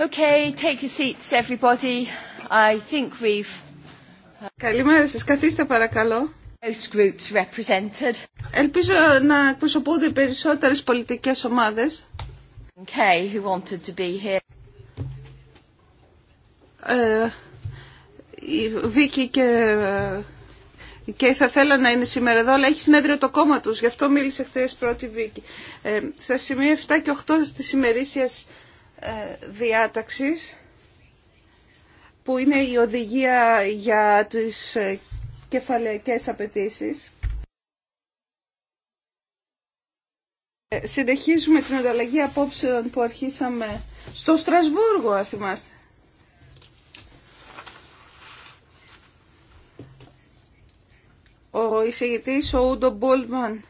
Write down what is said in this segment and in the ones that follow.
Okay, take your seats everybody. I think we've... Uh, Καλημέρα σας. Καθίστε παρακαλώ. Most groups represented. Ελπίζω να εκπροσωπούνται οι περισσότερες πολιτικές ομάδες. Okay, who wanted to be here. Ε, η Βίκη και ε, και θα θέλω να είναι σήμερα εδώ, αλλά έχει συνέδριο το κόμμα τους, γι' αυτό μίλησε χθε πρώτη Βίκη. Ε, στα σημεία 7 και 8 της ημερήσιας ε, διάταξης, που είναι η οδηγία για τις ε, κεφαλαικές απαιτήσει. Ε, συνεχίζουμε την ανταλλαγή απόψεων που αρχίσαμε στο Στρασβούργο, αν θυμάστε. ο εισηγητής ο Ούντο Μπούλμαν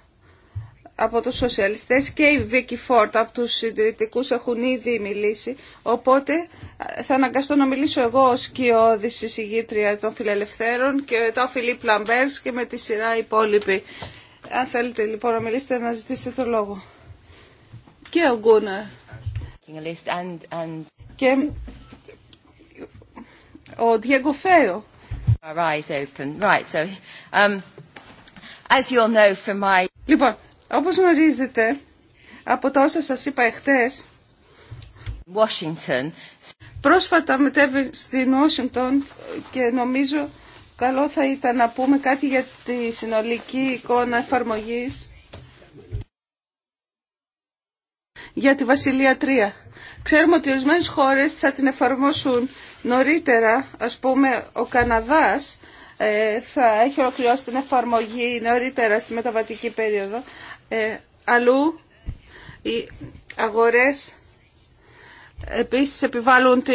από τους σοσιαλιστές και η Βίκη Φόρτ από τους συντηρητικούς έχουν ήδη μιλήσει, οπότε θα αναγκαστώ να μιλήσω εγώ ως κοιόδης εισηγήτρια των φιλελευθέρων και μετά ο Φιλίπ Λαμπέρς και με τη σειρά οι υπόλοιποι. Αν θέλετε λοιπόν να μιλήσετε να ζητήσετε το λόγο. Και ο Γκούνα. Και ο Διέγκο Φέο. Right, so, um... Λοιπόν, όπως γνωρίζετε, από τα όσα σας είπα εχθές, Washington. πρόσφατα μετέβη στην Ουάσιγκτον και νομίζω καλό θα ήταν να πούμε κάτι για τη συνολική εικόνα εφαρμογής για τη Βασιλεία 3. Ξέρουμε ότι ορισμένε χώρες θα την εφαρμόσουν νωρίτερα, ας πούμε ο Καναδάς, ε, θα έχει ολοκληρώσει την εφαρμογή νωρίτερα στη μεταβατική περίοδο. Ε, αλλού οι αγορές επίσης επιβάλλουν τη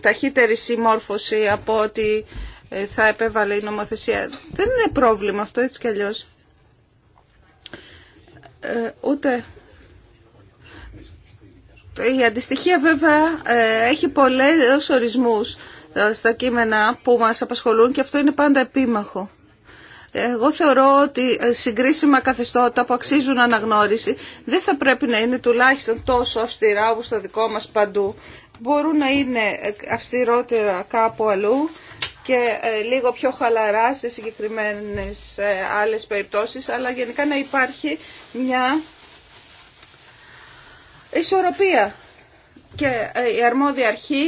ταχύτερη συμμόρφωση από ότι ε, θα επέβαλε η νομοθεσία. Δεν είναι πρόβλημα αυτό έτσι κι αλλιώς. ούτε η αντιστοιχεία βέβαια έχει πολλές ορισμούς ε, στα κείμενα που μας απασχολούν και αυτό είναι πάντα επίμαχο. Εγώ θεωρώ ότι ε, συγκρίσιμα καθεστώτα που αξίζουν αναγνώριση δεν θα πρέπει να είναι τουλάχιστον τόσο αυστηρά όπως το δικό μας παντού. Μπορούν να είναι ε, αυστηρότερα κάπου αλλού και λίγο πιο χαλαρά σε συγκεκριμένες άλλες περιπτώσεις, αλλά γενικά να υπάρχει μια ισορροπία και ε, η αρμόδια αρχή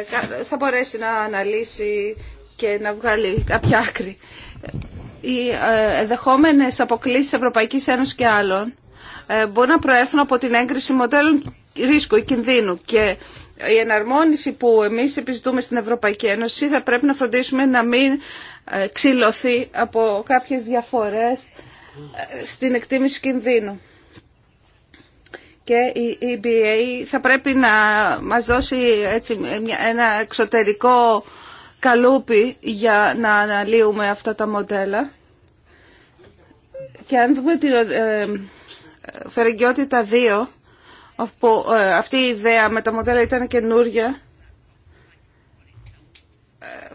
ε, θα μπορέσει να αναλύσει και να βγάλει κάποια άκρη. Οι ε, ενδεχόμενε αποκλήσει Ευρωπαϊκή Ένωση και άλλων μπορεί να προέρθουν από την έγκριση μοντέλων ρίσκου ή κινδύνου και η εναρμόνιση που εμείς επιζητούμε στην Ευρωπαϊκή Ένωση θα πρέπει να φροντίσουμε να μην ξυλωθεί από κάποιες διαφορές στην εκτίμηση κινδύνου και η EBA θα πρέπει να μας δώσει έτσι ένα εξωτερικό καλούπι για να αναλύουμε αυτά τα μοντέλα. Και αν δούμε την ε, φερεγγιότητα 2, όπου ε, αυτή η ιδέα με τα μοντέλα ήταν καινούρια, ε,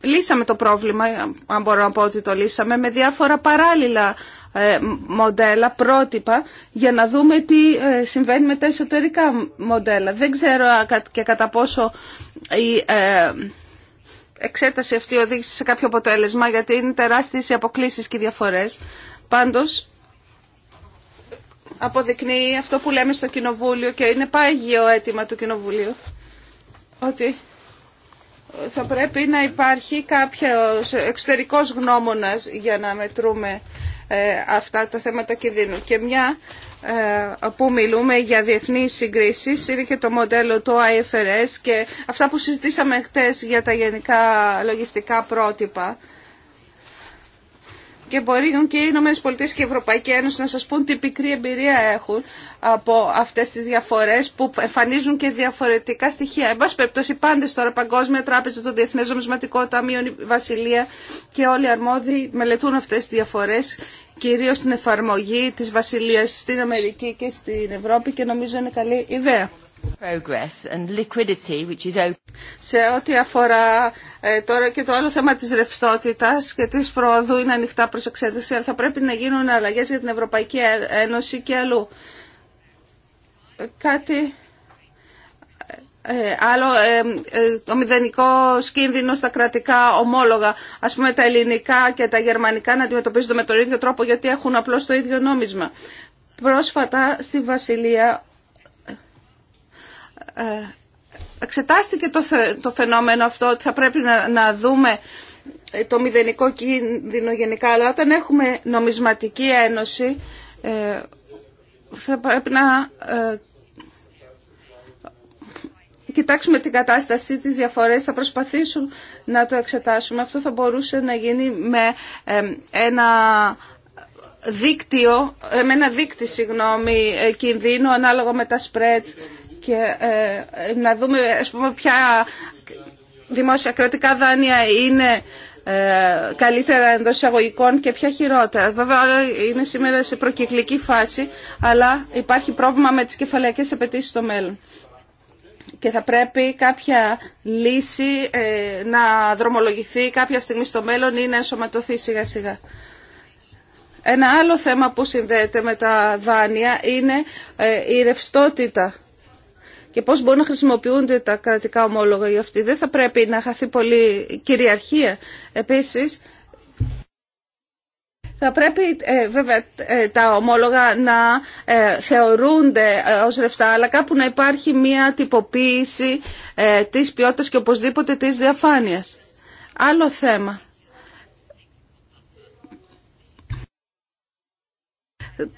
λύσαμε το πρόβλημα, αν μπορώ να πω ότι το λύσαμε, με διάφορα παράλληλα ε, μοντέλα, πρότυπα, για να δούμε τι ε, συμβαίνει με τα εσωτερικά μοντέλα. Δεν ξέρω και κατά πόσο η ε, εξέταση αυτή οδήγησε σε κάποιο αποτέλεσμα, γιατί είναι τεράστιες οι αποκλήσεις και οι διαφορές. Πάντως, αποδεικνύει αυτό που λέμε στο Κοινοβούλιο και είναι πάγιο αίτημα του Κοινοβουλίου, ότι θα πρέπει να υπάρχει κάποιος εξωτερικός γνώμονας για να μετρούμε ε, αυτά τα θέματα κινδύνου. Και μια ε, που μιλούμε για διεθνεί συγκρίσει, είναι και το μοντέλο του IFRS και αυτά που συζητήσαμε χτες για τα γενικά λογιστικά πρότυπα και μπορεί και οι Ηνωμένες Πολιτείες και η Ευρωπαϊκή Ένωση να σας πούν τι πικρή εμπειρία έχουν από αυτές τις διαφορές που εμφανίζουν και διαφορετικά στοιχεία. Εν πάση περιπτώσει πάντες τώρα Παγκόσμια Τράπεζα, το Διεθνές Νομισματικό Ταμείο, η Βασιλεία και όλοι οι αρμόδιοι μελετούν αυτές τις διαφορές κυρίως στην εφαρμογή της Βασιλείας στην Αμερική και στην Ευρώπη και νομίζω είναι καλή ιδέα. Σε ό,τι αφορά ε, τώρα και το άλλο θέμα της ρευστότητας και της προοδού είναι ανοιχτά προς εξέταση, αλλά θα πρέπει να γίνουν αλλαγές για την Ευρωπαϊκή ε- Ένωση και αλλού. Ε, κάτι άλλο, ε, το μηδενικό σκίνδυνο στα κρατικά ομόλογα, ας πούμε τα ελληνικά και τα γερμανικά να αντιμετωπίζονται με τον ίδιο τρόπο γιατί έχουν απλώς το ίδιο νόμισμα. Πρόσφατα στη Βασιλεία ε, εξετάστηκε το φαινόμενο αυτό ότι θα πρέπει να δούμε ε, το μηδενικό κίνδυνο γενικά, αλλά όταν έχουμε νομισματική ένωση ε, θα πρέπει να κοιτάξουμε την κατάσταση, τις διαφορές, θα προσπαθήσουν να το εξετάσουμε. Αυτό θα μπορούσε να γίνει με ένα δίκτυο, με ένα δίκτυο συγγνώμη, κινδύνου ανάλογα με τα spread και ε, να δούμε ας πούμε, ποια δημόσια κρατικά δάνεια είναι ε, καλύτερα εντό εισαγωγικών και ποια χειρότερα. Βέβαια όλα είναι σήμερα σε προκυκλική φάση, αλλά υπάρχει πρόβλημα με τις κεφαλαϊκές απαιτήσει στο μέλλον. Και θα πρέπει κάποια λύση ε, να δρομολογηθεί κάποια στιγμή στο μέλλον ή να ενσωματωθεί σιγά σιγά. Ένα άλλο θέμα που συνδέεται με τα δάνεια είναι η ρευστότητα και πώς μπορούν να χρησιμοποιούνται τα κρατικά ομόλογα για αυτή. Δεν θα πρέπει να χαθεί πολύ κυριαρχία. Επίσης, θα πρέπει ε, βέβαια ε, τα ομόλογα να ε, θεωρούνται ως ρευστά, αλλά κάπου να υπάρχει μια τυποποίηση ε, της ποιότητας και οπωσδήποτε της διαφάνειας. Άλλο θέμα.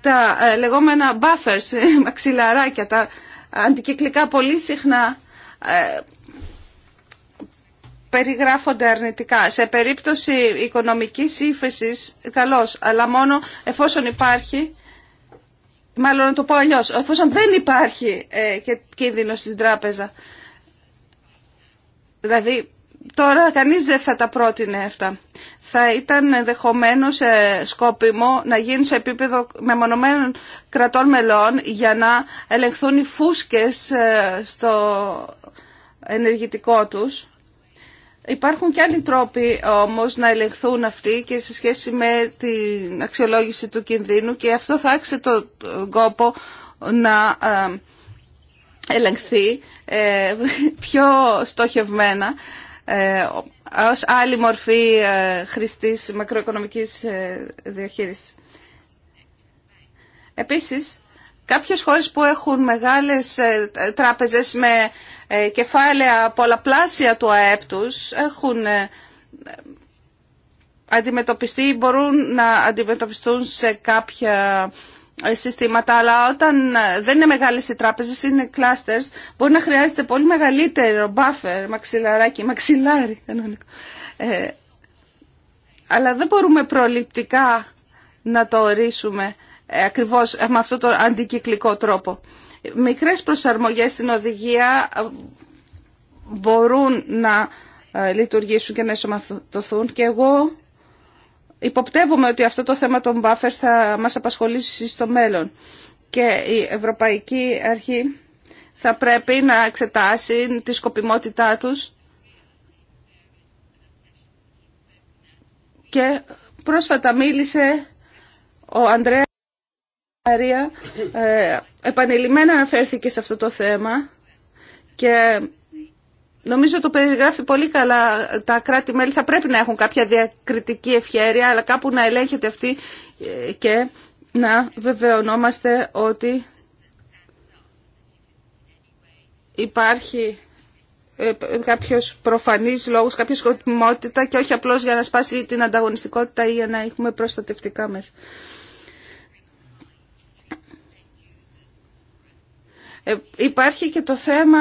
Τα λεγόμενα buffers, μαξιλαράκια, τα αντικυκλικά πολύ συχνά ε, περιγράφονται αρνητικά. Σε περίπτωση οικονομικής ύφεσης, καλώς, αλλά μόνο εφόσον υπάρχει, μάλλον να το πω αλλιώς, εφόσον δεν υπάρχει ε, και κίνδυνο στην τράπεζα. Δηλαδή, Τώρα κανείς δεν θα τα πρότεινε αυτά. Θα ήταν ενδεχομένω ε, σκόπιμο να γίνει σε επίπεδο μεμονωμένων κρατών μελών για να ελεγχθούν οι φούσκες ε, στο ενεργητικό τους. Υπάρχουν και άλλοι τρόποι όμως να ελεγχθούν αυτοί και σε σχέση με την αξιολόγηση του κινδύνου και αυτό θα άξει τον ε, κόπο να ελεγχθεί πιο στοχευμένα ε, ως άλλη μορφή ε, χρηστής μακροοικονομικής ε, διαχείρισης. Επίσης, κάποιες χώρες που έχουν μεγάλες τράπεζες με κεφάλαια πολλαπλάσια του ΑΕΠ τους έχουν αντιμετωπιστεί ή μπορούν να αντιμετωπιστούν σε κάποια ε, συστήματα, αλλά όταν ε, δεν είναι μεγάλε οι τράπεζε, είναι clusters, μπορεί να χρειάζεται πολύ μεγαλύτερο buffer, μαξιλαράκι, μαξιλάρι ε, αλλά δεν μπορούμε προληπτικά να το ορίσουμε ε, ακριβώς με αυτόν τον αντικυκλικό τρόπο. Μικρές προσαρμογές στην οδηγία μπορούν να λειτουργήσουν και να εσωματωθούν και εγώ υποπτεύουμε ότι αυτό το θέμα των buffers θα μας απασχολήσει στο μέλλον και η Ευρωπαϊκή Αρχή θα πρέπει να εξετάσει τη σκοπιμότητά τους και πρόσφατα μίλησε ο Ανδρέα Αρία, ε, επανειλημμένα αναφέρθηκε σε αυτό το θέμα και Νομίζω το περιγράφει πολύ καλά. Τα κράτη-μέλη θα πρέπει να έχουν κάποια διακριτική ευχαίρεια, αλλά κάπου να ελέγχεται αυτή ε, και να βεβαιωνόμαστε ότι υπάρχει ε, κάποιος προφανής λόγος, κάποια σκοτειμότητα και όχι απλώς για να σπάσει την ανταγωνιστικότητα ή για να έχουμε προστατευτικά μέσα. Ε, υπάρχει και το θέμα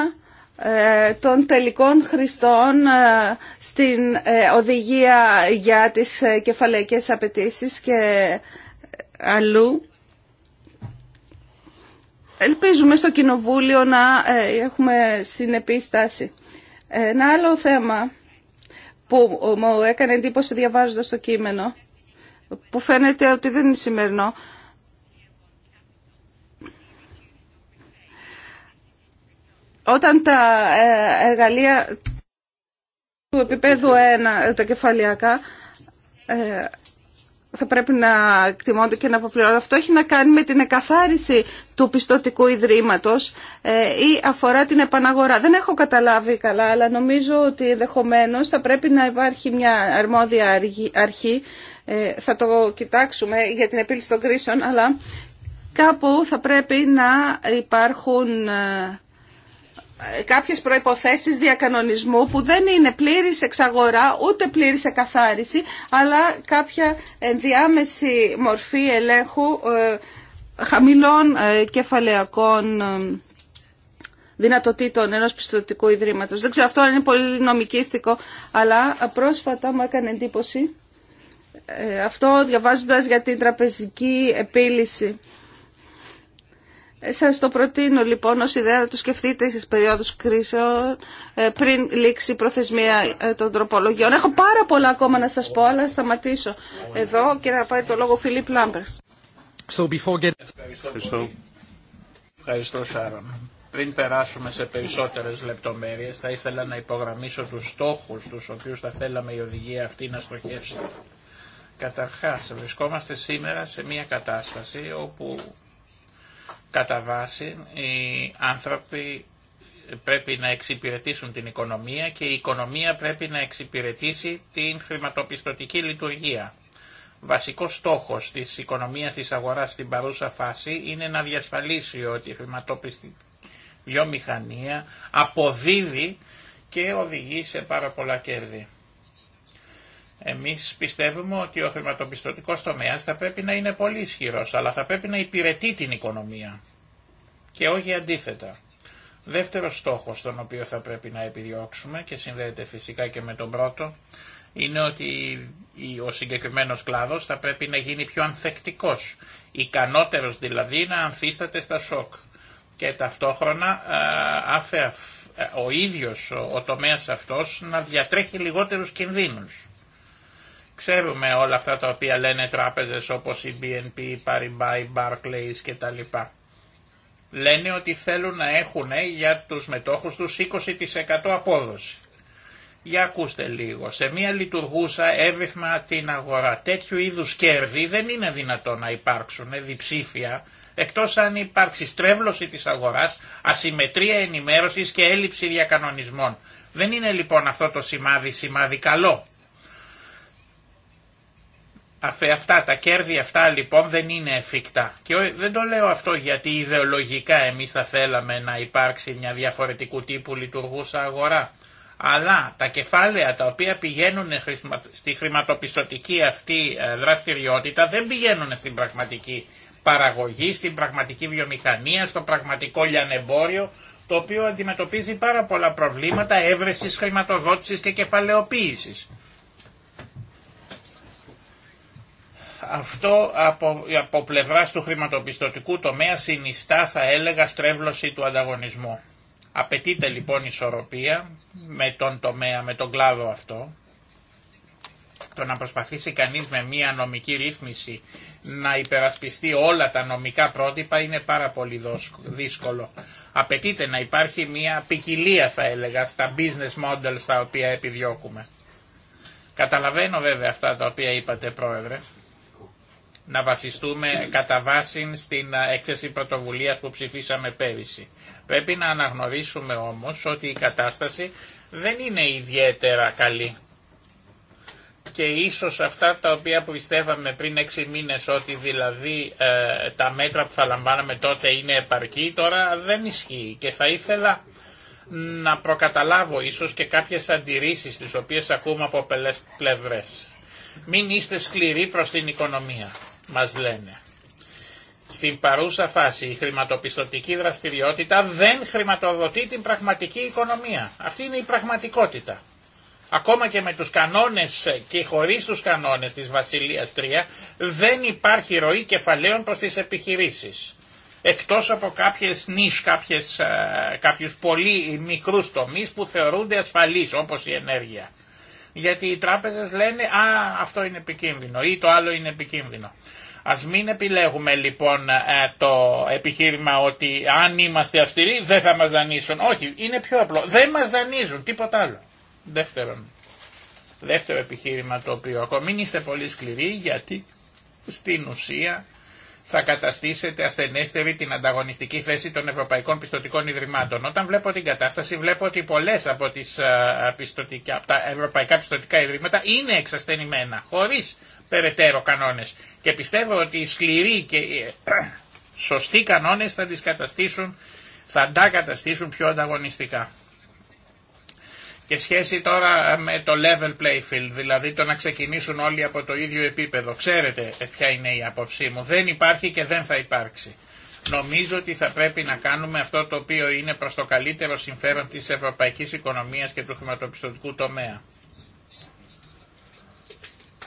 ε, των τελικών χρηστών ε, στην ε, οδηγία για τις κεφαλαϊκές απαιτήσεις και αλλού. Ελπίζουμε στο Κοινοβούλιο να έχουμε συνεπή στάση. Ένα άλλο θέμα που μου έκανε εντύπωση διαβάζοντας το κείμενο, που φαίνεται ότι δεν είναι σημερινό, όταν τα ε, εργαλεία του επίπεδου 1, τα κεφαλιακά, ε, θα πρέπει να εκτιμώνται και να αποπληρώνουν. Αυτό έχει να κάνει με την εκαθάριση του πιστοτικού ιδρύματος ε, ή αφορά την επαναγορά. Δεν έχω καταλάβει καλά, αλλά νομίζω ότι ενδεχομένω θα πρέπει να υπάρχει μια αρμόδια αρχή. Θα το κοιτάξουμε για την επίλυση των κρίσεων, αλλά κάπου θα πρέπει να υπάρχουν κάποιες προϋποθέσεις διακανονισμού που δεν είναι πλήρης εξαγορά ούτε πλήρης εκαθάριση αλλά κάποια ενδιάμεση μορφή ελέγχου ε, χαμηλών ε, κεφαλαιακών ε, δυνατοτήτων ενός πιστοτικού ιδρύματος. Δεν ξέρω, αυτό είναι πολύ νομικίστικο, αλλά πρόσφατα μου έκανε εντύπωση αυτό διαβάζοντας για την τραπεζική επίλυση ε, σας το προτείνω λοιπόν ως ιδέα να το σκεφτείτε στις περιόδους κρίσεων ε, πριν λήξει η προθεσμία ε, των τροπολογιών. Έχω πάρα πολλά ακόμα να σας πω, αλλά σταματήσω εδώ και να πάει το λόγο ο Φιλίπ Λάμπερς. So get... Ευχαριστώ. Ευχαριστώ Σάρων. Πριν περάσουμε σε περισσότερες λεπτομέρειες θα ήθελα να υπογραμμίσω τους στόχους τους οποίους θα θέλαμε η οδηγία αυτή να στοχεύσει. Καταρχάς βρισκόμαστε σήμερα σε μια κατάσταση όπου Κατά βάση οι άνθρωποι πρέπει να εξυπηρετήσουν την οικονομία και η οικονομία πρέπει να εξυπηρετήσει την χρηματοπιστωτική λειτουργία. Βασικός στόχος της οικονομίας της αγοράς στην παρούσα φάση είναι να διασφαλίσει ότι η χρηματοπιστωτική βιομηχανία αποδίδει και οδηγεί σε πάρα πολλά κέρδη. Εμείς πιστεύουμε ότι ο χρηματοπιστωτικός τομέας θα πρέπει να είναι πολύ ισχυρός, αλλά θα πρέπει να υπηρετεί την οικονομία και όχι αντίθετα. Δεύτερος στόχος τον οποίο θα πρέπει να επιδιώξουμε και συνδέεται φυσικά και με τον πρώτο, είναι ότι ο συγκεκριμένος κλάδος θα πρέπει να γίνει πιο ανθεκτικός, ικανότερος δηλαδή να ανθίσταται στα σοκ. Και ταυτόχρονα ε, ο ίδιος ο τομέας αυτός να διατρέχει λιγότερους κινδύνους. Ξέρουμε όλα αυτά τα οποία λένε τράπεζες όπως η BNP, η Paribas, η Barclays κτλ. Λένε ότι θέλουν να έχουν για τους μετόχους τους 20% απόδοση. Για ακούστε λίγο. Σε μια λειτουργούσα έβριθμα την αγορά τέτοιου είδους κέρδη δεν είναι δυνατό να υπάρξουν διψήφια εκτός αν υπάρξει στρέβλωση της αγοράς, ασυμμετρία ενημέρωσης και έλλειψη διακανονισμών. Δεν είναι λοιπόν αυτό το σημάδι σημάδι καλό αυτά τα κέρδη αυτά λοιπόν δεν είναι εφικτά. Και δεν το λέω αυτό γιατί ιδεολογικά εμείς θα θέλαμε να υπάρξει μια διαφορετικού τύπου λειτουργούσα αγορά. Αλλά τα κεφάλαια τα οποία πηγαίνουν στη χρηματοπιστωτική αυτή ε, δραστηριότητα δεν πηγαίνουν στην πραγματική παραγωγή, στην πραγματική βιομηχανία, στο πραγματικό λιανεμπόριο, το οποίο αντιμετωπίζει πάρα πολλά προβλήματα έβρεσης χρηματοδότησης και κεφαλαιοποίησης. Αυτό από, από πλευράς του χρηματοπιστωτικού τομέα συνιστά θα έλεγα στρέβλωση του ανταγωνισμού. Απαιτείται λοιπόν ισορροπία με τον τομέα, με τον κλάδο αυτό. Το να προσπαθήσει κανείς με μία νομική ρύθμιση να υπερασπιστεί όλα τα νομικά πρότυπα είναι πάρα πολύ δύσκολο. Απαιτείται να υπάρχει μία ποικιλία θα έλεγα στα business models τα οποία επιδιώκουμε. Καταλαβαίνω βέβαια αυτά τα οποία είπατε πρόεδρε να βασιστούμε κατά βάση στην ε, έκθεση πρωτοβουλία που ψηφίσαμε πέρυσι. Πρέπει να αναγνωρίσουμε όμως ότι η κατάσταση δεν είναι ιδιαίτερα καλή. Και ίσως αυτά τα οποία πιστεύαμε πριν έξι μήνες ότι δηλαδή ε, τα μέτρα που θα λαμβάναμε τότε είναι επαρκή, τώρα δεν ισχύει. Και θα ήθελα να προκαταλάβω ίσως και κάποιες αντιρρήσεις τις οποίες ακούμε από πλευρές. Μην είστε σκληροί προς την οικονομία μας λένε. Στην παρούσα φάση η χρηματοπιστωτική δραστηριότητα δεν χρηματοδοτεί την πραγματική οικονομία. Αυτή είναι η πραγματικότητα. Ακόμα και με τους κανόνες και χωρίς τους κανόνες της Βασιλείας 3 δεν υπάρχει ροή κεφαλαίων προς τις επιχειρήσεις. Εκτός από κάποιες νης, κάποιες, ε, κάποιους πολύ μικρούς τομείς που θεωρούνται ασφαλείς όπως η ενέργεια γιατί οι τράπεζες λένε «Α, αυτό είναι επικίνδυνο» ή «Το άλλο είναι επικίνδυνο». Ας μην επιλέγουμε λοιπόν ε, το επιχείρημα ότι αν είμαστε αυστηροί δεν θα μας δανείσουν. Όχι, είναι πιο απλό. Δεν μας δανείζουν, τίποτα άλλο. Δεύτερον, δεύτερο επιχείρημα το οποίο ακόμη μην είστε πολύ σκληροί γιατί στην ουσία θα καταστήσετε ασθενέστερη την ανταγωνιστική θέση των Ευρωπαϊκών Πιστοτικών Ιδρυμάτων. Όταν βλέπω την κατάσταση βλέπω ότι πολλέ από, ε, από τα Ευρωπαϊκά Πιστοτικά Ιδρύματα είναι εξασθενημένα, χωρίς περαιτέρω κανόνες. Και πιστεύω ότι οι σκληροί και οι ε, σωστοί κανόνες θα τις θα τα καταστήσουν πιο ανταγωνιστικά. Και σχέση τώρα με το level play field, δηλαδή το να ξεκινήσουν όλοι από το ίδιο επίπεδο. Ξέρετε ποια είναι η άποψή μου. Δεν υπάρχει και δεν θα υπάρξει. Νομίζω ότι θα πρέπει να κάνουμε αυτό το οποίο είναι προς το καλύτερο συμφέρον της ευρωπαϊκής οικονομίας και του χρηματοπιστωτικού τομέα.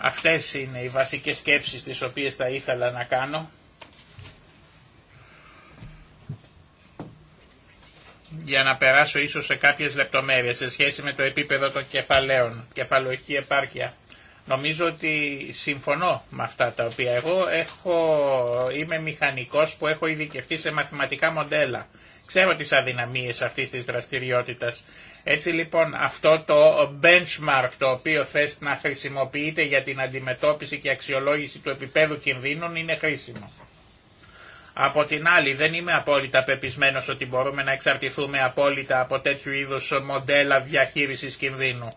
Αυτές είναι οι βασικές σκέψεις τις οποίες θα ήθελα να κάνω για να περάσω ίσως σε κάποιες λεπτομέρειες σε σχέση με το επίπεδο των κεφαλαίων, κεφαλοχή επάρκεια. Νομίζω ότι συμφωνώ με αυτά τα οποία εγώ έχω, είμαι μηχανικός που έχω ειδικευτεί σε μαθηματικά μοντέλα. Ξέρω τις αδυναμίες αυτής της δραστηριότητας. Έτσι λοιπόν αυτό το benchmark το οποίο θες να χρησιμοποιείτε για την αντιμετώπιση και αξιολόγηση του επίπεδου κινδύνων είναι χρήσιμο. Από την άλλη δεν είμαι απόλυτα πεπισμένος ότι μπορούμε να εξαρτηθούμε απόλυτα από τέτοιου είδους μοντέλα διαχείρισης κινδύνου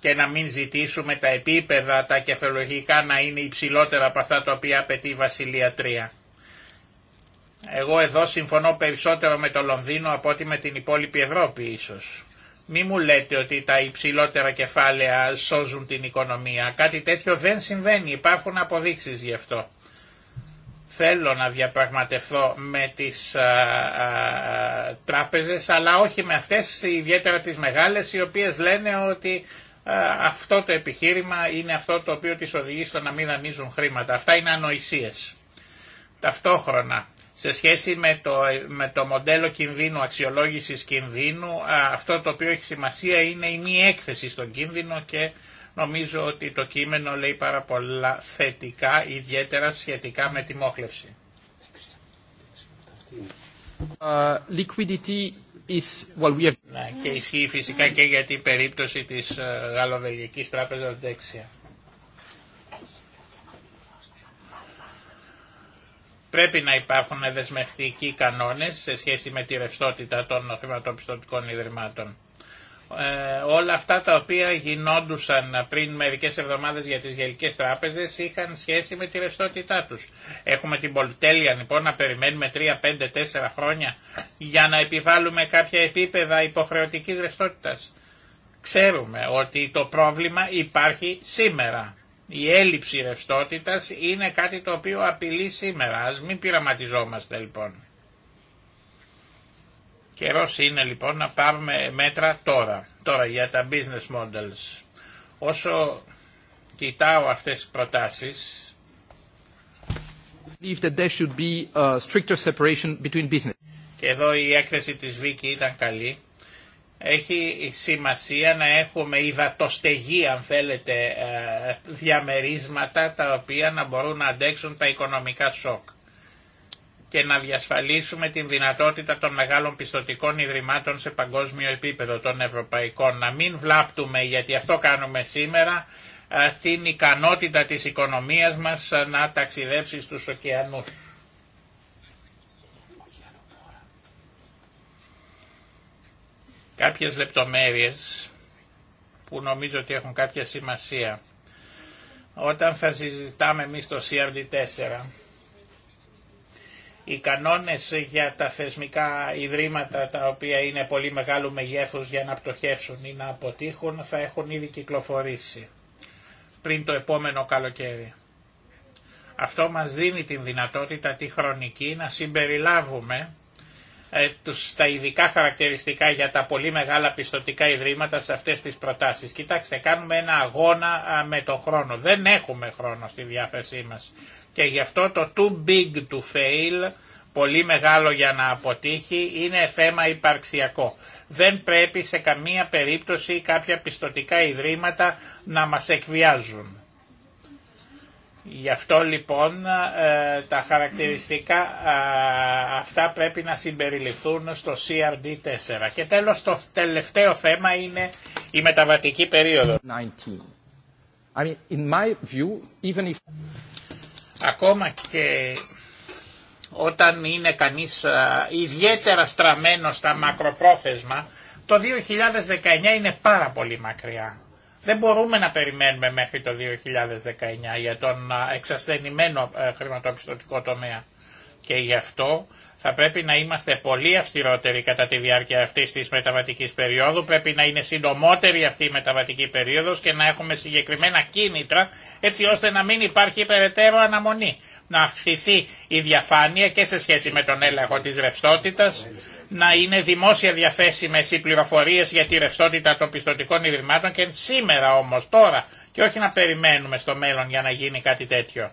και να μην ζητήσουμε τα επίπεδα, τα κεφαλογικά να είναι υψηλότερα από αυτά τα οποία απαιτεί η Βασιλεία 3. Εγώ εδώ συμφωνώ περισσότερο με το Λονδίνο από ότι με την υπόλοιπη Ευρώπη ίσως. Μη μου λέτε ότι τα υψηλότερα κεφάλαια σώζουν την οικονομία. Κάτι τέτοιο δεν συμβαίνει. Υπάρχουν αποδείξεις γι' αυτό θέλω να διαπραγματευθώ με τις α, τράπεζες αλλά όχι με αυτές ιδιαίτερα τις μεγάλες οι οποίες λένε ότι αυτό το επιχείρημα είναι αυτό το οποίο τις οδηγεί στο να μην δανείζουν χρήματα. Αυτά είναι ανοησίες. Ταυτόχρονα σε σχέση με το, με το μοντέλο κινδύνου, αξιολόγησης κινδύνου αυτό το οποίο έχει σημασία είναι η μη έκθεση στον κίνδυνο και Νομίζω ότι το κείμενο λέει πάρα πολλά θετικά, ιδιαίτερα σχετικά με τη μόχλευση. Uh, liquidity is... well, we have... Ναι, και ισχύει φυσικά και για την περίπτωση της ε, Γαλλοβελγικής Τράπεζας Δέξια. Πρέπει να υπάρχουν δεσμευτικοί κανόνες σε σχέση με τη ρευστότητα των χρηματοπιστωτικών ιδρυμάτων. Ε, όλα αυτά τα οποία γινόντουσαν πριν μερικές εβδομάδες για τις γελικές τράπεζες είχαν σχέση με τη ρευστότητά τους. Έχουμε την πολυτέλεια λοιπόν να περιμένουμε 3, 5, 4 χρόνια για να επιβάλλουμε κάποια επίπεδα υποχρεωτικής ρευστότητας. Ξέρουμε ότι το πρόβλημα υπάρχει σήμερα. Η έλλειψη ρευστότητας είναι κάτι το οποίο απειλεί σήμερα. Ας μην πειραματιζόμαστε λοιπόν. Καιρό είναι λοιπόν να πάρουμε μέτρα τώρα, τώρα για τα business models. Όσο κοιτάω αυτές τις προτάσεις, Και εδώ η έκθεση της Βίκη ήταν καλή. Έχει σημασία να έχουμε υδατοστεγή, αν θέλετε, ε, διαμερίσματα τα οποία να μπορούν να αντέξουν τα οικονομικά σοκ και να διασφαλίσουμε την δυνατότητα των μεγάλων πιστοτικών ιδρυμάτων σε παγκόσμιο επίπεδο των ευρωπαϊκών. Να μην βλάπτουμε, γιατί αυτό κάνουμε σήμερα, την ικανότητα της οικονομίας μας να ταξιδέψει στους ωκεανούς. Κάποιες λεπτομέρειες που νομίζω ότι έχουν κάποια σημασία. Όταν θα συζητάμε εμείς το CRD4, οι κανόνες για τα θεσμικά ιδρύματα τα οποία είναι πολύ μεγάλου μεγέθους για να πτωχεύσουν ή να αποτύχουν θα έχουν ήδη κυκλοφορήσει πριν το επόμενο καλοκαίρι. Αυτό μας δίνει την δυνατότητα τη χρονική να συμπεριλάβουμε ε, τα ειδικά χαρακτηριστικά για τα πολύ μεγάλα πιστοτικά ιδρύματα σε αυτές τις προτάσεις. Κοιτάξτε, κάνουμε ένα αγώνα με το χρόνο. Δεν έχουμε χρόνο στη διάθεσή μας και γι' αυτό το too big to fail, πολύ μεγάλο για να αποτύχει, είναι θέμα υπαρξιακό. Δεν πρέπει σε καμία περίπτωση κάποια πιστοτικά ιδρύματα να μας εκβιάζουν. Γι' αυτό λοιπόν ε, τα χαρακτηριστικά αυτά πρέπει να συμπεριληφθούν στο CRD4. Και τέλος το τελευταίο θέμα είναι η μεταβατική περίοδο. Ακόμα και όταν είναι κανείς ιδιαίτερα στραμμένο στα μακροπρόθεσμα, το 2019 είναι πάρα πολύ μακριά. Δεν μπορούμε να περιμένουμε μέχρι το 2019 για τον εξασθενημένο ε, χρηματοπιστωτικό τομέα και γι' αυτό θα πρέπει να είμαστε πολύ αυστηρότεροι κατά τη διάρκεια αυτή τη μεταβατική περίοδου. Πρέπει να είναι συντομότερη αυτή η μεταβατική περίοδο και να έχουμε συγκεκριμένα κίνητρα έτσι ώστε να μην υπάρχει περαιτέρω αναμονή. Να αυξηθεί η διαφάνεια και σε σχέση με τον έλεγχο τη ρευστότητα, να είναι δημόσια διαθέσιμε οι πληροφορίε για τη ρευστότητα των πιστοτικών ιδρυμάτων και σήμερα όμω τώρα και όχι να περιμένουμε στο μέλλον για να γίνει κάτι τέτοιο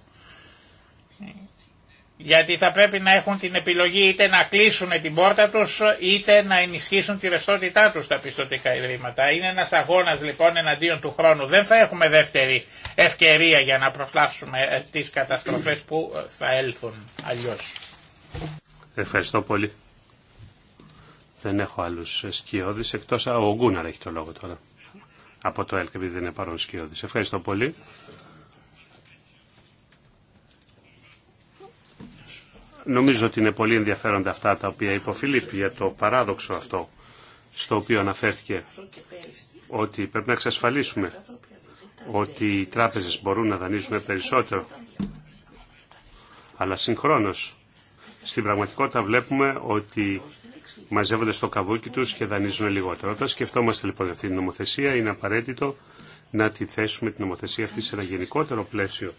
γιατί θα πρέπει να έχουν την επιλογή είτε να κλείσουν την πόρτα τους είτε να ενισχύσουν τη ρευστότητά τους τα πιστοτικά ιδρύματα. Είναι ένας αγώνας λοιπόν εναντίον του χρόνου. Δεν θα έχουμε δεύτερη ευκαιρία για να προφλάσουμε ε, τις καταστροφές που ε, θα έλθουν αλλιώς. Ευχαριστώ πολύ. Δεν έχω άλλους σκιώδεις εκτός ο Γκούναρ έχει το λόγο τώρα. Από το ΕΛΚ δεν είναι παρόν Ευχαριστώ πολύ. Νομίζω ότι είναι πολύ ενδιαφέροντα αυτά τα οποία είπε ο για το παράδοξο αυτό στο οποίο αναφέρθηκε ότι πρέπει να εξασφαλίσουμε ότι οι τράπεζες μπορούν να δανείζουν περισσότερο. Αλλά συγχρόνως στην πραγματικότητα βλέπουμε ότι μαζεύονται στο καβούκι τους και δανείζουν λιγότερο. Όταν σκεφτόμαστε λοιπόν αυτή την νομοθεσία είναι απαραίτητο να τη θέσουμε την νομοθεσία αυτή σε ένα γενικότερο πλαίσιο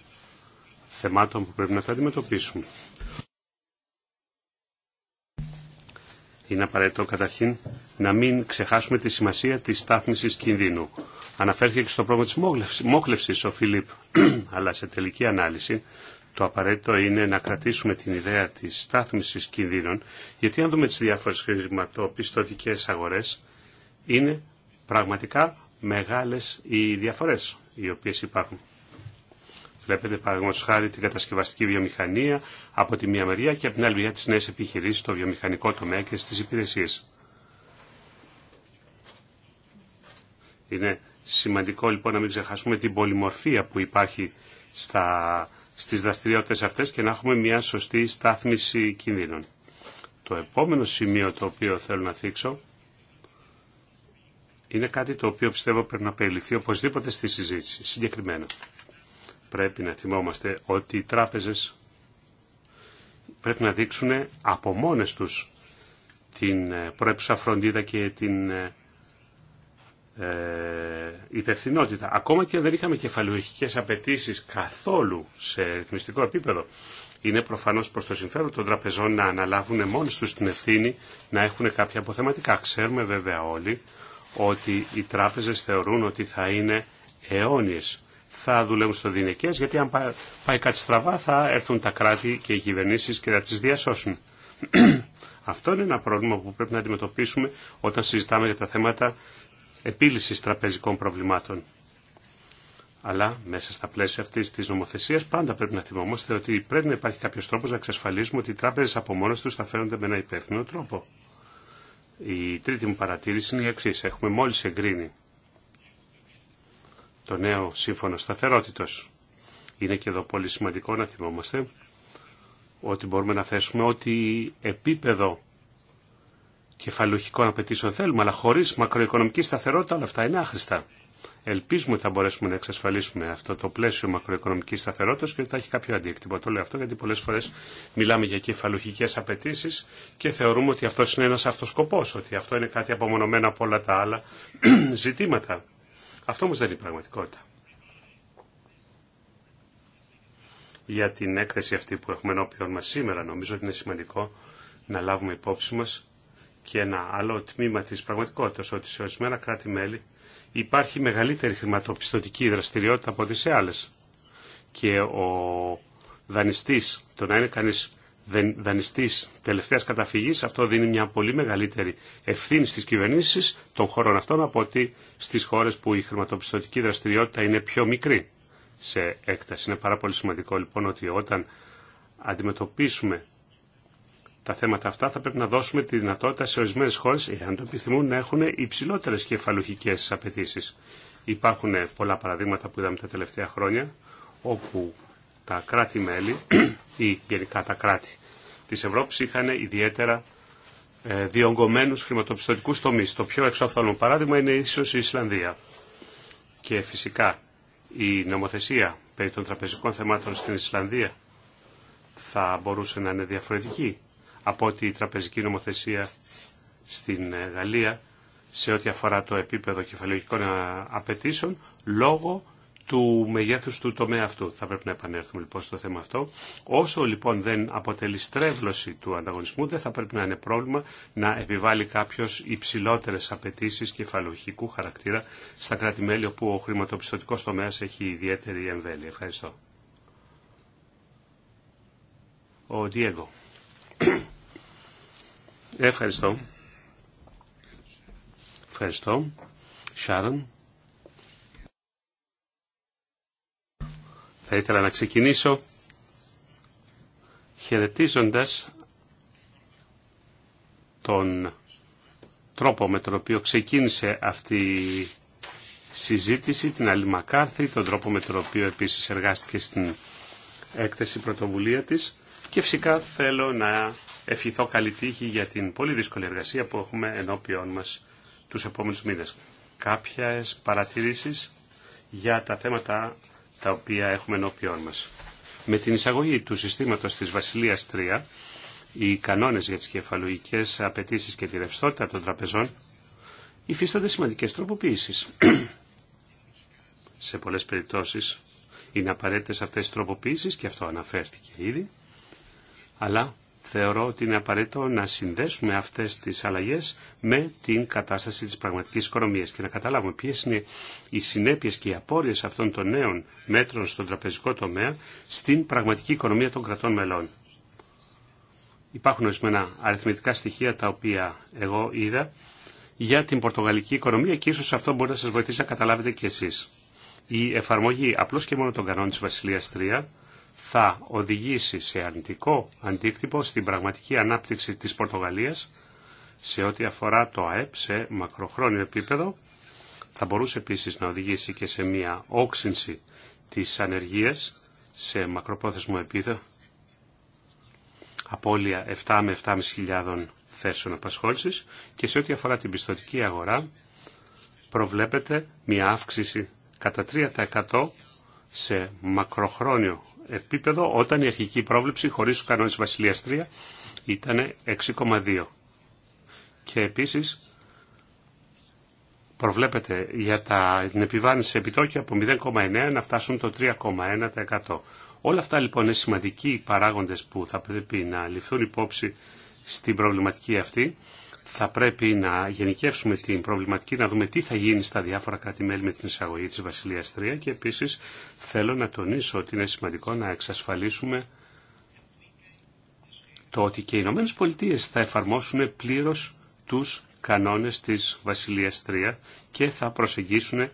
θεμάτων που πρέπει να τα αντιμετωπίσουμε. είναι απαραίτητο καταρχήν να μην ξεχάσουμε τη σημασία της στάθμισης κινδύνου. Αναφέρθηκε και στο πρόβλημα της μόχλευσης ο Φίλιπ, αλλά σε τελική ανάλυση το απαραίτητο είναι να κρατήσουμε την ιδέα της στάθμισης κινδύνων, γιατί αν δούμε τις διάφορες χρηματοπιστωτικέ αγορές, είναι πραγματικά μεγάλε οι διαφορέ οι οποίε υπάρχουν. Βλέπετε παραδείγματο χάρη την κατασκευαστική βιομηχανία από τη μία μεριά και από την άλλη μεριά τι νέε επιχειρήσει στο βιομηχανικό τομέα και στι υπηρεσίε. Είναι σημαντικό λοιπόν να μην ξεχάσουμε την πολυμορφία που υπάρχει στα, στις δραστηριότητες αυτές και να έχουμε μια σωστή στάθμιση κινδύνων. Το επόμενο σημείο το οποίο θέλω να θίξω είναι κάτι το οποίο πιστεύω πρέπει να περιληφθεί οπωσδήποτε στη συζήτηση, συγκεκριμένα πρέπει να θυμόμαστε ότι οι τράπεζες πρέπει να δείξουν από μόνες τους την ε, πρέπουσα φροντίδα και την ε, ε, υπευθυνότητα. Ακόμα και δεν είχαμε κεφαλαιοχικές απαιτήσει καθόλου σε ρυθμιστικό επίπεδο. Είναι προφανώς προς το συμφέρον των τραπεζών να αναλάβουν μόνες τους την ευθύνη να έχουν κάποια αποθεματικά. Ξέρουμε βέβαια όλοι ότι οι τράπεζες θεωρούν ότι θα είναι αιώνιες θα δουλεύουν στο Δινεκές, γιατί αν πάει κάτι στραβά θα έρθουν τα κράτη και οι κυβερνήσει και θα τις διασώσουν. Αυτό είναι ένα πρόβλημα που πρέπει να αντιμετωπίσουμε όταν συζητάμε για τα θέματα επίλυσης τραπεζικών προβλημάτων. Αλλά μέσα στα πλαίσια αυτή τη νομοθεσία πάντα πρέπει να θυμόμαστε ότι πρέπει να υπάρχει κάποιο τρόπο να εξασφαλίσουμε ότι οι τράπεζε από μόνε του θα φέρονται με ένα υπεύθυνο τρόπο. Η τρίτη μου παρατήρηση είναι η εξή. Έχουμε μόλι εγκρίνει το νέο σύμφωνο σταθερότητος. Είναι και εδώ πολύ σημαντικό να θυμόμαστε ότι μπορούμε να θέσουμε ότι επίπεδο κεφαλουχικών απαιτήσεων θέλουμε, αλλά χωρίς μακροοικονομική σταθερότητα όλα αυτά είναι άχρηστα. Ελπίζουμε ότι θα μπορέσουμε να εξασφαλίσουμε αυτό το πλαίσιο μακροοικονομική σταθερότητα και ότι θα έχει κάποιο αντίκτυπο. Το λέω αυτό γιατί πολλέ φορέ μιλάμε για κεφαλουχικέ απαιτήσει και θεωρούμε ότι αυτό είναι ένα αυτοσκοπό, ότι αυτό είναι κάτι απομονωμένο από όλα τα άλλα ζητήματα. Αυτό όμως δεν είναι η πραγματικότητα. Για την έκθεση αυτή που έχουμε ενώπιον μας σήμερα νομίζω ότι είναι σημαντικό να λάβουμε υπόψη μας και ένα άλλο τμήμα της πραγματικότητας ότι σε ορισμένα κράτη-μέλη υπάρχει μεγαλύτερη χρηματοπιστωτική δραστηριότητα από ό,τι σε άλλες. Και ο δανειστής, το να είναι κανείς δανειστή τελευταία καταφυγή, αυτό δίνει μια πολύ μεγαλύτερη ευθύνη στις κυβερνήσει των χωρών αυτών από ότι στις χώρες που η χρηματοπιστωτική δραστηριότητα είναι πιο μικρή σε έκταση. Είναι πάρα πολύ σημαντικό λοιπόν ότι όταν αντιμετωπίσουμε τα θέματα αυτά θα πρέπει να δώσουμε τη δυνατότητα σε ορισμένε χώρε, εάν το επιθυμούν, να έχουν υψηλότερε κεφαλουχικέ απαιτήσει. Υπάρχουν πολλά παραδείγματα που είδαμε τα τελευταία χρόνια, όπου τα κράτη-μέλη ή γενικά τα κράτη της Ευρώπης είχαν ιδιαίτερα ε, διογκωμένους χρηματοπιστωτικούς τομείς. Το πιο εξόφθαλμο παράδειγμα είναι ίσως η Ισλανδία. Και φυσικά η νομοθεσία περί των τραπεζικών θεμάτων στην Ισλανδία θα μπορούσε να είναι διαφορετική από ότι η τραπεζική νομοθεσία στην ε, Γαλλία σε ό,τι αφορά το επίπεδο κεφαλαιογικών ε, απαιτήσεων λόγω του μεγέθους του τομέα αυτού. Θα πρέπει να επανέλθουμε λοιπόν στο θέμα αυτό. Όσο λοιπόν δεν αποτελεί στρέβλωση του ανταγωνισμού, δεν θα πρέπει να είναι πρόβλημα να επιβάλλει κάποιο υψηλότερε απαιτήσει κεφαλογικού χαρακτήρα στα κράτη-μέλη όπου ο χρηματοπιστωτικό τομέα έχει ιδιαίτερη εμβέλεια. Ευχαριστώ. Ο Διέγκο. Ευχαριστώ. Ευχαριστώ. Σάρων. Θα ήθελα να ξεκινήσω χαιρετίζοντα τον τρόπο με τον οποίο ξεκίνησε αυτή η συζήτηση, την Αλή Μακάρθη, τον τρόπο με τον οποίο επίσης εργάστηκε στην έκθεση πρωτοβουλία της και φυσικά θέλω να ευχηθώ καλή τύχη για την πολύ δύσκολη εργασία που έχουμε ενώπιόν μας τους επόμενους μήνες. Κάποιες παρατηρήσεις για τα θέματα τα οποία έχουμε ενώπιόν μας. Με την εισαγωγή του συστήματος της Βασιλείας 3, οι κανόνες για τις κεφαλογικέ απαιτήσει και τη ρευστότητα των τραπεζών υφίστανται σημαντικές τροποποίησεις. Σε πολλές περιπτώσεις είναι απαραίτητες αυτές οι τροποποίησεις και αυτό αναφέρθηκε ήδη, αλλά θεωρώ ότι είναι απαραίτητο να συνδέσουμε αυτές τις αλλαγές με την κατάσταση της πραγματικής οικονομίας και να καταλάβουμε ποιες είναι οι συνέπειες και οι απόρριες αυτών των νέων μέτρων στον τραπεζικό τομέα στην πραγματική οικονομία των κρατών μελών. Υπάρχουν ορισμένα αριθμητικά στοιχεία τα οποία εγώ είδα για την πορτογαλική οικονομία και ίσως αυτό μπορεί να σας βοηθήσει να καταλάβετε κι εσείς. Η εφαρμογή απλώς και μόνο των κανόνων της Βασιλείας θα οδηγήσει σε αρνητικό αντίκτυπο στην πραγματική ανάπτυξη της Πορτογαλίας σε ό,τι αφορά το ΑΕΠ σε μακροχρόνιο επίπεδο. Θα μπορούσε επίσης να οδηγήσει και σε μια όξυνση της ανεργίας σε μακροπρόθεσμο επίπεδο. Απόλυα 7 με 7.5 χιλιάδων θέσεων απασχόλησης και σε ό,τι αφορά την πιστοτική αγορά προβλέπεται μια αύξηση κατά 3% σε μακροχρόνιο επίπεδο όταν η αρχική πρόβλεψη χωρίς τους κανόνες Βασιλείας 3 ήταν 6,2. Και επίσης προβλέπεται για τα, την επιβάρυνση επιτόκια από 0,9 να φτάσουν το 3,1%. Όλα αυτά λοιπόν είναι σημαντικοί παράγοντες που θα πρέπει να ληφθούν υπόψη στην προβληματική αυτή θα πρέπει να γενικεύσουμε την προβληματική, να δούμε τι θα γίνει στα διάφορα κράτη-μέλη με την εισαγωγή της Βασιλείας 3 και επίσης θέλω να τονίσω ότι είναι σημαντικό να εξασφαλίσουμε το ότι και οι Ηνωμένες Πολιτείες θα εφαρμόσουν πλήρως τους κανόνες της Βασιλείας 3 και θα προσεγγίσουν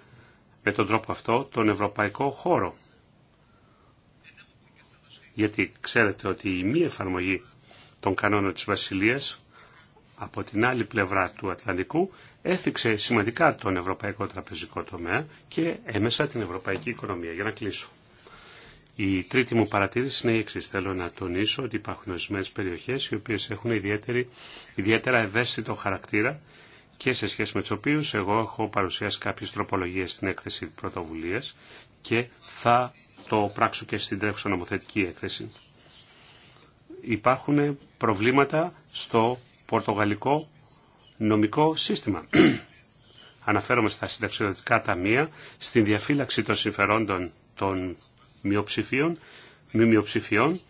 με τον τρόπο αυτό τον ευρωπαϊκό χώρο. Γιατί ξέρετε ότι η μη εφαρμογή των κανόνων της Βασιλείας από την άλλη πλευρά του Ατλαντικού έθιξε σημαντικά τον ευρωπαϊκό τραπεζικό τομέα και έμεσα την ευρωπαϊκή οικονομία. Για να κλείσω. Η τρίτη μου παρατήρηση είναι η εξή. Θέλω να τονίσω ότι υπάρχουν ορισμένε περιοχέ οι οποίε έχουν ιδιαίτερη, ιδιαίτερα ευαίσθητο χαρακτήρα και σε σχέση με του οποίου εγώ έχω παρουσιάσει κάποιε τροπολογίε στην έκθεση πρωτοβουλία και θα το πράξω και στην τρέχουσα νομοθετική έκθεση. Υπάρχουν προβλήματα στο πορτογαλικό νομικό σύστημα. Αναφέρομαι στα συνταξιδοτικά ταμεία, στην διαφύλαξη των συμφερόντων των μειοψηφίων, μη μειοψηφιών,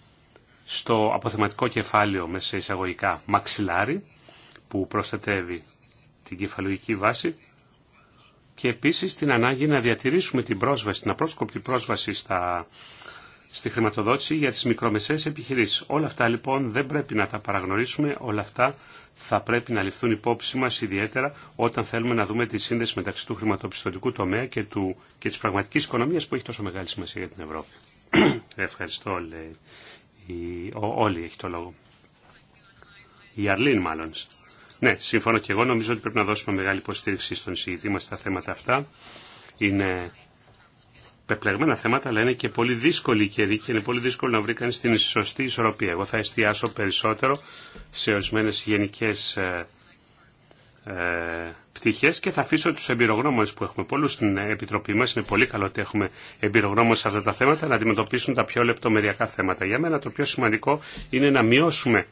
στο αποθεματικό κεφάλαιο με σε εισαγωγικά μαξιλάρι, που προστατεύει την κεφαλογική βάση, και επίσης την ανάγκη να διατηρήσουμε την πρόσβαση, την απρόσκοπτη πρόσβαση στα στη χρηματοδότηση για τις μικρομεσαίες επιχειρήσεις. Όλα αυτά λοιπόν δεν πρέπει να τα παραγνωρίσουμε, όλα αυτά θα πρέπει να ληφθούν υπόψη μας ιδιαίτερα όταν θέλουμε να δούμε τη σύνδεση μεταξύ του χρηματοπιστωτικού τομέα και, του, και της πραγματικής οικονομίας που έχει τόσο μεγάλη σημασία για την Ευρώπη. Ευχαριστώ, λέει. Η, ο, όλοι έχει το λόγο. Η Αρλίν μάλλον. Ναι, σύμφωνα και εγώ νομίζω ότι πρέπει να δώσουμε μεγάλη υποστήριξη στον εισηγητή μας στα θέματα αυτά. Είναι πεπλεγμένα θέματα, αλλά είναι και πολύ δύσκολη η καιρή και είναι πολύ δύσκολο να βρει κανεί την σωστή ισορροπία. Εγώ θα εστιάσω περισσότερο σε ορισμένε γενικέ ε, ε, και θα αφήσω του εμπειρογνώμονε που έχουμε πολλούς στην Επιτροπή μα. Είναι πολύ καλό ότι έχουμε εμπειρογνώμονε σε αυτά τα θέματα να αντιμετωπίσουν τα πιο λεπτομεριακά θέματα. Για μένα το πιο σημαντικό είναι να μειώσουμε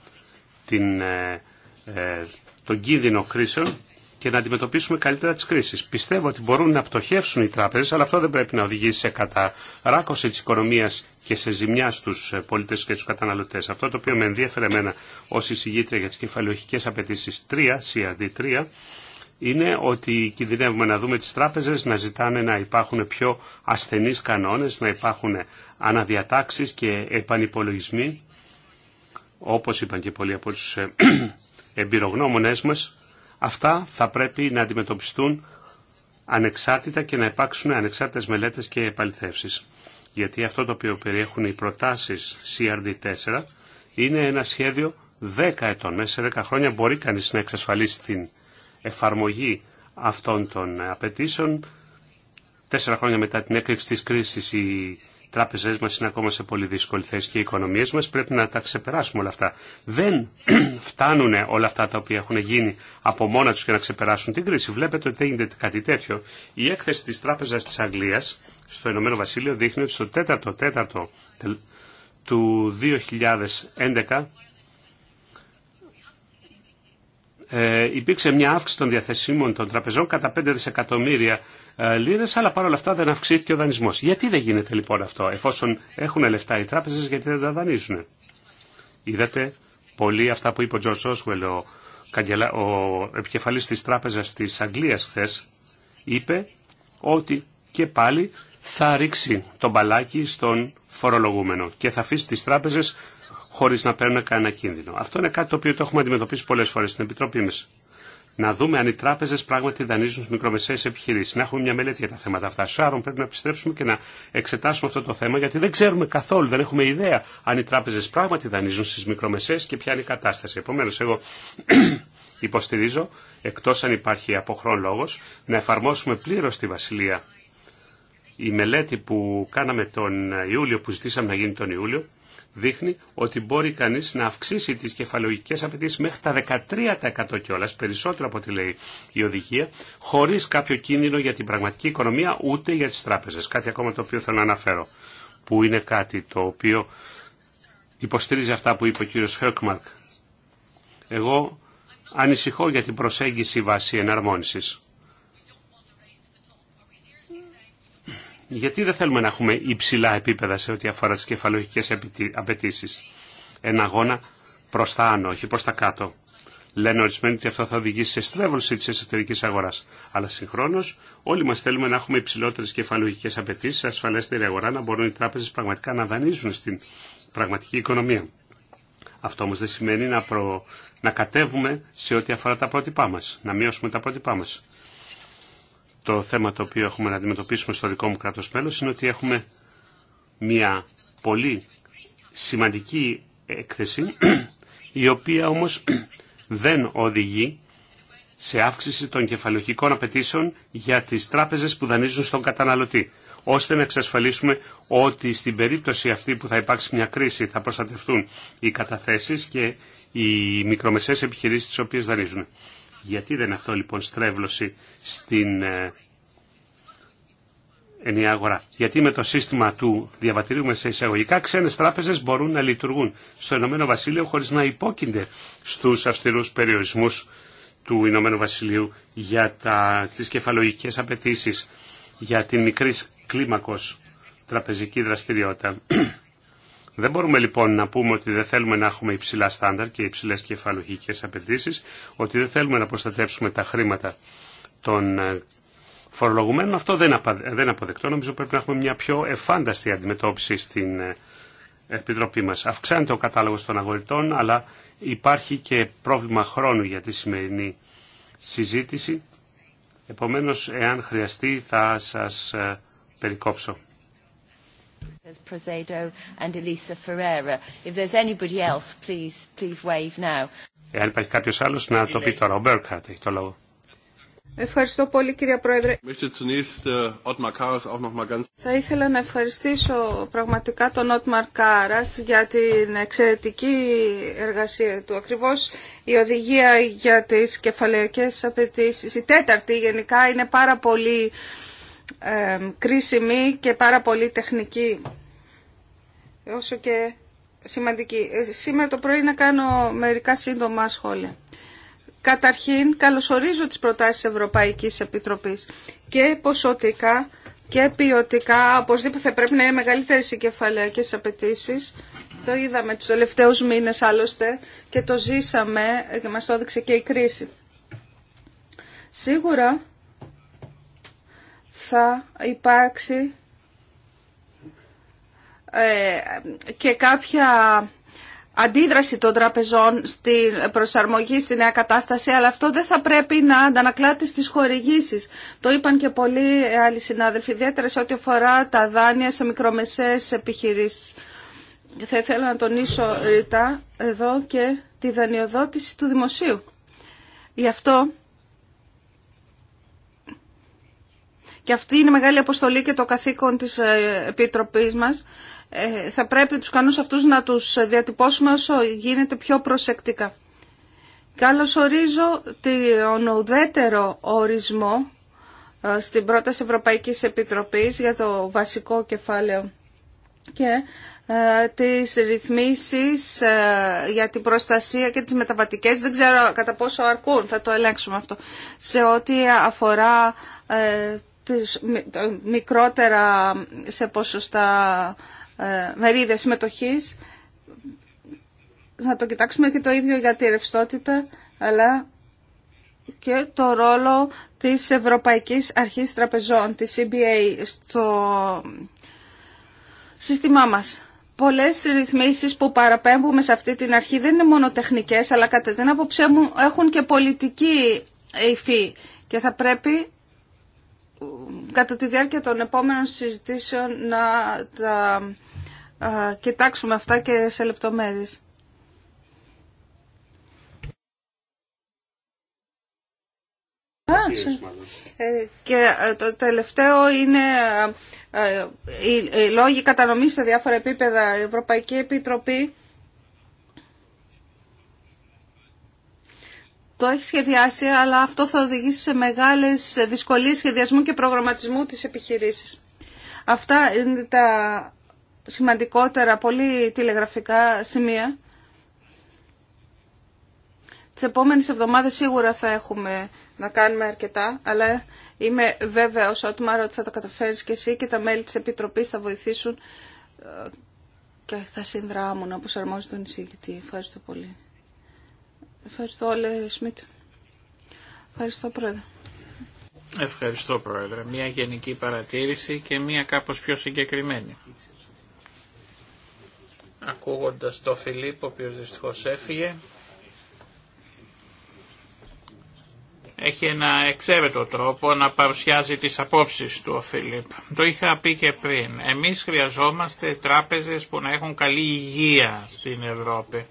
την, ε, ε, τον κίνδυνο κρίσεων και να αντιμετωπίσουμε καλύτερα τι κρίσει. Πιστεύω ότι μπορούν να πτωχεύσουν οι τράπεζε, αλλά αυτό δεν πρέπει να οδηγήσει σε καταράκωση τη οικονομία και σε ζημιά στου ε, πολιτέ και του καταναλωτέ. Αυτό το οποίο με ενδιαφέρε εμένα ω εισηγήτρια για τι κεφαλαιοχικέ απαιτήσει 3, CRD3, είναι ότι κινδυνεύουμε να δούμε τις τράπεζες να ζητάνε να υπάρχουν πιο ασθενείς κανόνες, να υπάρχουν αναδιατάξεις και επανυπολογισμοί, όπως είπαν και πολλοί από τους ε, εμπειρογνώμονές μας, Αυτά θα πρέπει να αντιμετωπιστούν ανεξάρτητα και να υπάρξουν ανεξάρτητες μελέτες και επαληθεύσεις. Γιατί αυτό το οποίο περιέχουν οι προτάσεις CRD4 είναι ένα σχέδιο 10 ετών. Μέσα σε 10 χρόνια μπορεί κανείς να εξασφαλίσει την εφαρμογή αυτών των απαιτήσεων. Τέσσερα χρόνια μετά την έκρηξη της κρίσης η τράπεζές μας είναι ακόμα σε πολύ δύσκολη θέση και οι οικονομίες μας πρέπει να τα ξεπεράσουμε όλα αυτά. Δεν φτάνουν όλα αυτά τα οποία έχουν γίνει από μόνα τους και να ξεπεράσουν την κρίση. Βλέπετε ότι δεν γίνεται κάτι τέτοιο. Η έκθεση της Τράπεζας της Αγγλίας στο Ηνωμένο Βασίλειο δείχνει ότι στο 4ο τέταρτο του 2011 ε, υπήρξε μια αύξηση των διαθεσίμων των τραπεζών κατά 5 δισεκατομμύρια ε, λίρε, αλλά παρόλα αυτά δεν αυξήθηκε ο δανεισμό. Γιατί δεν γίνεται λοιπόν αυτό, εφόσον έχουν λεφτά οι τράπεζε γιατί δεν τα δανείζουν. Είδατε πολύ αυτά που είπε ο Τζορτ Όσουελ, ο, ο επικεφαλής της τράπεζας της Αγγλίας χθε, είπε ότι και πάλι θα ρίξει το μπαλάκι στον φορολογούμενο και θα αφήσει τι τράπεζε χωρίς να παίρνουν κανένα κίνδυνο. Αυτό είναι κάτι το οποίο το έχουμε αντιμετωπίσει πολλές φορές στην Επιτροπή μας να δούμε αν οι τράπεζε πράγματι δανείζουν στι μικρομεσαίε επιχειρήσει. Να έχουμε μια μελέτη για τα θέματα αυτά. Σάρων πρέπει να επιστρέψουμε και να εξετάσουμε αυτό το θέμα, γιατί δεν ξέρουμε καθόλου, δεν έχουμε ιδέα αν οι τράπεζε πράγματι δανείζουν στι μικρομεσαίε και ποια είναι η κατάσταση. Επομένω, εγώ υποστηρίζω, εκτό αν υπάρχει αποχρόν λόγο, να εφαρμόσουμε πλήρω τη Βασιλεία. Η μελέτη που κάναμε τον Ιούλιο, που ζητήσαμε να γίνει τον Ιούλιο, δείχνει ότι μπορεί κανείς να αυξήσει τις κεφαλογικές απαιτήσει μέχρι τα 13% κιόλα, περισσότερο από ό,τι λέει η οδηγία, χωρίς κάποιο κίνδυνο για την πραγματική οικονομία ούτε για τις τράπεζες. Κάτι ακόμα το οποίο θέλω να αναφέρω, που είναι κάτι το οποίο υποστηρίζει αυτά που είπε ο κύριος Χέρκμαρκ. Εγώ ανησυχώ για την προσέγγιση βάση εναρμόνισης. γιατί δεν θέλουμε να έχουμε υψηλά επίπεδα σε ό,τι αφορά τις κεφαλογικές απαιτήσει. Ένα αγώνα προς τα άνω, όχι προς τα κάτω. Λένε ορισμένοι ότι αυτό θα οδηγήσει σε στρέβλωση τη εσωτερική αγορά. Αλλά συγχρόνω, όλοι μα θέλουμε να έχουμε υψηλότερε κεφαλογικέ απαιτήσει, ασφαλέστερη αγορά, να μπορούν οι τράπεζε πραγματικά να δανείζουν στην πραγματική οικονομία. Αυτό όμω δεν σημαίνει να, προ... να κατέβουμε σε ό,τι αφορά τα πρότυπά μα, να μειώσουμε τα πρότυπά μα το θέμα το οποίο έχουμε να αντιμετωπίσουμε στο δικό μου κράτος μέλος είναι ότι έχουμε μια πολύ σημαντική έκθεση η οποία όμως δεν οδηγεί σε αύξηση των κεφαλαιοχικών απαιτήσεων για τις τράπεζες που δανείζουν στον καταναλωτή ώστε να εξασφαλίσουμε ότι στην περίπτωση αυτή που θα υπάρξει μια κρίση θα προστατευτούν οι καταθέσεις και οι μικρομεσαίες επιχειρήσεις τις οποίες δανείζουν. Γιατί δεν αυτό λοιπόν στρέβλωση στην ε, ενιαία αγορά. Γιατί με το σύστημα του διαβατηρίου μέσα εισαγωγικά ξένες τράπεζες μπορούν να λειτουργούν στο Ηνωμένο Βασίλειο χωρίς να υπόκεινται στους αυστηρούς περιορισμούς του Ηνωμένου Βασιλείου για τα, τις κεφαλογικές απαιτήσει για την μικρή κλίμακος τραπεζική δραστηριότητα. Δεν μπορούμε λοιπόν να πούμε ότι δεν θέλουμε να έχουμε υψηλά στάνταρ και υψηλέ κεφαλογικέ απαιτήσει, ότι δεν θέλουμε να προστατεύσουμε τα χρήματα των ε, φορολογουμένων. Αυτό δεν αποδεκτό. Νομίζω πρέπει να έχουμε μια πιο εφάνταστη αντιμετώπιση στην ε, Επιτροπή μα. Αυξάνεται ο κατάλογο των αγορητών, αλλά υπάρχει και πρόβλημα χρόνου για τη σημερινή συζήτηση. Επομένως, εάν χρειαστεί θα σας ε, περικόψω. Εάν υπάρχει κάποιος άλλος, να το Ο έχει Ευχαριστώ πολύ κύριε Πρόεδρε. Äh, Θα ήθελα να ευχαριστήσω πραγματικά τον Ότμαρ Κάρας για την εξαιρετική εργασία του. Ακριβώς η οδηγία για τις κεφαλαϊκές απαιτήσεις, η τέταρτη γενικά είναι πάρα πολύ κρίσιμη και πάρα πολύ τεχνική όσο και σημαντική. Ε, σήμερα το πρωί να κάνω μερικά σύντομα σχόλια. Καταρχήν, καλωσορίζω τις προτάσεις Ευρωπαϊκής Επιτροπής και ποσοτικά και ποιοτικά. Οπωσδήποτε πρέπει να είναι μεγαλύτερε οι κεφαλαίκε απαιτήσει. Το είδαμε τους τελευταίους μήνες άλλωστε και το ζήσαμε και μα το έδειξε και η κρίση. Σίγουρα θα υπάρξει ε, και κάποια αντίδραση των τραπεζών στην προσαρμογή στην νέα κατάσταση, αλλά αυτό δεν θα πρέπει να αντανακλάται στις χορηγήσεις. Το είπαν και πολλοί άλλοι συνάδελφοι, ιδιαίτερα σε ό,τι αφορά τα δάνεια σε μικρομεσαίες επιχειρήσεις. Θα ήθελα να τονίσω ρητά εδώ και τη δανειοδότηση του δημοσίου. Γι' αυτό και αυτή είναι μεγάλη αποστολή και το καθήκον της ε, Επιτροπής μας, ε, θα πρέπει τους κανούς αυτούς να τους διατυπώσουμε όσο γίνεται πιο προσεκτικά. Καλώς ορίζω τον ουδέτερο ορισμό ε, στην πρόταση Ευρωπαϊκής Επιτροπής για το βασικό κεφάλαιο και τις ρυθμίσεις για την προστασία και τις μεταβατικές. Δεν ξέρω κατά πόσο αρκούν, θα το ελέγξουμε αυτό. Σε ό,τι αφορά τις μικρότερα σε ποσοστά ε, μερίδες συμμετοχή Θα το κοιτάξουμε και το ίδιο για τη ρευστότητα, αλλά και το ρόλο της Ευρωπαϊκής Αρχής Τραπεζών, της EBA, στο σύστημά μας. Πολλές ρυθμίσεις που παραπέμπουμε σε αυτή την αρχή δεν είναι μόνο τεχνικές, αλλά κατά την άποψή μου έχουν και πολιτική υφή και θα πρέπει κατά τη διάρκεια των επόμενων συζητήσεων να τα κοιτάξουμε αυτά και σε λεπτομέρειες. Ε, και ε, το τελευταίο είναι ε, οι λόγοι κατανομής σε διάφορα επίπεδα. Η Ευρωπαϊκή Επιτροπή το έχει σχεδιάσει, αλλά αυτό θα οδηγήσει σε μεγάλες δυσκολίες σχεδιασμού και προγραμματισμού τη επιχειρήση. Αυτά είναι τα σημαντικότερα, πολύ τηλεγραφικά σημεία. Τις επόμενες εβδομάδες σίγουρα θα έχουμε να κάνουμε αρκετά, αλλά είμαι βέβαιος, ότι θα τα καταφέρεις και εσύ και τα μέλη της Επιτροπής θα βοηθήσουν ε, και θα συνδράμουν όπως αρμόζει τον εισηγητή. Ευχαριστώ πολύ. Ευχαριστώ, Όλε Σμιτ. Ευχαριστώ, Πρόεδρε. Ευχαριστώ, Πρόεδρε. Μια γενική παρατήρηση και μια κάπως πιο συγκεκριμένη. Ακούγοντας το Φιλίπ, ο οποίος δυστυχώς έφυγε, έχει ένα εξαίρετο τρόπο να παρουσιάζει τις απόψεις του ο Φίλιπ. Το είχα πει και πριν. Εμείς χρειαζόμαστε τράπεζες που να έχουν καλή υγεία στην Ευρώπη.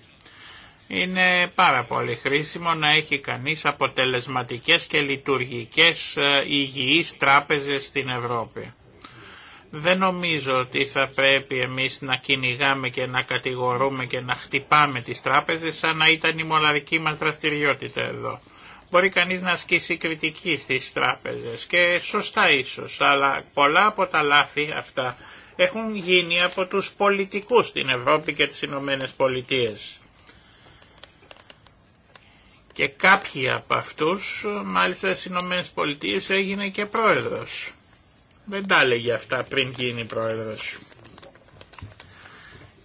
Είναι πάρα πολύ χρήσιμο να έχει κανείς αποτελεσματικές και λειτουργικές ε, υγιείς τράπεζες στην Ευρώπη. Δεν νομίζω ότι θα πρέπει εμείς να κυνηγάμε και να κατηγορούμε και να χτυπάμε τις τράπεζες σαν να ήταν η μοναδική μας δραστηριότητα εδώ. Μπορεί κανείς να ασκήσει κριτική στις τράπεζες και σωστά ίσως, αλλά πολλά από τα λάθη αυτά έχουν γίνει από τους πολιτικούς στην Ευρώπη και τις Ηνωμένε Πολιτείες και κάποιοι από αυτούς, μάλιστα στις Ηνωμένες Πολιτείες, έγινε και πρόεδρος. Δεν τα έλεγε αυτά πριν γίνει πρόεδρος.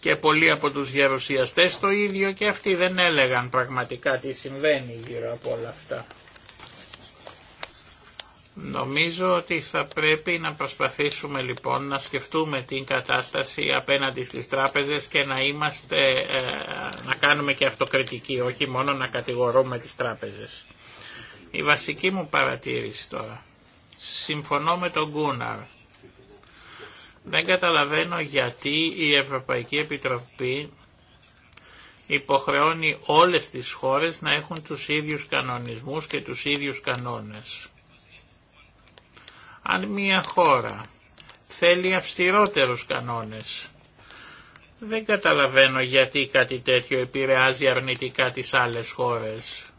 Και πολλοί από τους γερουσιαστές το ίδιο και αυτοί δεν έλεγαν πραγματικά τι συμβαίνει γύρω από όλα αυτά. Νομίζω ότι θα πρέπει να προσπαθήσουμε λοιπόν να σκεφτούμε την κατάσταση απέναντι στις τράπεζες και να είμαστε, ε, να κάνουμε και αυτοκριτική, όχι μόνο να κατηγορούμε τις τράπεζες. Η βασική μου παρατήρηση τώρα. Συμφωνώ με τον Γκούναρ. Δεν καταλαβαίνω γιατί η Ευρωπαϊκή Επιτροπή υποχρεώνει όλες τις χώρες να έχουν τους ίδιους κανονισμούς και τους ίδιους κανόνες. Αν μια χώρα θέλει αυστηρότερους κανόνες, δεν καταλαβαίνω γιατί κάτι τέτοιο επηρεάζει αρνητικά τις άλλες χώρες.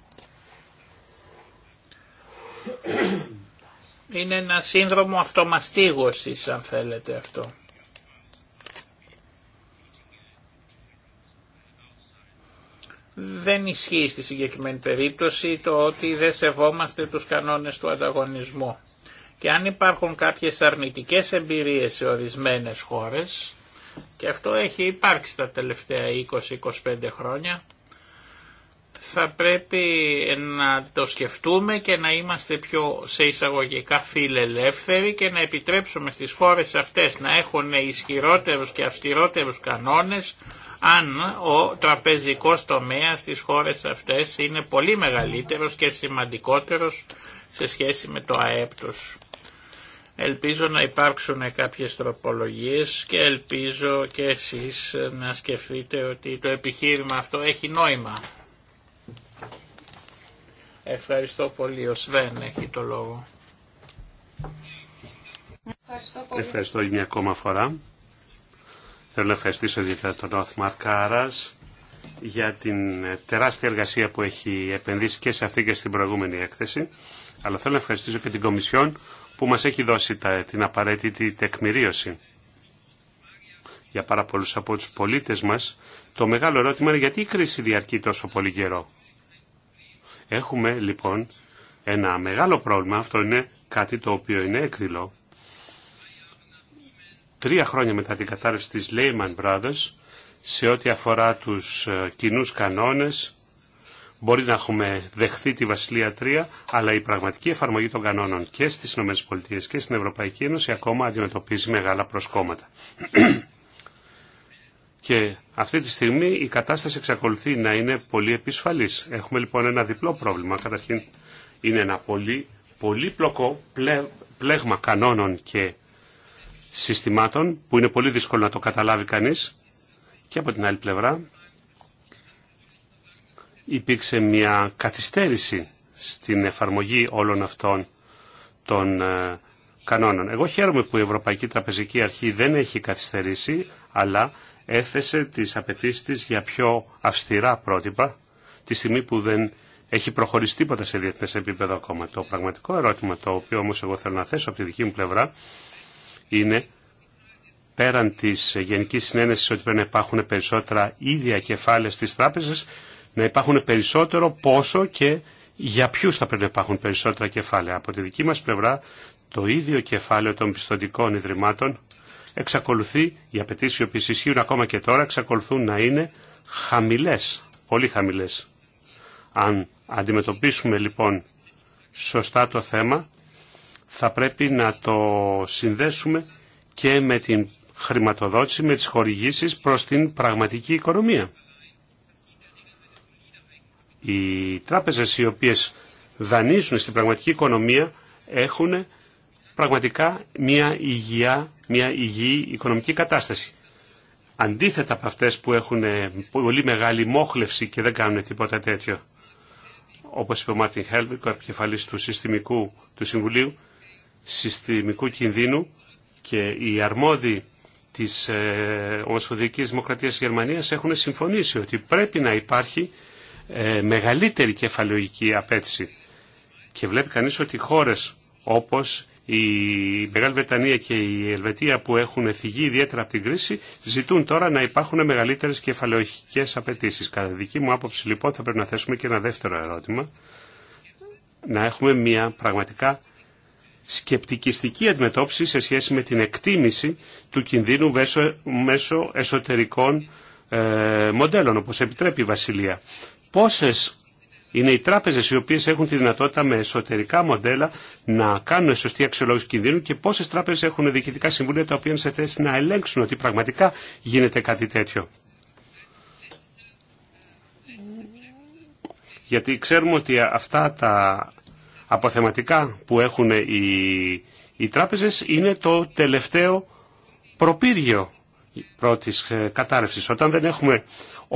Είναι ένα σύνδρομο αυτομαστίγωσης αν θέλετε αυτό. Δεν ισχύει στη συγκεκριμένη περίπτωση το ότι δεν σεβόμαστε τους κανόνες του ανταγωνισμού και αν υπάρχουν κάποιες αρνητικές εμπειρίες σε ορισμένες χώρες και αυτό έχει υπάρξει τα τελευταία 20-25 χρόνια θα πρέπει να το σκεφτούμε και να είμαστε πιο σε εισαγωγικά φιλελεύθεροι και να επιτρέψουμε στις χώρες αυτές να έχουν ισχυρότερους και αυστηρότερους κανόνες αν ο τραπεζικός τομέας στις χώρες αυτές είναι πολύ μεγαλύτερος και σημαντικότερος σε σχέση με το ΑΕΠ Ελπίζω να υπάρξουν κάποιες τροπολογίες και ελπίζω και εσείς να σκεφτείτε ότι το επιχείρημα αυτό έχει νόημα. Ευχαριστώ πολύ. Ο Σβέν έχει το λόγο. Ευχαριστώ, πολύ. Ευχαριστώ μια ακόμα φορά. Θέλω να ευχαριστήσω ιδιαίτερα τον Όθμαρ Κάρας για την τεράστια εργασία που έχει επενδύσει και σε αυτή και στην προηγούμενη έκθεση. Αλλά θέλω να ευχαριστήσω και την Κομισιόν που μας έχει δώσει την απαραίτητη τεκμηρίωση. Για πάρα πολλούς από τους πολίτες μας, το μεγάλο ερώτημα είναι γιατί η κρίση διαρκεί τόσο πολύ καιρό. Έχουμε λοιπόν ένα μεγάλο πρόβλημα, αυτό είναι κάτι το οποίο είναι έκδηλο. Τρία χρόνια μετά την κατάρρευση της Lehman Brothers, σε ό,τι αφορά τους ε, κοινούς κανόνες, Μπορεί να έχουμε δεχθεί τη Βασιλεία Τρία, αλλά η πραγματική εφαρμογή των κανόνων και στις ΗΠΑ και στην Ευρωπαϊκή Ένωση ακόμα αντιμετωπίζει μεγάλα προσκόμματα. και αυτή τη στιγμή η κατάσταση εξακολουθεί να είναι πολύ επισφαλής. Έχουμε λοιπόν ένα διπλό πρόβλημα. Καταρχήν είναι ένα πολύ, πολύ πλοκό πλέγμα κανόνων και συστημάτων που είναι πολύ δύσκολο να το καταλάβει κανείς και από την άλλη πλευρά υπήρξε μια καθυστέρηση στην εφαρμογή όλων αυτών των ε, κανόνων. Εγώ χαίρομαι που η Ευρωπαϊκή Τραπεζική Αρχή δεν έχει καθυστερήσει, αλλά έθεσε τις απαιτήσει της για πιο αυστηρά πρότυπα, τη στιγμή που δεν έχει προχωρήσει τίποτα σε διεθνές επίπεδο ακόμα. Το πραγματικό ερώτημα, το οποίο όμως εγώ θέλω να θέσω από τη δική μου πλευρά, είναι πέραν της γενικής συνένεσης ότι πρέπει να υπάρχουν περισσότερα ίδια κεφάλαια στις τράπεζες, να υπάρχουν περισσότερο, πόσο και για ποιου θα πρέπει να υπάρχουν περισσότερα κεφάλαια. Από τη δική μα πλευρά, το ίδιο κεφάλαιο των πιστοτικών ιδρυμάτων εξακολουθεί, οι απαιτήσει οι οποίε ισχύουν ακόμα και τώρα, εξακολουθούν να είναι χαμηλέ, πολύ χαμηλέ. Αν αντιμετωπίσουμε λοιπόν σωστά το θέμα, θα πρέπει να το συνδέσουμε και με την χρηματοδότηση, με τις χορηγήσεις προς την πραγματική οικονομία οι τράπεζες οι οποίες δανείζουν στην πραγματική οικονομία έχουν πραγματικά μια, υγεία, μια υγιή οικονομική κατάσταση. Αντίθετα από αυτές που έχουν ε, πολύ μεγάλη μόχλευση και δεν κάνουν τίποτα τέτοιο. Όπως είπε ο Μάρτιν Χέλβικ, ο επικεφαλής του, συστημικού, του Συμβουλίου Συστημικού Κινδύνου και οι αρμόδιοι της ε, Ομοσπονδιακής Δημοκρατίας της Γερμανίας έχουν συμφωνήσει ότι πρέπει να υπάρχει ε, μεγαλύτερη κεφαλαιογική απέτηση. Και βλέπει κανείς ότι χώρες όπως η Μεγάλη Βρετανία και η Ελβετία που έχουν φυγεί ιδιαίτερα από την κρίση ζητούν τώρα να υπάρχουν μεγαλύτερες κεφαλαιοχικές απαιτήσει. Κατά δική μου άποψη λοιπόν θα πρέπει να θέσουμε και ένα δεύτερο ερώτημα. Να έχουμε μια πραγματικά σκεπτικιστική αντιμετώπιση σε σχέση με την εκτίμηση του κινδύνου μέσω εσωτερικών ε, μοντέλων όπως επιτρέπει η Βασιλεία πόσες είναι οι τράπεζες οι οποίες έχουν τη δυνατότητα με εσωτερικά μοντέλα να κάνουν σωστή αξιολόγηση κινδύνου και πόσες τράπεζες έχουν διοικητικά συμβούλια τα οποία είναι σε θέση να ελέγξουν ότι πραγματικά γίνεται κάτι τέτοιο. Γιατί ξέρουμε ότι αυτά τα αποθεματικά που έχουν οι, οι τράπεζες είναι το τελευταίο προπύργιο πρώτης ε, κατάρρευσης. Όταν δεν έχουμε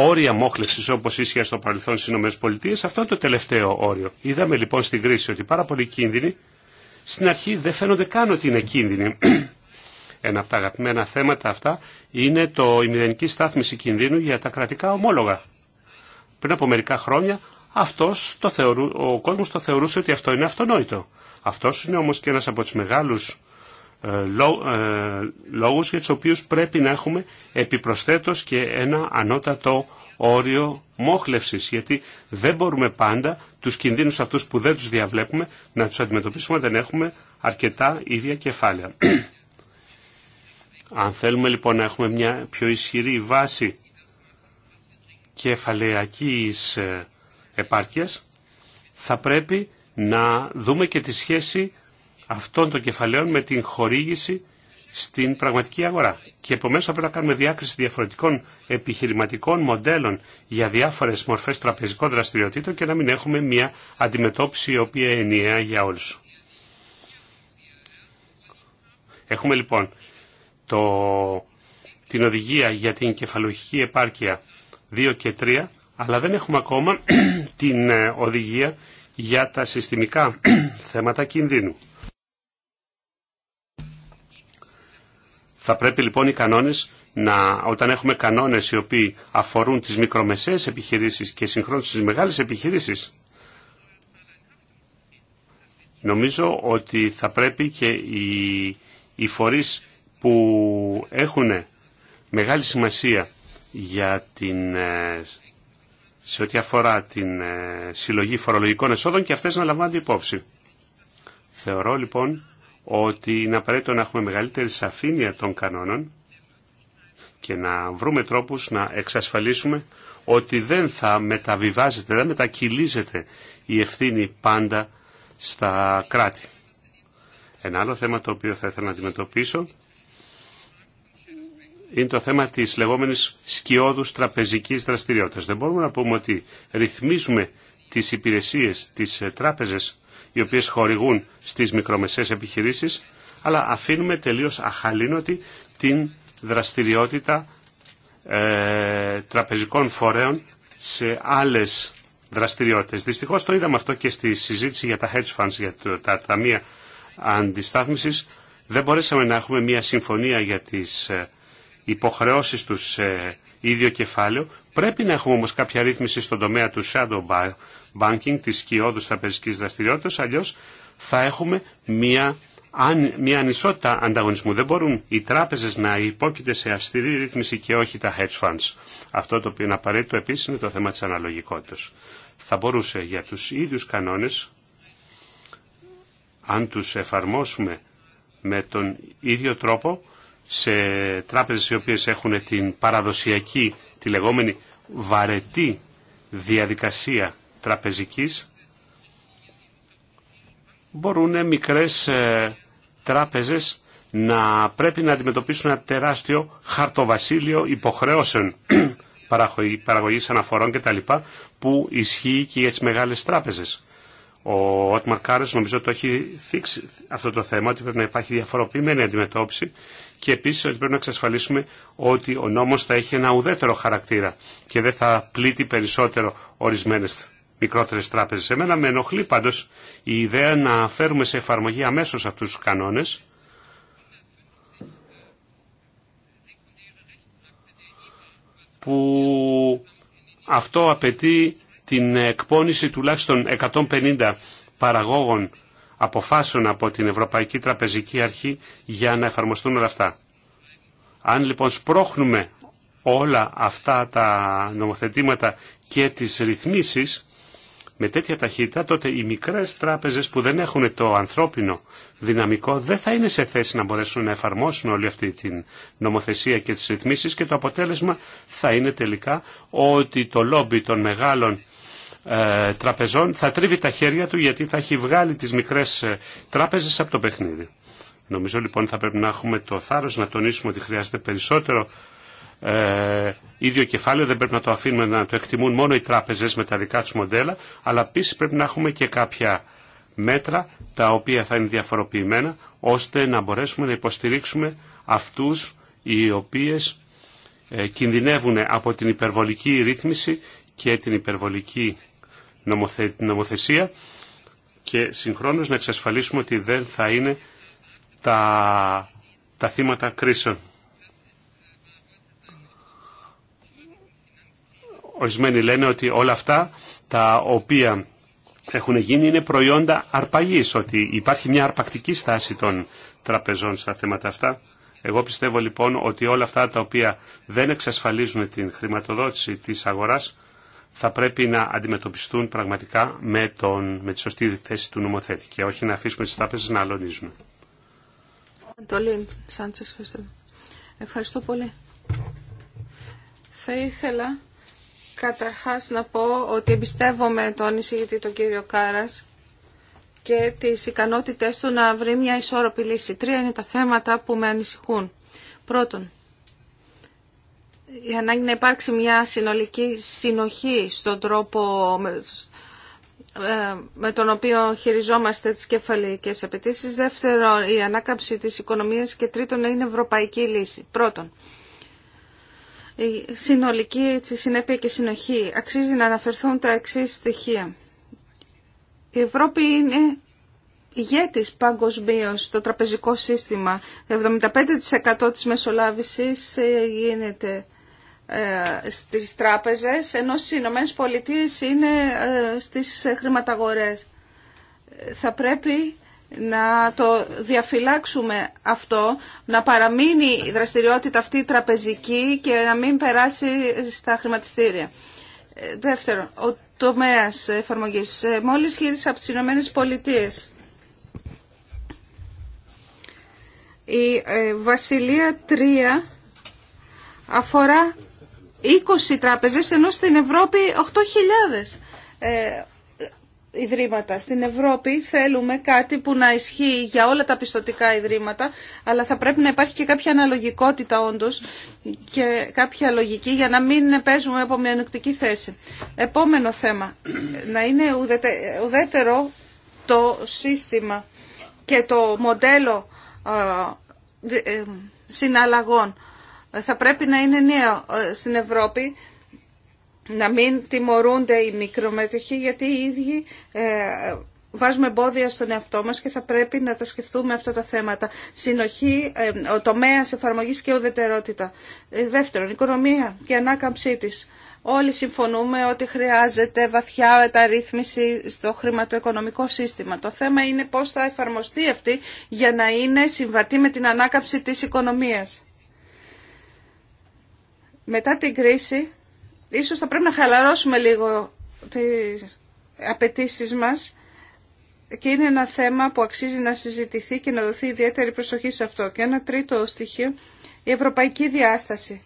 όρια μόχλευση όπω ίσχυαν στο παρελθόν στι ΗΠΑ, αυτό είναι το τελευταίο όριο. Είδαμε λοιπόν στην κρίση ότι πάρα πολλοί κίνδυνοι στην αρχή δεν φαίνονται καν ότι είναι κίνδυνοι. Ένα από τα αγαπημένα θέματα αυτά είναι το, η μηδενική στάθμιση κινδύνου για τα κρατικά ομόλογα. Πριν από μερικά χρόνια αυτός το θεωρού, ο κόσμος το θεωρούσε ότι αυτό είναι αυτονόητο. Αυτός είναι όμως και ένας από τους μεγάλους ε, ε, λόγους για τους οποίους πρέπει να έχουμε επιπροσθέτως και ένα ανώτατο όριο μόχλευσης, γιατί δεν μπορούμε πάντα τους κινδύνους αυτούς που δεν τους διαβλέπουμε να τους αντιμετωπίσουμε, δεν έχουμε αρκετά ίδια κεφάλαια. Αν θέλουμε λοιπόν να έχουμε μια πιο ισχυρή βάση κεφαλαιακής ε, επάρκειας, θα πρέπει να δούμε και τη σχέση αυτών των κεφαλαίων με την χορήγηση στην πραγματική αγορά. Και επομένως θα πρέπει να κάνουμε διάκριση διαφορετικών επιχειρηματικών μοντέλων για διάφορες μορφές τραπεζικών δραστηριοτήτων και να μην έχουμε μια αντιμετώπιση η οποία ενιαία για όλους. Έχουμε λοιπόν το, την οδηγία για την κεφαλογική επάρκεια 2 και 3, αλλά δεν έχουμε ακόμα την ε, οδηγία για τα συστημικά θέματα κινδύνου. Θα πρέπει λοιπόν οι κανόνες να, όταν έχουμε κανόνες οι οποίοι αφορούν τις μικρομεσαίες επιχειρήσεις και συγχρόνως τις μεγάλες επιχειρήσεις, νομίζω ότι θα πρέπει και οι, οι που έχουν μεγάλη σημασία για την, ε, σε ό,τι αφορά την ε, συλλογή φορολογικών εσόδων και αυτές να λαμβάνονται υπόψη. Θεωρώ λοιπόν ότι είναι απαραίτητο να έχουμε μεγαλύτερη σαφήνεια των κανόνων και να βρούμε τρόπους να εξασφαλίσουμε ότι δεν θα μεταβιβάζεται, δεν μετακυλίζεται η ευθύνη πάντα στα κράτη. Ένα άλλο θέμα το οποίο θα ήθελα να αντιμετωπίσω είναι το θέμα της λεγόμενης σκιώδους τραπεζικής δραστηριότητας. Δεν μπορούμε να πούμε ότι ρυθμίζουμε τις υπηρεσίες, τις τράπεζες οι οποίες χορηγούν στις μικρομεσαίες επιχειρήσεις, αλλά αφήνουμε τελείως αχαλήνοτη την δραστηριότητα ε, τραπεζικών φορέων σε άλλες δραστηριότητες. Δυστυχώς το είδαμε αυτό και στη συζήτηση για τα hedge funds, για τα ταμεία αντιστάθμισης. Δεν μπορέσαμε να έχουμε μια συμφωνία για τις ε, υποχρεώσεις τους σε ίδιο κεφάλαιο Πρέπει να έχουμε όμως κάποια ρύθμιση στον τομέα του shadow banking, της σκιώδους τραπεζικής δραστηριότητας, αλλιώς θα έχουμε μία, μία ανισότητα ανταγωνισμού. Δεν μπορούν οι τράπεζες να υπόκειται σε αυστηρή ρύθμιση και όχι τα hedge funds. Αυτό το οποίο είναι απαραίτητο επίσης είναι το θέμα της αναλογικότητας. Θα μπορούσε για τους ίδιους κανόνες, αν τους εφαρμόσουμε με τον ίδιο τρόπο, σε τράπεζες οι οποίες έχουν την παραδοσιακή, τη λεγόμενη βαρετή διαδικασία τραπεζικής, μπορούν μικρές ε, τράπεζες να πρέπει να αντιμετωπίσουν ένα τεράστιο χαρτοβασίλειο υποχρέωσεων παραγωγής αναφορών κτλ. που ισχύει και για τις μεγάλες τράπεζες. Ο Ότμαρ Κάρες νομίζω το έχει θίξει αυτό το θέμα, ότι πρέπει να υπάρχει διαφοροποιημένη αντιμετώπιση και επίσης ότι πρέπει να εξασφαλίσουμε ότι ο νόμος θα έχει ένα ουδέτερο χαρακτήρα και δεν θα πλήττει περισσότερο ορισμένες μικρότερες τράπεζες. Εμένα με ενοχλεί πάντως η ιδέα να φέρουμε σε εφαρμογή αμέσως αυτούς τους κανόνες που αυτό απαιτεί την εκπόνηση τουλάχιστον 150 παραγόγων αποφάσεων από την Ευρωπαϊκή Τραπεζική Αρχή για να εφαρμοστούν όλα αυτά. Αν λοιπόν σπρώχνουμε όλα αυτά τα νομοθετήματα και τις ρυθμίσεις με τέτοια ταχύτητα, τότε οι μικρές τράπεζες που δεν έχουν το ανθρώπινο δυναμικό δεν θα είναι σε θέση να μπορέσουν να εφαρμόσουν όλη αυτή την νομοθεσία και τις ρυθμίσεις και το αποτέλεσμα θα είναι τελικά ότι το λόμπι των μεγάλων ε, τραπεζών θα τρίβει τα χέρια του γιατί θα έχει βγάλει τις μικρές ε, τράπεζες από το παιχνίδι. Νομίζω λοιπόν θα πρέπει να έχουμε το θάρρος να τονίσουμε ότι χρειάζεται περισσότερο ε, ίδιο κεφάλαιο, δεν πρέπει να το αφήνουμε να το εκτιμούν μόνο οι τράπεζες με τα δικά τους μοντέλα, αλλά επίση πρέπει να έχουμε και κάποια μέτρα τα οποία θα είναι διαφοροποιημένα, ώστε να μπορέσουμε να υποστηρίξουμε αυτούς οι οποίες ε, κινδυνεύουν από την υπερβολική ρύθμιση και την υπερβολική νομοθεσία και συγχρόνως να εξασφαλίσουμε ότι δεν θα είναι τα, τα θύματα κρίσεων. Ορισμένοι λένε ότι όλα αυτά τα οποία έχουν γίνει είναι προϊόντα αρπαγής, ότι υπάρχει μια αρπακτική στάση των τραπεζών στα θέματα αυτά. Εγώ πιστεύω λοιπόν ότι όλα αυτά τα οποία δεν εξασφαλίζουν την χρηματοδότηση της αγοράς θα πρέπει να αντιμετωπιστούν πραγματικά με, τον, με τη σωστή θέση του νομοθέτη και όχι να αφήσουμε τις τράπεζες να αλωνίζουν. Ευχαριστώ πολύ. Θα ήθελα καταρχάς να πω ότι εμπιστεύομαι τον εισηγητή τον κύριο Κάρας και τις ικανότητές του να βρει μια ισόρροπη λύση. Τρία είναι τα θέματα που με ανησυχούν. Πρώτον, η ανάγκη να υπάρξει μια συνολική συνοχή στον τρόπο με ε, τον οποίο χειριζόμαστε τις κεφαλικές απαιτήσει. Δεύτερον, η ανάκαμψη της οικονομίας και τρίτον, είναι ευρωπαϊκή λύση. Πρώτον, η συνολική έτσι, συνέπεια και συνοχή. Αξίζει να αναφερθούν τα εξή στοιχεία. Η Ευρώπη είναι ηγέτης παγκοσμίω στο τραπεζικό σύστημα. 75% της μεσολάβησης ε, γίνεται ε, στις τράπεζες, ενώ στις Ηνωμένες Πολιτείες είναι ε, στις χρηματαγορές. Θα πρέπει να το διαφυλάξουμε αυτό, να παραμείνει η δραστηριότητα αυτή τραπεζική και να μην περάσει στα χρηματιστήρια. Ε, δεύτερον, ο τομέας εφαρμογής. Μόλις γύρισα από τις Ηνωμένες Πολιτείες. Η Βασιλεία 3 αφορά 20 τράπεζες, ενώ στην Ευρώπη 8.000 ε, ιδρύματα. Στην Ευρώπη θέλουμε κάτι που να ισχύει για όλα τα πιστοτικά ιδρύματα, αλλά θα πρέπει να υπάρχει και κάποια αναλογικότητα όντως και κάποια λογική για να μην παίζουμε από μια νοικτική θέση. Επόμενο θέμα, να είναι ουδέτερο το σύστημα και το μοντέλο ε, ε, συναλλαγών θα πρέπει να είναι νέο ε, στην Ευρώπη να μην τιμωρούνται οι μικρομέτωχοι γιατί οι ίδιοι ε, βάζουμε εμπόδια στον εαυτό μας και θα πρέπει να τα σκεφτούμε αυτά τα θέματα. Συνοχή, ε, ο τομέας εφαρμογής και ουδετερότητα. Δεύτερον, οικονομία και ανάκαμψή της. Όλοι συμφωνούμε ότι χρειάζεται βαθιά μεταρρύθμιση στο χρηματοοικονομικό σύστημα. Το θέμα είναι πώς θα εφαρμοστεί αυτή για να είναι συμβατή με την ανάκαμψη της οικονομίας μετά την κρίση ίσως θα πρέπει να χαλαρώσουμε λίγο τις απαιτήσει μας και είναι ένα θέμα που αξίζει να συζητηθεί και να δοθεί ιδιαίτερη προσοχή σε αυτό. Και ένα τρίτο στοιχείο, η ευρωπαϊκή διάσταση.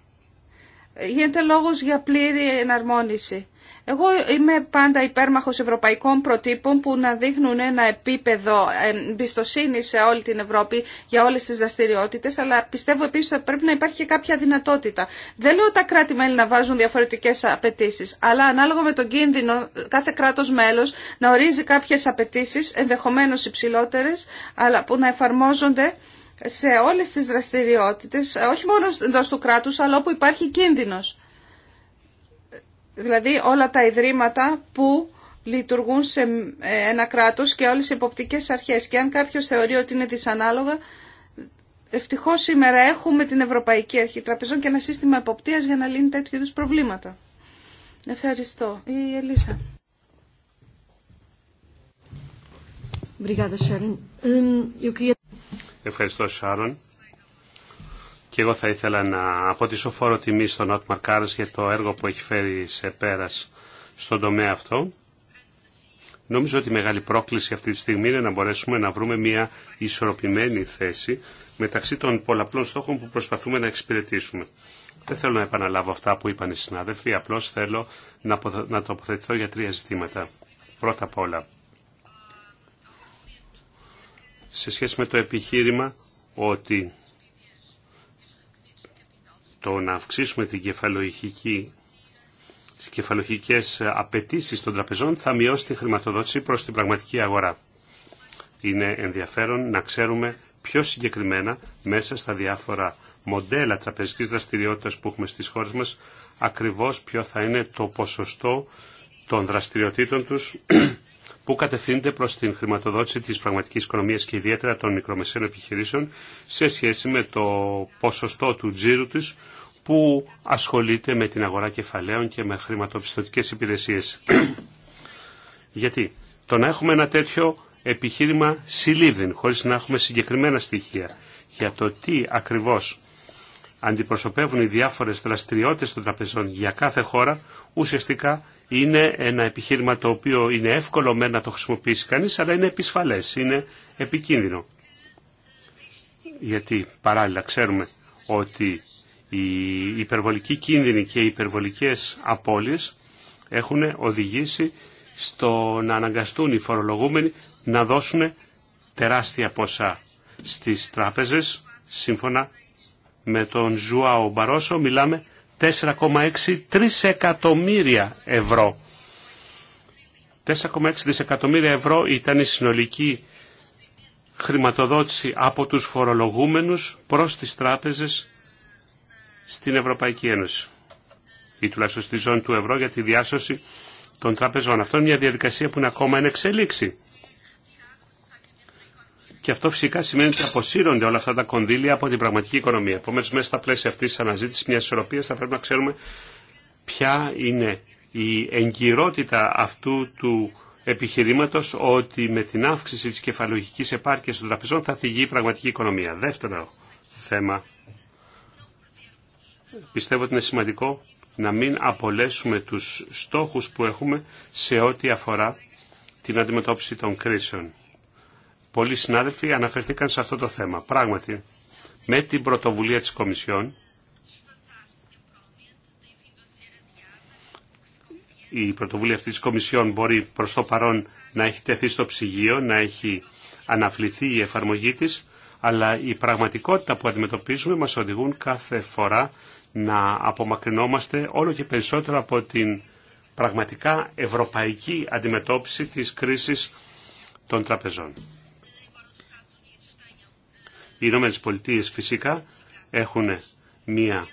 Γίνεται λόγος για πλήρη εναρμόνιση. Εγώ είμαι πάντα υπέρμαχος ευρωπαϊκών προτύπων που να δείχνουν ένα επίπεδο εμπιστοσύνη σε όλη την Ευρώπη για όλες τις δραστηριότητε, αλλά πιστεύω επίσης ότι πρέπει να υπάρχει και κάποια δυνατότητα. Δεν λέω τα κράτη-μέλη να βάζουν διαφορετικές απαιτήσει, αλλά ανάλογα με τον κίνδυνο κάθε κράτος μέλος να ορίζει κάποιες απαιτήσει, ενδεχομένως υψηλότερε, αλλά που να εφαρμόζονται σε όλες τις δραστηριότητες, όχι μόνο εντό του κράτους, αλλά όπου υπάρχει κίνδυνο. Δηλαδή όλα τα ιδρύματα που λειτουργούν σε ένα κράτος και όλες οι υποπτικές αρχές. Και αν κάποιος θεωρεί ότι είναι δυσανάλογα, ευτυχώς σήμερα έχουμε την Ευρωπαϊκή Αρχή Τραπεζών και ένα σύστημα εποπτείας για να λύνει τέτοιου είδους προβλήματα. Ευχαριστώ. Η Ελίσσα. Ευχαριστώ, Σάρων. Και εγώ θα ήθελα να αποτίσω φόρο τιμή στον Ότμαρ Κάρας για το έργο που έχει φέρει σε πέρας στον τομέα αυτό. Νομίζω ότι η μεγάλη πρόκληση αυτή τη στιγμή είναι να μπορέσουμε να βρούμε μια ισορροπημένη θέση μεταξύ των πολλαπλών στόχων που προσπαθούμε να εξυπηρετήσουμε. Δεν θέλω να επαναλάβω αυτά που είπαν οι συνάδελφοι, απλώς θέλω να, να τοποθετηθώ για τρία ζητήματα. Πρώτα απ' όλα, σε σχέση με το επιχείρημα ότι το να αυξήσουμε την κεφαλογική τις κεφαλογικές απαιτήσει των τραπεζών θα μειώσει τη χρηματοδότηση προς την πραγματική αγορά. Είναι ενδιαφέρον να ξέρουμε πιο συγκεκριμένα μέσα στα διάφορα μοντέλα τραπεζικής δραστηριότητας που έχουμε στις χώρες μας ακριβώς ποιο θα είναι το ποσοστό των δραστηριοτήτων τους που κατευθύνεται προ την χρηματοδότηση τη πραγματική οικονομία και ιδιαίτερα των μικρομεσαίων επιχειρήσεων σε σχέση με το ποσοστό του τζίρου τη που ασχολείται με την αγορά κεφαλαίων και με χρηματοπιστωτικές υπηρεσίες. Γιατί το να έχουμε ένα τέτοιο επιχείρημα συλλήβδιν, χωρίς να έχουμε συγκεκριμένα στοιχεία για το τι ακριβώς αντιπροσωπεύουν οι διάφορες δραστηριότητες των τραπεζών για κάθε χώρα, ουσιαστικά είναι ένα επιχείρημα το οποίο είναι εύκολο με να το χρησιμοποιήσει κανείς, αλλά είναι επισφαλές, είναι επικίνδυνο. Γιατί παράλληλα ξέρουμε ότι οι υπερβολικοί κίνδυνοι και οι υπερβολικές απώλειες έχουν οδηγήσει στο να αναγκαστούν οι φορολογούμενοι να δώσουν τεράστια ποσά στις τράπεζες. Σύμφωνα με τον Ζουάο Μπαρόσο μιλάμε 4,6 τρισεκατομμύρια ευρώ. 4,6 δισεκατομμύρια ευρώ ήταν η συνολική χρηματοδότηση από τους φορολογούμενους προς τις τράπεζες στην Ευρωπαϊκή Ένωση ή τουλάχιστον στη ζώνη του ευρώ για τη διάσωση των τραπεζών. Αυτό είναι μια διαδικασία που είναι ακόμα εν εξελίξη. Και αυτό φυσικά σημαίνει ότι αποσύρονται όλα αυτά τα κονδύλια από την πραγματική οικονομία. Επομένω, μέσα στα πλαίσια αυτή τη αναζήτηση μια ισορροπία θα πρέπει να ξέρουμε ποια είναι η εγκυρότητα αυτού του επιχειρήματο ότι με την αύξηση τη κεφαλογική επάρκεια των τραπεζών θα θυγεί η πραγματική οικονομία. Δεύτερο θέμα. Πιστεύω ότι είναι σημαντικό να μην απολέσουμε τους στόχους που έχουμε σε ό,τι αφορά την αντιμετώπιση των κρίσεων. Πολλοί συνάδελφοι αναφερθήκαν σε αυτό το θέμα. Πράγματι, με την πρωτοβουλία της Κομισιόν, η πρωτοβουλία αυτής της Κομισιόν μπορεί προς το παρόν να έχει τεθεί στο ψυγείο, να έχει αναφληθεί η εφαρμογή της, αλλά η πραγματικότητα που αντιμετωπίζουμε μας οδηγούν κάθε φορά να απομακρυνόμαστε όλο και περισσότερο από την πραγματικά ευρωπαϊκή αντιμετώπιση της κρίσης των τραπεζών. Οι Ηνωμένε Πολιτείε φυσικά έχουν μία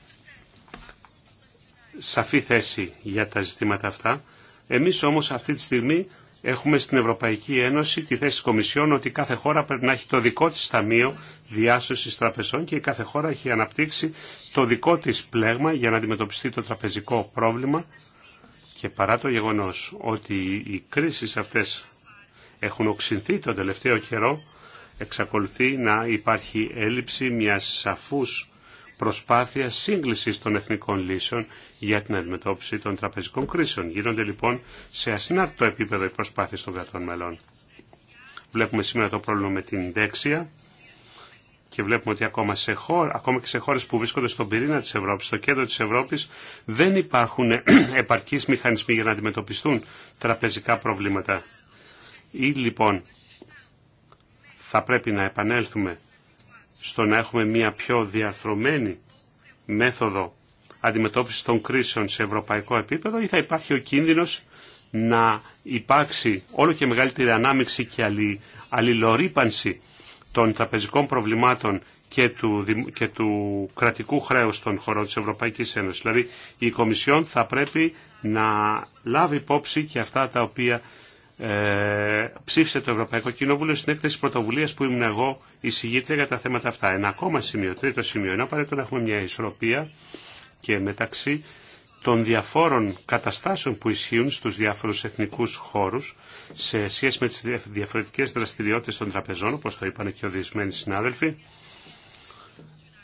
σαφή θέση για τα ζητήματα αυτά. Εμείς όμως αυτή τη στιγμή έχουμε στην Ευρωπαϊκή Ένωση τη θέση της Κομισιόν ότι κάθε χώρα πρέπει να έχει το δικό της ταμείο διάσωσης τραπεζών και η κάθε χώρα έχει αναπτύξει το δικό της πλέγμα για να αντιμετωπιστεί το τραπεζικό πρόβλημα και παρά το γεγονός ότι οι κρίσεις αυτές έχουν οξυνθεί τον τελευταίο καιρό, εξακολουθεί να υπάρχει έλλειψη μιας σαφούς προσπάθεια σύγκλησης των εθνικών λύσεων για την αντιμετώπιση των τραπεζικών κρίσεων. Γίνονται λοιπόν σε ασυνάρτητο επίπεδο οι προσπάθειες των κρατών μελών. Βλέπουμε σήμερα το πρόβλημα με την δέξια και βλέπουμε ότι ακόμα, σε ακόμα και σε χώρες που βρίσκονται στον πυρήνα της Ευρώπης, στο κέντρο της Ευρώπης, δεν υπάρχουν επαρκείς μηχανισμοί για να αντιμετωπιστούν τραπεζικά προβλήματα. Ή λοιπόν θα πρέπει να επανέλθουμε στο να έχουμε μια πιο διαρθρωμένη μέθοδο αντιμετώπισης των κρίσεων σε ευρωπαϊκό επίπεδο ή θα υπάρχει ο κίνδυνος να υπάρξει όλο και μεγαλύτερη ανάμειξη και αλλη, αλληλορύπανση των τραπεζικών προβλημάτων και του, και του κρατικού χρέους των χωρών της Ευρωπαϊκής Ένωσης. Δηλαδή η Κομισιόν θα πρέπει να λάβει υπόψη και αυτά τα οποία ε, ψήφισε το Ευρωπαϊκό Κοινοβούλιο στην έκθεση πρωτοβουλία που ήμουν εγώ εισηγήτρια για τα θέματα αυτά. Ένα ακόμα σημείο, τρίτο σημείο, είναι απαραίτητο να έχουμε μια ισορροπία και μεταξύ των διαφόρων καταστάσεων που ισχύουν στους διάφορους εθνικούς χώρους σε σχέση με τις διαφορετικές δραστηριότητες των τραπεζών, όπως το είπαν και ορισμένοι συνάδελφοι.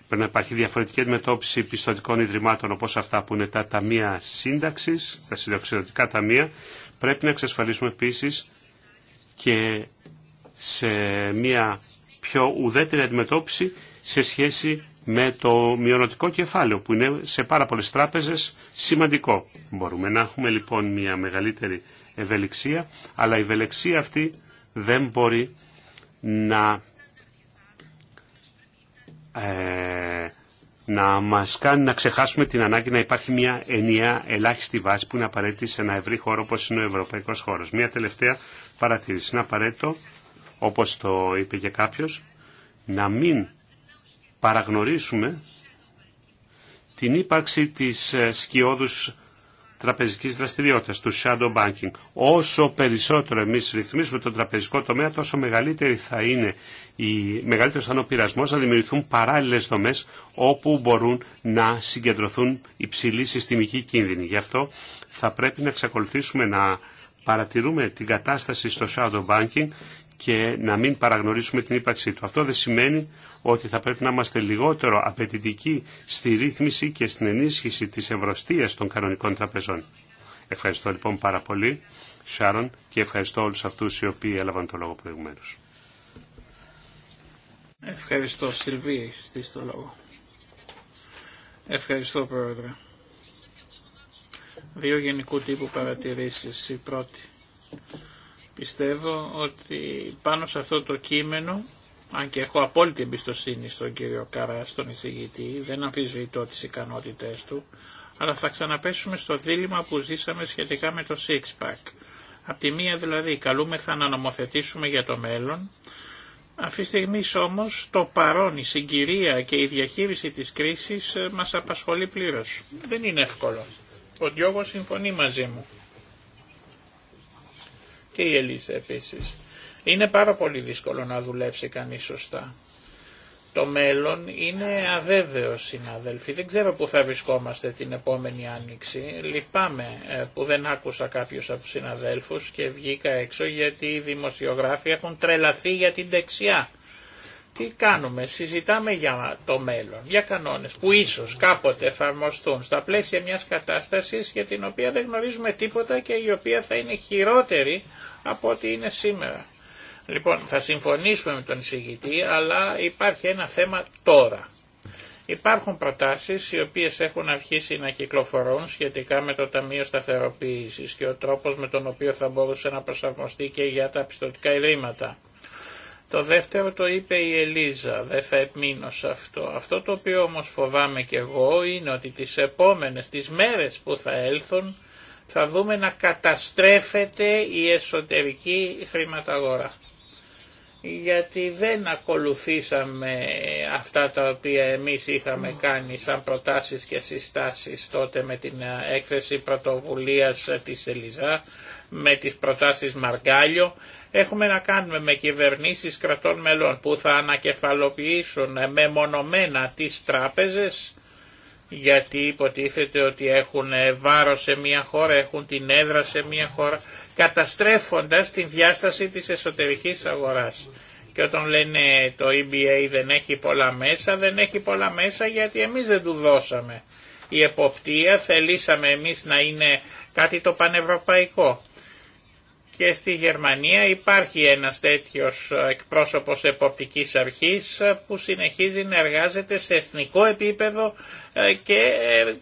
Πρέπει να υπάρχει διαφορετική αντιμετώπιση πιστοτικών ιδρυμάτων όπως αυτά που είναι τα ταμεία σύνταξη, τα συνταξιδοτικά ταμεία, Πρέπει να εξασφαλίσουμε επίσης και σε μια πιο ουδέτερη αντιμετώπιση σε σχέση με το μειονοτικό κεφάλαιο που είναι σε πάρα πολλές τράπεζες σημαντικό. Μπορούμε να έχουμε λοιπόν μια μεγαλύτερη ευελιξία, αλλά η ευελιξία αυτή δεν μπορεί να ε, να μας κάνει να ξεχάσουμε την ανάγκη να υπάρχει μια ενιαία ελάχιστη βάση που είναι απαραίτητη σε ένα ευρύ χώρο όπως είναι ο ευρωπαϊκός χώρος. Μια τελευταία παρατήρηση. Είναι απαραίτητο, όπως το είπε και κάποιος, να μην παραγνωρίσουμε την ύπαρξη της ε, σκιώδους τραπεζικής δραστηριότητας, του shadow banking. Όσο περισσότερο εμείς ρυθμίσουμε τον τραπεζικό τομέα, τόσο μεγαλύτερη θα είναι η μεγαλύτερο θα είναι ο πειρασμό να δημιουργηθούν παράλληλε δομέ όπου μπορούν να συγκεντρωθούν υψηλοί συστημικοί κίνδυνοι. Γι' αυτό θα πρέπει να εξακολουθήσουμε να παρατηρούμε την κατάσταση στο shadow banking και να μην παραγνωρίσουμε την ύπαρξή του. Αυτό δεν σημαίνει ότι θα πρέπει να είμαστε λιγότερο απαιτητικοί στη ρύθμιση και στην ενίσχυση της ευρωστίας των κανονικών τραπεζών. Ευχαριστώ λοιπόν πάρα πολύ, Σάρον, και ευχαριστώ όλους αυτούς οι οποίοι έλαβαν το λόγο προηγουμένως. Ευχαριστώ, Σιλβί, στις το λόγο. Ευχαριστώ, Πρόεδρε. Δύο γενικού τύπου παρατηρήσεις. Η πρώτη. Πιστεύω ότι πάνω σε αυτό το κείμενο αν και έχω απόλυτη εμπιστοσύνη στον κύριο Καρά, στον εισηγητή, δεν αμφισβητώ τις ικανότητές του, αλλά θα ξαναπέσουμε στο δίλημα που ζήσαμε σχετικά με το six-pack. Απ' τη μία δηλαδή καλούμεθα να νομοθετήσουμε για το μέλλον, αυτή τη στιγμή όμως το παρόν, η συγκυρία και η διαχείριση της κρίσης ε, μας απασχολεί πλήρως. Δεν είναι εύκολο. Ο Διώγος συμφωνεί μαζί μου. Και η Ελίζα επίσης. Είναι πάρα πολύ δύσκολο να δουλέψει κανείς σωστά. Το μέλλον είναι αβέβαιο, συνάδελφοι. Δεν ξέρω πού θα βρισκόμαστε την επόμενη άνοιξη. Λυπάμαι ε, που δεν άκουσα κάποιους από τους συναδέλφους και βγήκα έξω γιατί οι δημοσιογράφοι έχουν τρελαθεί για την δεξιά. Τι κάνουμε, συζητάμε για το μέλλον, για κανόνες που ίσως κάποτε εφαρμοστούν στα πλαίσια μιας κατάστασης για την οποία δεν γνωρίζουμε τίποτα και η οποία θα είναι χειρότερη από ό,τι είναι σήμερα. Λοιπόν, θα συμφωνήσουμε με τον εισηγητή, αλλά υπάρχει ένα θέμα τώρα. Υπάρχουν προτάσεις οι οποίες έχουν αρχίσει να κυκλοφορούν σχετικά με το Ταμείο Σταθεροποίησης και ο τρόπος με τον οποίο θα μπορούσε να προσαρμοστεί και για τα πιστοτικά ιδρύματα. Το δεύτερο το είπε η Ελίζα, δεν θα επιμείνω σε αυτό. Αυτό το οποίο όμως φοβάμαι και εγώ είναι ότι τις επόμενες, τις μέρες που θα έλθουν, θα δούμε να καταστρέφεται η εσωτερική χρηματαγορά γιατί δεν ακολουθήσαμε αυτά τα οποία εμείς είχαμε κάνει σαν προτάσεις και συστάσεις τότε με την ε, έκθεση πρωτοβουλίας ε, της Ελιζά, με τις προτάσεις Μαργκάλιο. Έχουμε να κάνουμε με κυβερνήσεις κρατών μελών που θα ανακεφαλοποιήσουν ε, μεμονωμένα τις τράπεζες γιατί υποτίθεται ότι έχουν βάρος σε μια χώρα, έχουν την έδρα σε μια χώρα καταστρέφοντας την διάσταση της εσωτερικής αγοράς. Και όταν λένε το EBA δεν έχει πολλά μέσα, δεν έχει πολλά μέσα γιατί εμείς δεν του δώσαμε. Η εποπτεία θελήσαμε εμείς να είναι κάτι το πανευρωπαϊκό. Και στη Γερμανία υπάρχει ένας τέτοιος εκπρόσωπος εποπτικής αρχής που συνεχίζει να εργάζεται σε εθνικό επίπεδο ε, και ε,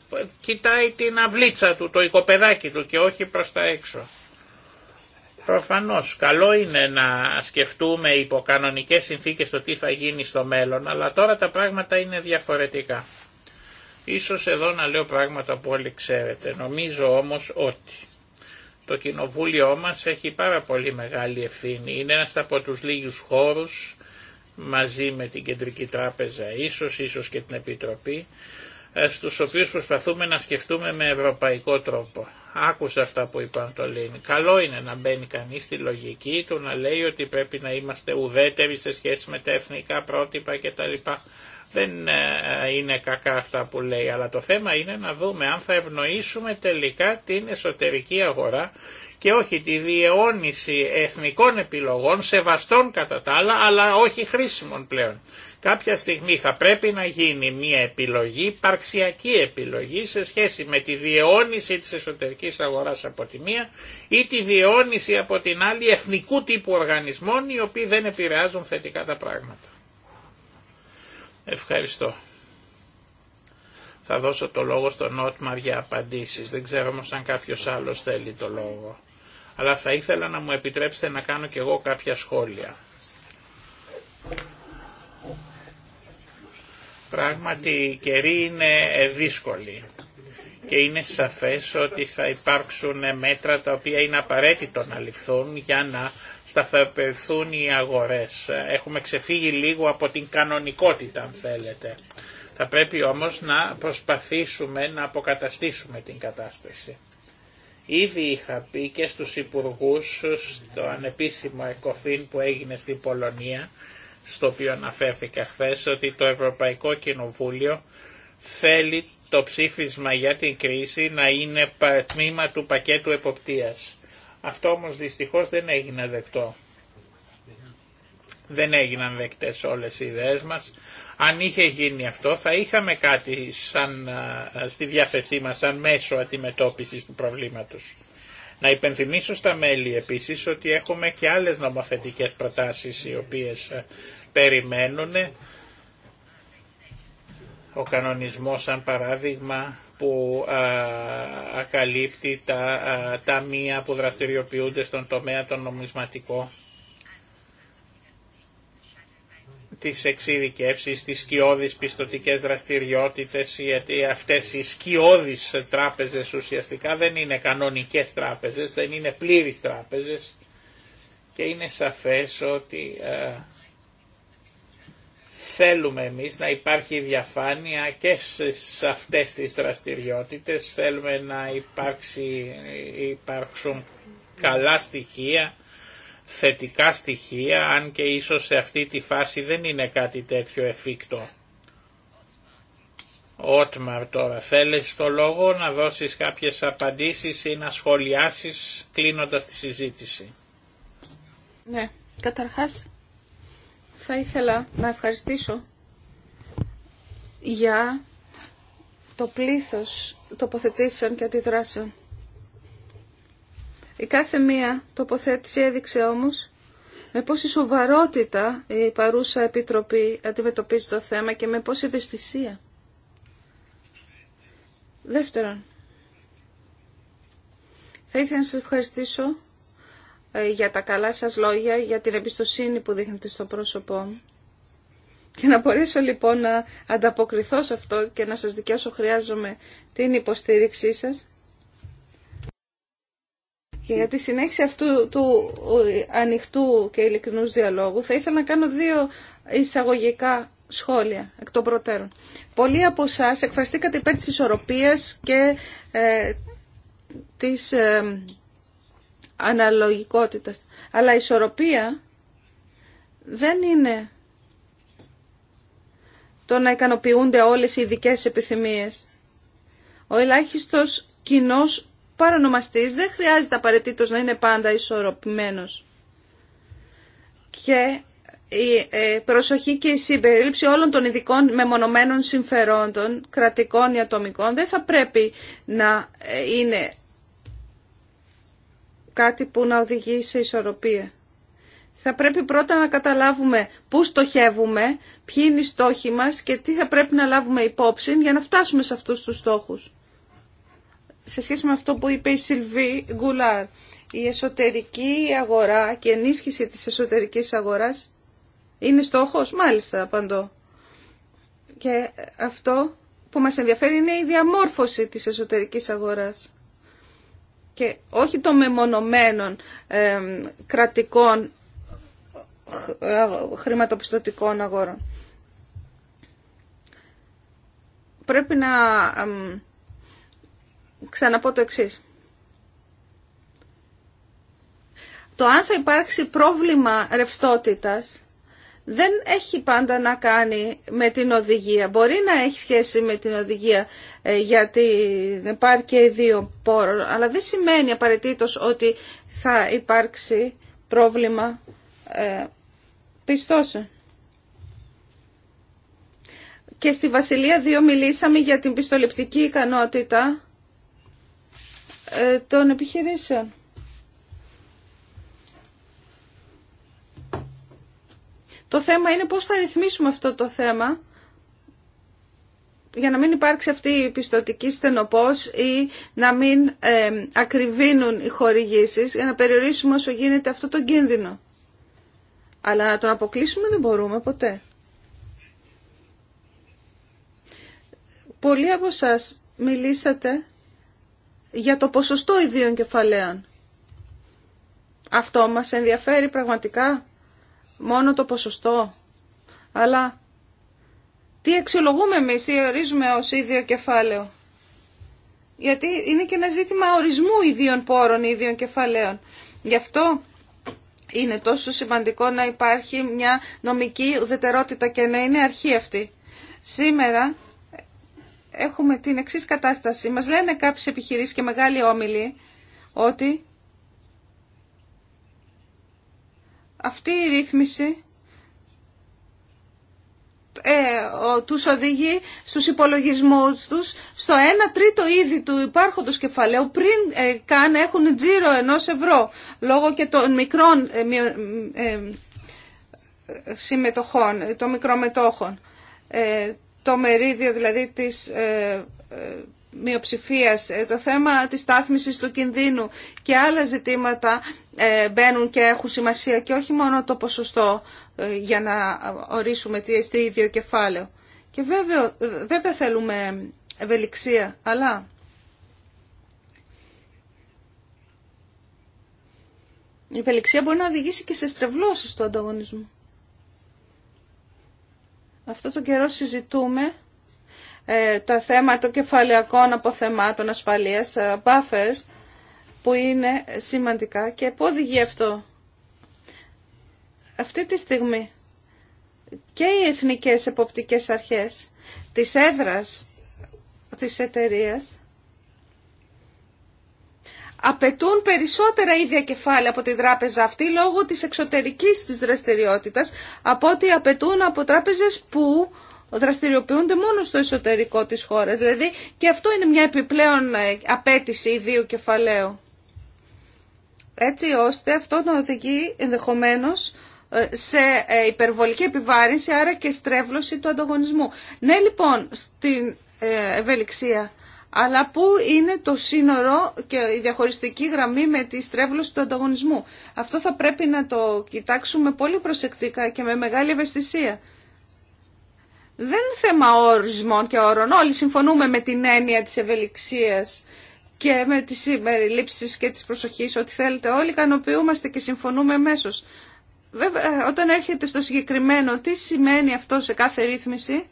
κοιτάει την αυλίτσα του, το οικοπεδάκι του και όχι προς τα έξω. Προφανώς, καλό είναι να σκεφτούμε υπό κανονικές συνθήκες το τι θα γίνει στο μέλλον, αλλά τώρα τα πράγματα είναι διαφορετικά. Ίσως εδώ να λέω πράγματα που όλοι ξέρετε. Νομίζω όμως ότι το κοινοβούλιο μας έχει πάρα πολύ μεγάλη ευθύνη. Είναι ένας από τους λίγους χώρους μαζί με την Κεντρική Τράπεζα ίσως, ίσως και την Επιτροπή, ε, στους οποίους προσπαθούμε να σκεφτούμε με ευρωπαϊκό τρόπο. Άκουσα αυτά που είπαν το Λίν. Καλό είναι να μπαίνει κανείς στη λογική του να λέει ότι πρέπει να είμαστε ουδέτεροι σε σχέση με τα εθνικά πρότυπα κτλ. Δεν ε, είναι κακά αυτά που λέει, αλλά το θέμα είναι να δούμε αν θα ευνοήσουμε τελικά την εσωτερική αγορά και όχι τη διαιώνιση εθνικών επιλογών, σεβαστών κατά τα άλλα, αλλά όχι χρήσιμων πλέον. Κάποια στιγμή θα πρέπει να γίνει μια επιλογή, παρξιακή επιλογή σε σχέση με τη διαιώνιση της εσωτερικής αγοράς από τη μία ή τη διαιώνιση από την άλλη εθνικού τύπου οργανισμών οι οποίοι δεν επηρεάζουν θετικά τα πράγματα. Ευχαριστώ. Θα δώσω το λόγο στον Νότμαρ για απαντήσεις. Δεν ξέρω όμως αν κάποιος άλλος θέλει το λόγο. Αλλά θα ήθελα να μου επιτρέψετε να κάνω κι εγώ κάποια σχόλια. Πράγματι οι καιροί είναι δύσκολοι και είναι σαφές ότι θα υπάρξουν μέτρα τα οποία είναι απαραίτητο να ληφθούν για να σταθεροποιηθούν οι αγορές. Έχουμε ξεφύγει λίγο από την κανονικότητα αν θέλετε. Θα πρέπει όμως να προσπαθήσουμε να αποκαταστήσουμε την κατάσταση. Ήδη είχα πει και στους υπουργούς στο ανεπίσημο εκοφήν που έγινε στην Πολωνία στο οποίο αναφέρθηκα χθε ότι το Ευρωπαϊκό Κοινοβούλιο θέλει το ψήφισμα για την κρίση να είναι τμήμα του πακέτου εποπτείας. Αυτό όμως δυστυχώς δεν έγινε δεκτό. Δεν έγιναν δεκτές όλες οι ιδέες μας. Αν είχε γίνει αυτό θα είχαμε κάτι σαν, στη διάθεσή μας σαν μέσο αντιμετώπισης του προβλήματος. Να υπενθυμίσω στα μέλη επίσης ότι έχουμε και άλλες νομοθετικές προτάσεις οι οποίες ε, περιμένουν. Ο κανονισμός σαν παράδειγμα που ε, ακαλύπτει τα ε, ταμεία που δραστηριοποιούνται στον τομέα των νομισματικό τις εξειδικεύσεις, τις σκιώδεις πιστοτικές δραστηριότητες, γιατί αυτές οι σκιώδεις τράπεζες ουσιαστικά δεν είναι κανονικές τράπεζες, δεν είναι πλήρεις τράπεζες και είναι σαφές ότι ε, θέλουμε εμείς να υπάρχει διαφάνεια και σε αυτές τις δραστηριότητες, θέλουμε να υπάρξει, ε, υπάρξουν καλά στοιχεία θετικά στοιχεία, αν και ίσως σε αυτή τη φάση δεν είναι κάτι τέτοιο εφικτό. Ότμαρ τώρα, θέλεις το λόγο να δώσεις κάποιες απαντήσεις ή να σχολιάσεις κλείνοντας τη συζήτηση. Ναι, καταρχάς θα ήθελα να ευχαριστήσω για το πλήθος τοποθετήσεων και αντιδράσεων. Η κάθε μία τοποθέτηση έδειξε όμως με πόση σοβαρότητα η παρούσα Επιτροπή αντιμετωπίζει το θέμα και με πόση ευαισθησία. Δεύτερον, θα ήθελα να σας ευχαριστήσω ε, για τα καλά σας λόγια, για την εμπιστοσύνη που δείχνετε στο πρόσωπό μου. Και να μπορέσω λοιπόν να ανταποκριθώ σε αυτό και να σας δικαιώσω χρειάζομαι την υποστήριξή σας. Και για τη συνέχιση αυτού του ανοιχτού και ειλικρινούς διαλόγου θα ήθελα να κάνω δύο εισαγωγικά σχόλια εκ των προτέρων. Πολλοί από εσά εκφραστήκατε υπέρ της ισορροπίας και ε, της ε, αναλογικότητας. Αλλά η ισορροπία δεν είναι το να ικανοποιούνται όλες οι ειδικέ επιθυμίες. Ο ελάχιστος κοινός παρονομαστής δεν χρειάζεται απαραίτητο να είναι πάντα ισορροπημένος. Και η ε, προσοχή και η συμπερίληψη όλων των ειδικών μεμονωμένων συμφερόντων, κρατικών ή ατομικών, δεν θα πρέπει να ε, είναι κάτι που να οδηγεί σε ισορροπία. Θα πρέπει πρώτα να καταλάβουμε πού στοχεύουμε, ποιοι είναι οι στόχοι μας και τι θα πρέπει να λάβουμε υπόψη για να φτάσουμε σε αυτούς τους στόχους σε σχέση με αυτό που είπε η Σιλβί Γκουλάρ. Η εσωτερική αγορά και η ενίσχυση της εσωτερικής αγοράς είναι στόχος, μάλιστα απαντώ. Και αυτό που μας ενδιαφέρει είναι η διαμόρφωση της εσωτερικής αγοράς και όχι των μεμονωμένων ε, κρατικών χρηματοπιστωτικών αγορών. Πρέπει να ξαναπώ το εξή. Το αν θα υπάρξει πρόβλημα ρευστότητας δεν έχει πάντα να κάνει με την οδηγία. Μπορεί να έχει σχέση με την οδηγία ε, γιατί υπάρχει υπάρχει δύο πόρων, αλλά δεν σημαίνει απαραίτητο ότι θα υπάρξει πρόβλημα ε, Και στη Βασιλεία 2 μιλήσαμε για την πιστοληπτική ικανότητα ε, των επιχειρήσεων. Το θέμα είναι πώς θα ρυθμίσουμε αυτό το θέμα για να μην υπάρξει αυτή η πιστοτική στενοπός ή να μην ε, ακριβίνουν οι χορηγήσεις για να περιορίσουμε όσο γίνεται αυτό το κίνδυνο. Αλλά να τον αποκλείσουμε δεν μπορούμε ποτέ. Πολλοί από σας μιλήσατε για το ποσοστό ιδίων κεφαλαίων. Αυτό μας ενδιαφέρει πραγματικά μόνο το ποσοστό. Αλλά τι αξιολογούμε εμείς, τι ορίζουμε ως ίδιο κεφάλαιο. Γιατί είναι και ένα ζήτημα ορισμού ιδίων πόρων, ιδίων κεφαλαίων. Γι' αυτό είναι τόσο σημαντικό να υπάρχει μια νομική ουδετερότητα και να είναι αρχή αυτή. Σήμερα έχουμε την εξή κατάσταση. Μας λένε κάποιες επιχειρήσεις και μεγάλοι όμιλοι ότι αυτή η ρύθμιση ε, τους οδηγεί στους υπολογισμούς τους στο 1 τρίτο είδη του υπάρχοντος κεφαλαίου πριν ε, καν έχουν τζίρο ενός ευρώ λόγω και των μικρών ε, ε, συμμετοχών, των μικρομετόχων το μερίδιο δηλαδή της ε, ε, ε, το θέμα της στάθμισης του κινδύνου και άλλα ζητήματα ε, μπαίνουν και έχουν σημασία και όχι μόνο το ποσοστό για να ορίσουμε τι εστί ίδιο κεφάλαιο. Και βέβαια, βέβαια θέλουμε ευελιξία, αλλά η ευελιξία μπορεί να οδηγήσει και σε στρεβλώσεις του ανταγωνισμού. Αυτό τον καιρό συζητούμε ε, τα θέματα κεφαλαιακών αποθεμάτων ασφαλείας, τα buffers, που είναι σημαντικά και πού οδηγεί αυτό. Αυτή τη στιγμή και οι εθνικές εποπτικές αρχές της έδρας της εταιρείας απαιτούν περισσότερα ίδια κεφάλαια από τη τράπεζα αυτή λόγω της εξωτερικής της δραστηριότητας από ό,τι απαιτούν από τράπεζες που δραστηριοποιούνται μόνο στο εσωτερικό της χώρας. Δηλαδή και αυτό είναι μια επιπλέον ε, απέτηση ιδίου κεφαλαίου. Έτσι ώστε αυτό να οδηγεί ενδεχομένως ε, σε ε, υπερβολική επιβάρυνση, άρα και στρέβλωση του ανταγωνισμού. Ναι λοιπόν, στην ευελιξία αλλά πού είναι το σύνορο και η διαχωριστική γραμμή με τη στρέβλωση του ανταγωνισμού. Αυτό θα πρέπει να το κοιτάξουμε πολύ προσεκτικά και με μεγάλη ευαισθησία. Δεν είναι θέμα ορισμών και όρων. Όλοι συμφωνούμε με την έννοια της ευελιξίας και με τις συμπεριλήψεις και τις προσοχής, ό,τι θέλετε. Όλοι ικανοποιούμαστε και συμφωνούμε μέσως. Βέβαια, όταν έρχεται στο συγκεκριμένο τι σημαίνει αυτό σε κάθε ρύθμιση,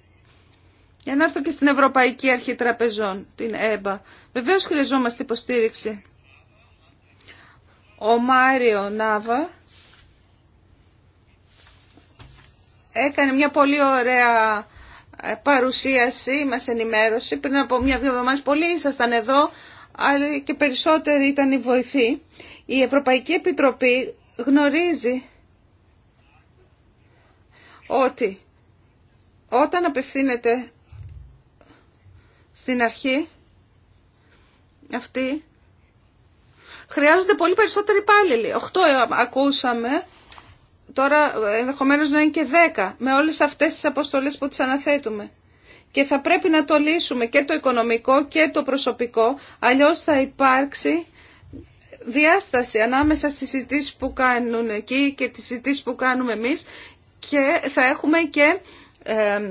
για να έρθω και στην Ευρωπαϊκή Αρχή Τραπεζών, την ΕΜΠΑ. Βεβαίως χρειαζόμαστε υποστήριξη. Ο Μάριο Νάβα έκανε μια πολύ ωραία ε, παρουσίαση, μας ενημέρωσε. Πριν από μια-δύο εβδομάδες πολλοί ήσασταν εδώ, αλλά και περισσότεροι ήταν οι βοηθοί. Η Ευρωπαϊκή Επιτροπή γνωρίζει ότι όταν απευθύνεται στην αρχή αυτή χρειάζονται πολύ περισσότεροι υπάλληλοι. 8 ε, ακούσαμε, τώρα ε, ενδεχομένως να είναι και 10 με όλες αυτές τις αποστολές που τις αναθέτουμε. Και θα πρέπει να το λύσουμε και το οικονομικό και το προσωπικό, αλλιώς θα υπάρξει διάσταση ανάμεσα στις συζητήσεις που κάνουν εκεί και τις συζητήσεις που κάνουμε εμείς και θα έχουμε και ε,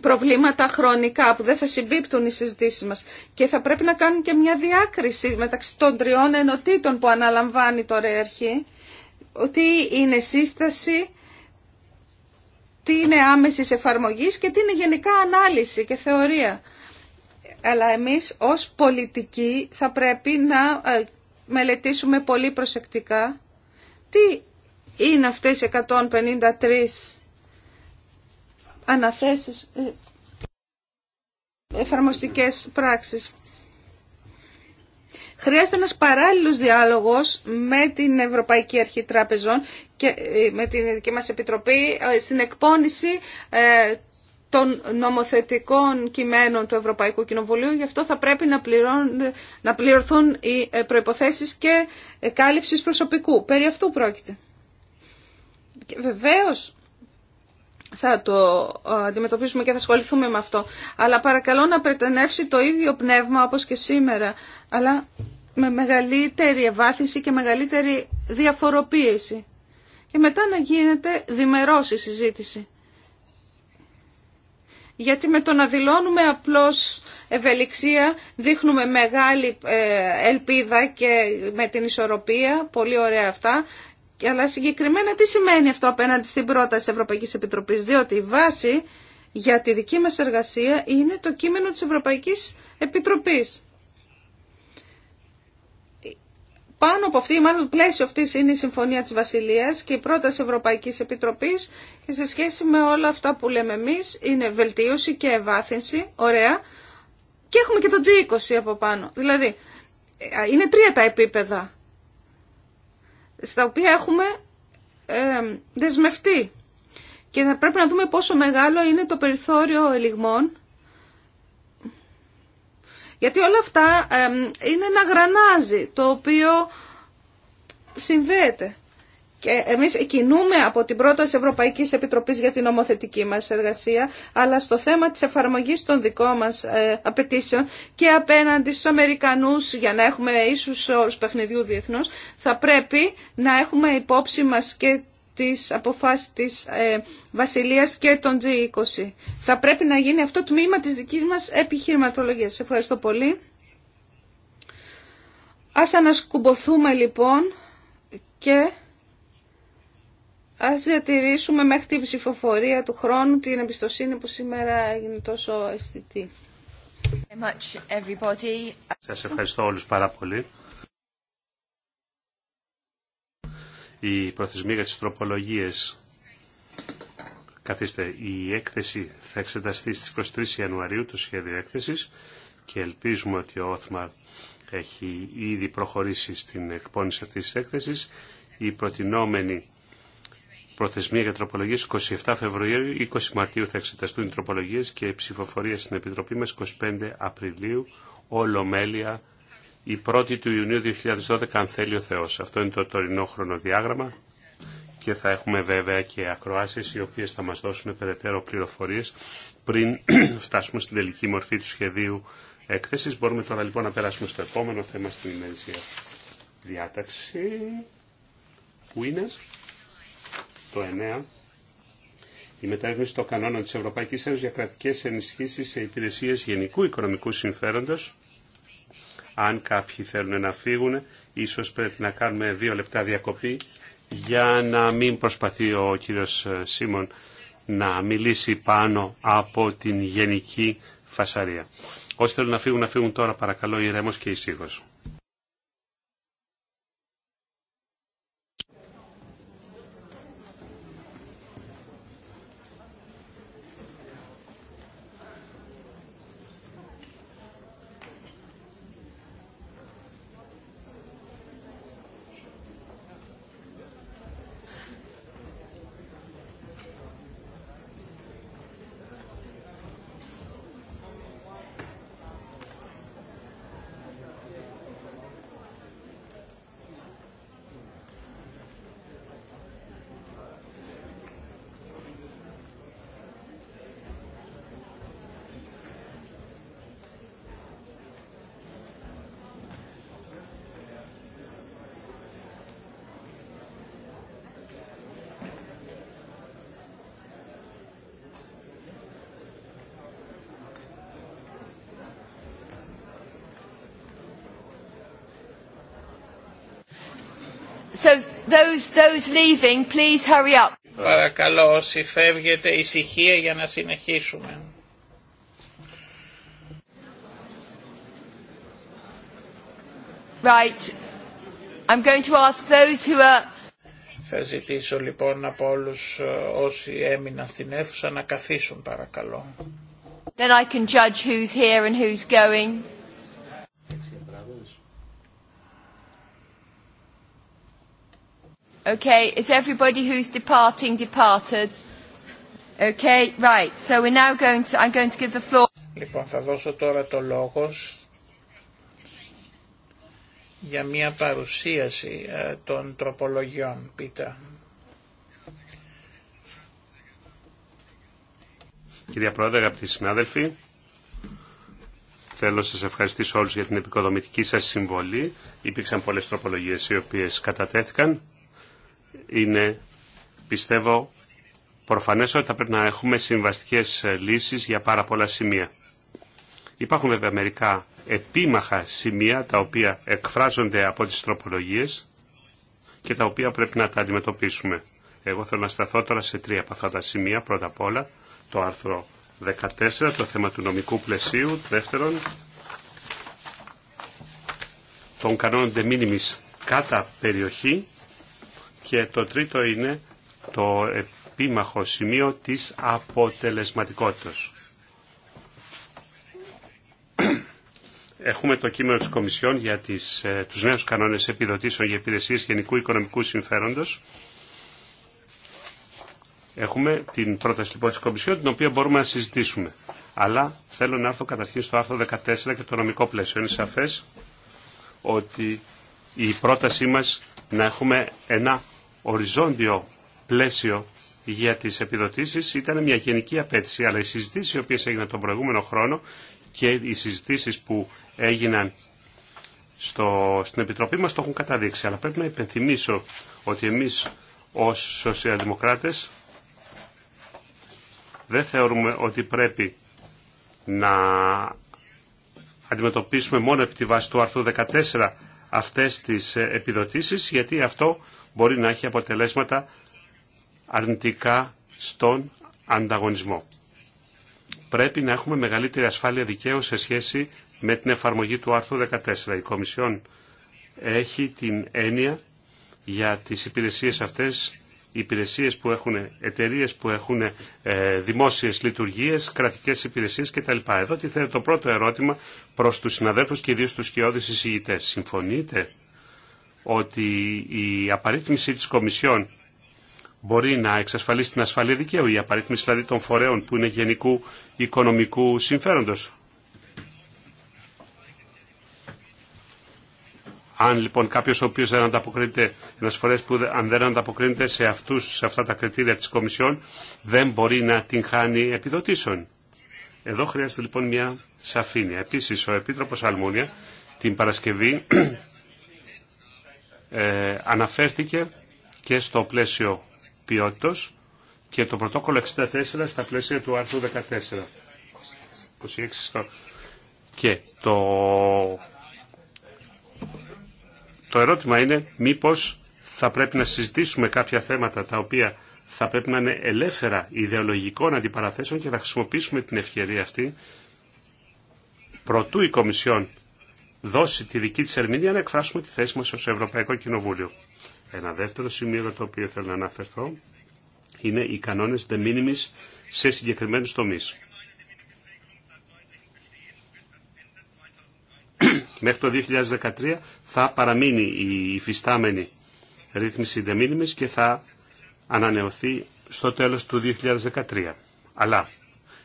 προβλήματα χρονικά που δεν θα συμπίπτουν οι συζητήσει μας και θα πρέπει να κάνουν και μια διάκριση μεταξύ των τριών ενωτήτων που αναλαμβάνει τώρα η αρχή ότι είναι σύσταση τι είναι άμεση εφαρμογή και τι είναι γενικά ανάλυση και θεωρία. Αλλά εμείς ως πολιτικοί θα πρέπει να ε, μελετήσουμε πολύ προσεκτικά τι είναι αυτές οι 153 αναθέσεις, ε, εφαρμοστικές πράξεις. Χρειάζεται ένας παράλληλος διάλογος με την Ευρωπαϊκή Αρχή Τράπεζων και ε, με την δική μας Επιτροπή ε, στην εκπόνηση των νομοθετικών κειμένων του Ευρωπαϊκού Κοινοβουλίου. Γι' αυτό θα πρέπει να, να πληρωθούν οι προϋποθέσεις και κάλυψης προσωπικού. Περί αυτού πρόκειται. Και θα το ε, αντιμετωπίσουμε και θα ασχοληθούμε με αυτό. Αλλά παρακαλώ να πρετανεύσει το ίδιο πνεύμα όπως και σήμερα, αλλά με μεγαλύτερη ευάθυνση και μεγαλύτερη διαφοροποίηση. Και μετά να γίνεται διμερός η συζήτηση. Γιατί με το να δηλώνουμε απλώς ευελιξία δείχνουμε μεγάλη ε, ελπίδα και με την ισορροπία, πολύ ωραία αυτά, αλλά συγκεκριμένα τι σημαίνει αυτό απέναντι στην πρόταση Ευρωπαϊκής Επιτροπής, διότι η βάση για τη δική μας εργασία είναι το κείμενο της Ευρωπαϊκής Επιτροπής. Πάνω από αυτή, μάλλον πλαίσιο αυτή είναι η Συμφωνία της Βασιλείας και η πρόταση Ευρωπαϊκής Επιτροπής και σε σχέση με όλα αυτά που λέμε εμείς είναι βελτίωση και ευάθυνση, ωραία, και έχουμε και το G20 από πάνω. Δηλαδή, ε, είναι τρία τα επίπεδα στα οποία έχουμε ε, δεσμευτεί. Και θα πρέπει να δούμε πόσο μεγάλο είναι το περιθώριο ελιγμών. Γιατί όλα αυτά ε, είναι ένα γρανάζι το οποίο συνδέεται. Και εμείς κινούμε από την πρόταση Ευρωπαϊκής Επιτροπής για την νομοθετική μας εργασία, αλλά στο θέμα της εφαρμογής των δικών μας ε, απαιτήσεων και απέναντι στους Αμερικανούς για να έχουμε ίσους όρους παιχνιδιού διεθνώς, θα πρέπει να έχουμε υπόψη μας και τις αποφάσεις της ε, Βασιλείας και των G20. Θα πρέπει να γίνει αυτό το τμήμα της δικής μας επιχειρηματολογίας. Ευχαριστώ πολύ. Ας ανασκουμποθούμε λοιπόν και Ας διατηρήσουμε μέχρι την ψηφοφορία του χρόνου την εμπιστοσύνη που σήμερα έγινε τόσο αισθητή. Σας ευχαριστώ όλους πάρα πολύ. Η προθεσμία για τις τροπολογίες Καθίστε, η έκθεση θα εξεταστεί στις 23 Ιανουαρίου το σχέδιο έκθεσης και ελπίζουμε ότι ο Όθμαρ έχει ήδη προχωρήσει στην εκπόνηση αυτής της έκθεσης. Η προτινόμενη Προθεσμία για τροπολογίες 27 Φεβρουαρίου, 20 Μαρτίου θα εξεταστούν οι τροπολογίες και ψηφοφορία στην Επιτροπή μας 25 Απριλίου, Ολομέλεια, η 1η του Ιουνίου 2012, αν θέλει ο Θεός. Αυτό είναι το τωρινό χρονοδιάγραμμα και θα έχουμε βέβαια και ακροάσεις οι οποίες θα μας δώσουν περαιτέρω πληροφορίες πριν φτάσουμε στην τελική μορφή του σχεδίου έκθεσης. Μπορούμε τώρα λοιπόν να περάσουμε στο επόμενο θέμα στην ημερησία διάταξη που είναι το 9, η μεταρρύθμιση των κανόνων της Ευρωπαϊκής Ένωσης για κρατικές ενισχύσεις σε υπηρεσίες γενικού οικονομικού συμφέροντος. Αν κάποιοι θέλουν να φύγουν, ίσως πρέπει να κάνουμε δύο λεπτά διακοπή για να μην προσπαθεί ο κύριος Σίμων να μιλήσει πάνω από την γενική φασαρία. Όσοι θέλουν να φύγουν, να φύγουν τώρα παρακαλώ ηρέμος και ησύχος. So those, those leaving, please hurry up. Παρακαλώ όσοι φεύγετε ησυχία για να συνεχίσουμε. Right. I'm going to ask those who are... Θα ζητήσω λοιπόν από όλους ε, όσοι έμειναν στην αίθουσα να καθίσουν παρακαλώ. Then I can judge who's here and who's going. Okay, is everybody who's departing departed? Okay, right. So we're now going to, I'm going to give the floor. Λοιπόν, θα δώσω τώρα το λόγο για μια παρουσίαση ε, των τροπολογιών, Πίτα. Κυρία Πρόεδρε, αγαπητοί συνάδελφοι, θέλω να σας ευχαριστήσω όλους για την επικοδομητική σας συμβολή. Υπήρξαν πολλές τροπολογίες οι οποίες κατατέθηκαν είναι πιστεύω προφανές ότι θα πρέπει να έχουμε συμβαστικές ε, λύσεις για πάρα πολλά σημεία. Υπάρχουν βέβαια μερικά επίμαχα σημεία τα οποία εκφράζονται από τις τροπολογίες και τα οποία πρέπει να τα αντιμετωπίσουμε. Εγώ θέλω να σταθώ τώρα σε τρία από αυτά τα σημεία. Πρώτα απ' όλα το άρθρο 14, το θέμα του νομικού πλαισίου. Δεύτερον, των κανόνων de minimis κατά περιοχή και το τρίτο είναι το επίμαχο σημείο της αποτελεσματικότητας. Έχουμε το κείμενο της Κομισιόν για τις, ε, τους νέους κανόνες επιδοτήσεων για υπηρεσίες γενικού οικονομικού συμφέροντος. Έχουμε την πρόταση λοιπόν της Κομισιόν, την οποία μπορούμε να συζητήσουμε. Αλλά θέλω να έρθω καταρχήν στο άρθρο 14 και το νομικό πλαίσιο. Είναι σαφές ότι η πρότασή μας να έχουμε ένα οριζόντιο πλαίσιο για τις επιδοτήσεις ήταν μια γενική απέτηση, αλλά οι συζητήσει οι οποίε έγιναν τον προηγούμενο χρόνο και οι συζητήσεις που έγιναν στο, στην Επιτροπή μας το έχουν καταδείξει. Αλλά πρέπει να υπενθυμίσω ότι εμείς ως Σοσιαλδημοκράτε, δεν θεωρούμε ότι πρέπει να αντιμετωπίσουμε μόνο επί τη βάση του άρθρου 14 αυτές τις επιδοτήσεις, γιατί αυτό μπορεί να έχει αποτελέσματα αρνητικά στον ανταγωνισμό. Πρέπει να έχουμε μεγαλύτερη ασφάλεια δικαίου σε σχέση με την εφαρμογή του άρθρου 14. Η Κομισιόν έχει την έννοια για τις υπηρεσίες αυτές, υπηρεσίες που έχουν εταιρείες, που έχουν ε, δημόσιες λειτουργίες, κρατικές υπηρεσίες κτλ. Εδώ τι το πρώτο ερώτημα προς τους συναδέλφους και ιδίως τους σκιώδεις εισηγητές. Συμφωνείτε ότι η απαρίθμηση της Κομισιόν μπορεί να εξασφαλίσει την ασφαλή δικαίου, η απαρίθμηση δηλαδή των φορέων που είναι γενικού οικονομικού συμφέροντος. Αν λοιπόν κάποιο ο οποίο δεν ανταποκρίνεται, ένα που αν δεν ανταποκρίνεται σε, αυτούς, σε αυτά τα κριτήρια τη Κομισιόν, δεν μπορεί να την χάνει επιδοτήσεων. Εδώ χρειάζεται λοιπόν μια σαφήνεια. Επίση, ο Επίτροπο Αλμούνια την Παρασκευή ε, αναφέρθηκε και στο πλαίσιο ποιότητος και το πρωτόκολλο 64 στα πλαίσια του άρθρου 14. 26 Και το, το ερώτημα είναι μήπως θα πρέπει να συζητήσουμε κάποια θέματα τα οποία θα πρέπει να είναι ελεύθερα ιδεολογικών αντιπαραθέσεων και να χρησιμοποιήσουμε την ευκαιρία αυτή προτού η Κομισιόν δώσει τη δική της ερμηνεία να εκφράσουμε τη θέση μας ως Ευρωπαϊκό Κοινοβούλιο. Ένα δεύτερο σημείο το οποίο θέλω να αναφερθώ είναι οι κανόνες de σε συγκεκριμένους τομείς. Μέχρι το 2013 θα παραμείνει η υφιστάμενη ρύθμιση de minimis και θα ανανεωθεί στο τέλος του 2013. Αλλά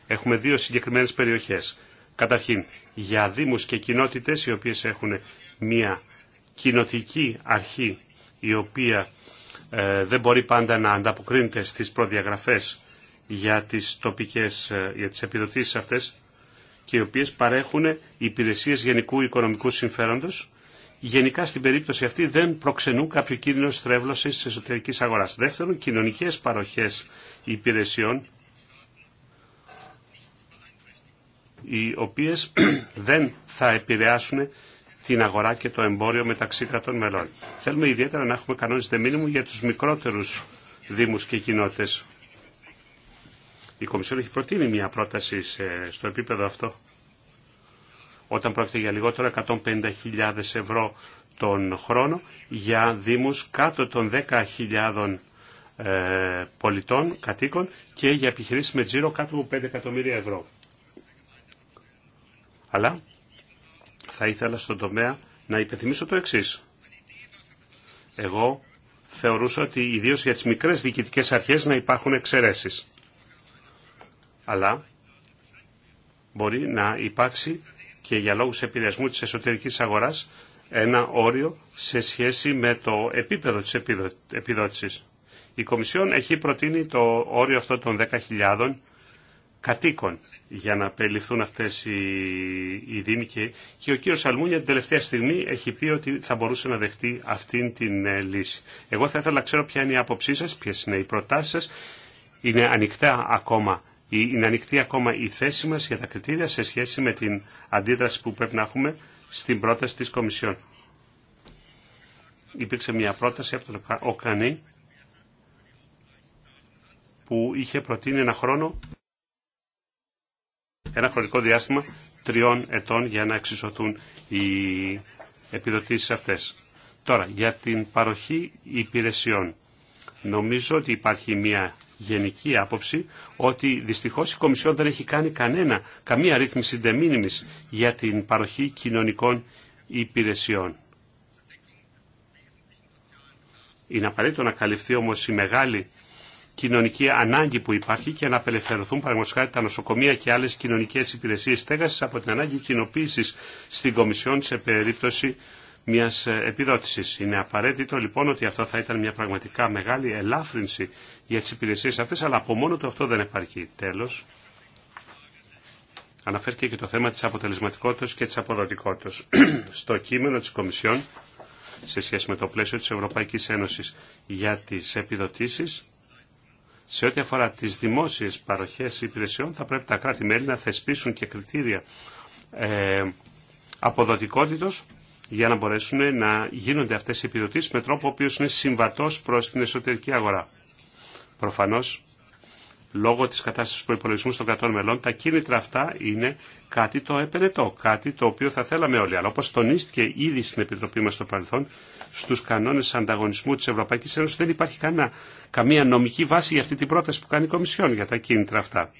έχουμε δύο συγκεκριμένες περιοχές. Καταρχήν, για δήμους και κοινότητες οι οποίες έχουν μια κοινοτική αρχή η οποία ε, δεν μπορεί πάντα να ανταποκρίνεται στις προδιαγραφές για τις τοπικές, ε, για τις επιδοτήσεις αυτές και οι οποίες παρέχουν υπηρεσίες γενικού οικονομικού συμφέροντος γενικά στην περίπτωση αυτή δεν προξενούν κάποιο κίνδυνο στρέβλωση τη εσωτερική αγορά. Δεύτερον, κοινωνικές παροχές υπηρεσιών οι οποίες δεν θα επηρεάσουν την αγορά και το εμπόριο μεταξύ κρατών μελών. Θέλουμε ιδιαίτερα να έχουμε κανόνες δε για τους μικρότερους δήμους και κοινότητες. Η Κομισιόν έχει προτείνει μια πρόταση στο επίπεδο αυτό. Όταν πρόκειται για λιγότερο 150.000 ευρώ τον χρόνο για δήμους κάτω των 10.000 ε, πολιτών, κατοίκων και για επιχειρήσεις με τζίρο κάτω από 5 εκατομμύρια ευρώ. Αλλά θα ήθελα στον τομέα να υπενθυμίσω το εξή. Εγώ θεωρούσα ότι ιδίω για τι μικρέ διοικητικέ αρχέ να υπάρχουν εξαιρέσει. Αλλά μπορεί να υπάρξει και για λόγους επηρεασμού της εσωτερικής αγοράς ένα όριο σε σχέση με το επίπεδο της επιδότησης. Η Κομισιόν έχει προτείνει το όριο αυτό των 10.000 κατοίκων για να περιληφθούν αυτές οι, οι δήμοι και, ο κύριος Σαλμούνια την τελευταία στιγμή έχει πει ότι θα μπορούσε να δεχτεί αυτήν την ε, λύση. Εγώ θα ήθελα να ξέρω ποια είναι η άποψή σας, ποιες είναι οι προτάσεις σας. Είναι ανοιχτά ακόμα είναι ανοιχτή ακόμα η θέση μας για τα κριτήρια σε σχέση με την αντίδραση που πρέπει να έχουμε στην πρόταση της Κομισιόν. Υπήρξε μια πρόταση από τον Οκρανή που είχε προτείνει ένα χρόνο ένα χρονικό διάστημα τριών ετών για να εξισωθούν οι επιδοτήσεις αυτές. Τώρα, για την παροχή υπηρεσιών. Νομίζω ότι υπάρχει μια γενική άποψη ότι δυστυχώς η Κομισιόν δεν έχει κάνει κανένα, καμία ρύθμιση ντεμίνιμης για την παροχή κοινωνικών υπηρεσιών. Είναι απαραίτητο να καλυφθεί όμως η μεγάλη κοινωνική ανάγκη που υπάρχει και να απελευθερωθούν πραγματικά τα νοσοκομεία και άλλες κοινωνικές υπηρεσίες στέγασης από την ανάγκη κοινοποίησης στην Κομισιόν σε περίπτωση μιας επιδότησης. Είναι απαραίτητο λοιπόν ότι αυτό θα ήταν μια πραγματικά μεγάλη ελάφρυνση για τις υπηρεσίες αυτές, αλλά από μόνο του αυτό δεν υπάρχει Τέλος, αναφέρθηκε και το θέμα της αποτελεσματικότητας και της αποδοτικότητας. Στο κείμενο της Κομισιόν, σε σχέση με το πλαίσιο της Ευρωπαϊκής Ένωσης για τις επιδοτήσεις, σε ό,τι αφορά τις δημόσιες παροχές υπηρεσιών θα πρέπει τα κράτη-μέλη να θεσπίσουν και κριτήρια ε, αποδοτικότητος για να μπορέσουν να γίνονται αυτές οι επιδοτήσεις με τρόπο ο οποίος είναι συμβατός προς την εσωτερική αγορά. Προφανώς λόγω της κατάστασης του προπολογισμού των κρατών μελών, τα κίνητρα αυτά είναι κάτι το επενετό, κάτι το οποίο θα θέλαμε όλοι. Αλλά όπως τονίστηκε ήδη στην Επιτροπή μας στο παρελθόν, στους κανόνες ανταγωνισμού της Ευρωπαϊκής Ένωσης δεν υπάρχει κανένα, καμία νομική βάση για αυτή την πρόταση που κάνει η Κομισιόν για τα κίνητρα αυτά.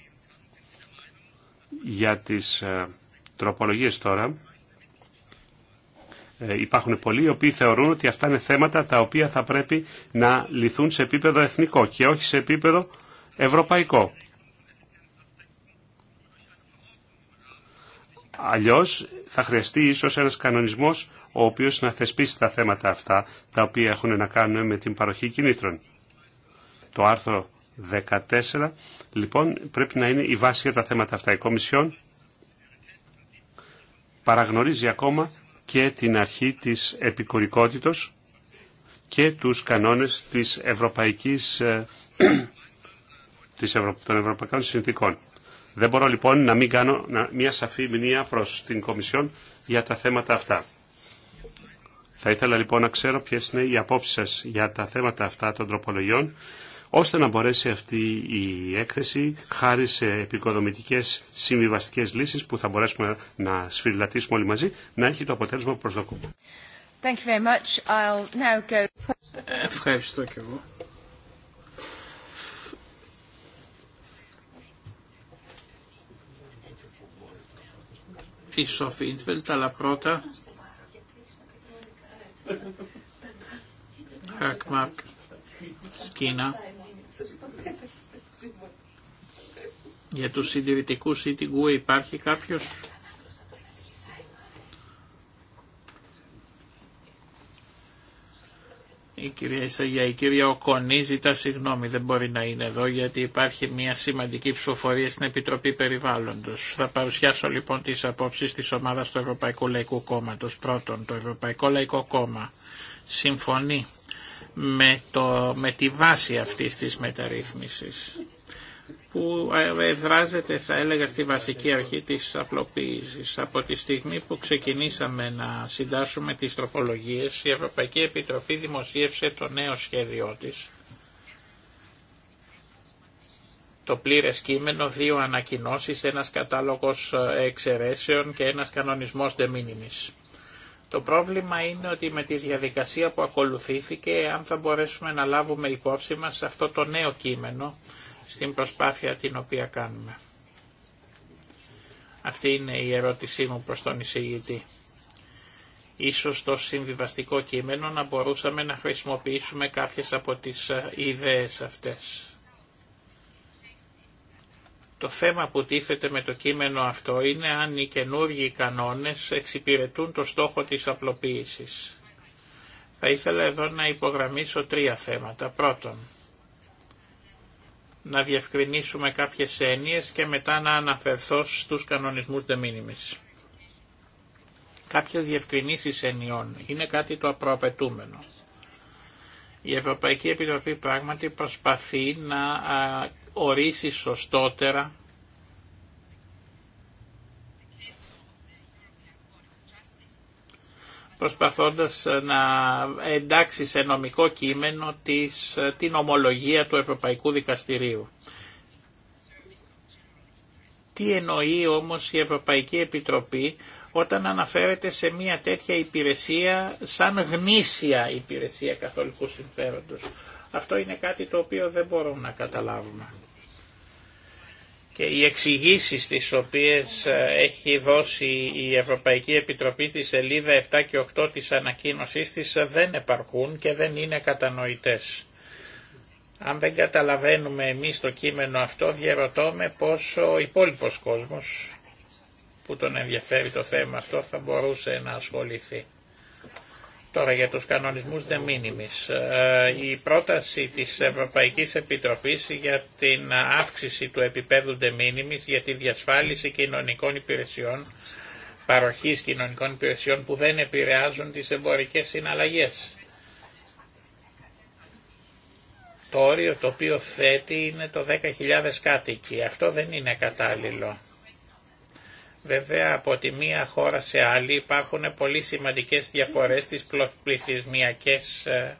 Για τις ε, τροπολογίες τώρα, ε, υπάρχουν πολλοί οι οποίοι θεωρούν ότι αυτά είναι θέματα τα οποία θα πρέπει να λυθούν σε επίπεδο εθνικό και όχι σε επίπεδο ευρωπαϊκό. Αλλιώς θα χρειαστεί ίσως ένας κανονισμός ο οποίος να θεσπίσει τα θέματα αυτά τα οποία έχουν να κάνουν με την παροχή κινήτρων. Το άρθρο 14 λοιπόν πρέπει να είναι η βάση για τα θέματα αυτά. Η Κομισιόν παραγνωρίζει ακόμα και την αρχή της επικουρικότητος και τους κανόνες της ευρωπαϊκής ε, των Ευρωπαϊκών Συνθήκων. Δεν μπορώ λοιπόν να μην κάνω μια σαφή μηνία προς την Κομισιόν για τα θέματα αυτά. Θα ήθελα λοιπόν να ξέρω ποιες είναι οι απόψεις σας για τα θέματα αυτά των τροπολογιών, ώστε να μπορέσει αυτή η έκθεση, χάρη σε επικοδομητικές συμβιβαστικές λύσεις που θα μπορέσουμε να σφυριλατήσουμε όλοι μαζί, να έχει το αποτέλεσμα που προσδοκούμε. Ευχαριστώ και εγώ. η Σοφίντβελτ, αλλά πρώτα Χακμακ, Σκίνα για τους συντηρητικούς ή την υπάρχει κάποιος Η κυρία Ισαγιά, η κυρία Οκονή ζητά συγγνώμη, δεν μπορεί να είναι εδώ γιατί υπάρχει μια σημαντική ψηφοφορία στην Επιτροπή Περιβάλλοντος. Θα παρουσιάσω λοιπόν τις απόψεις της ομάδας του Ευρωπαϊκού Λαϊκού Κόμματος. Πρώτον, το Ευρωπαϊκό Λαϊκό Κόμμα συμφωνεί με, το, με τη βάση αυτής της μεταρρύθμισης που ε, εδράζεται θα έλεγα στη βασική αρχή της απλοποίησης. Από τη στιγμή που ξεκινήσαμε να συντάσσουμε τις τροπολογίες, η Ευρωπαϊκή Επιτροπή δημοσίευσε το νέο σχέδιό της, το πλήρες κείμενο, δύο ανακοινώσεις, ένας κατάλογος ε, εξαιρέσεων και ένας κανονισμός de minimis. Το πρόβλημα είναι ότι με τη διαδικασία που ακολουθήθηκε, αν θα μπορέσουμε να λάβουμε υπόψη μας αυτό το νέο κείμενο, στην προσπάθεια την οποία κάνουμε. Αυτή είναι η ερώτησή μου προς τον εισηγητή. Ίσως το συμβιβαστικό κείμενο να μπορούσαμε να χρησιμοποιήσουμε κάποιες από τις ε, ιδέες αυτές. Το θέμα που τίθεται με το κείμενο αυτό είναι αν οι καινούργιοι κανόνες εξυπηρετούν το στόχο της απλοποίησης. Θα ήθελα εδώ να υπογραμμίσω τρία θέματα. Πρώτον, να διευκρινίσουμε κάποιες έννοιες και μετά να αναφερθώ στους κανονισμούς de Κάποιες διευκρινήσεις εννοιών είναι κάτι το απροαπαιτούμενο. Η Ευρωπαϊκή Επιτροπή πράγματι προσπαθεί να ορίσει σωστότερα προσπαθώντας ε, να εντάξει σε νομικό κείμενο της, ε, την ομολογία του Ευρωπαϊκού Δικαστηρίου. Τι εννοεί όμως η Ευρωπαϊκή Επιτροπή όταν αναφέρεται σε μια τέτοια υπηρεσία σαν γνήσια υπηρεσία καθολικού συμφέροντος. Αυτό είναι κάτι το οποίο δεν μπορούμε να καταλάβουμε και οι εξηγήσει τις οποίες ε, έχει δώσει η Ευρωπαϊκή Επιτροπή στη σελίδα 7 και 8 της ανακοίνωσής της ε, δεν επαρκούν και δεν είναι κατανοητές. Αν δεν καταλαβαίνουμε εμείς το κείμενο αυτό διαρωτώ με πως ο υπόλοιπος κόσμος που τον ενδιαφέρει το θέμα αυτό θα μπορούσε να ασχοληθεί. Τώρα για τους κανονισμούς de ε, Η πρόταση της Ευρωπαϊκής Επιτροπής για την αύξηση του επίπεδου de για τη διασφάλιση κοινωνικών υπηρεσιών, παροχής κοινωνικών υπηρεσιών που δεν επηρεάζουν τις εμπορικές συναλλαγές. Το όριο το οποίο θέτει είναι το 10.000 κάτοικοι. Αυτό δεν είναι κατάλληλο. Βέβαια από τη μία χώρα σε άλλη υπάρχουν πολύ σημαντικές διαφορές στις πληθυσμιακές ε,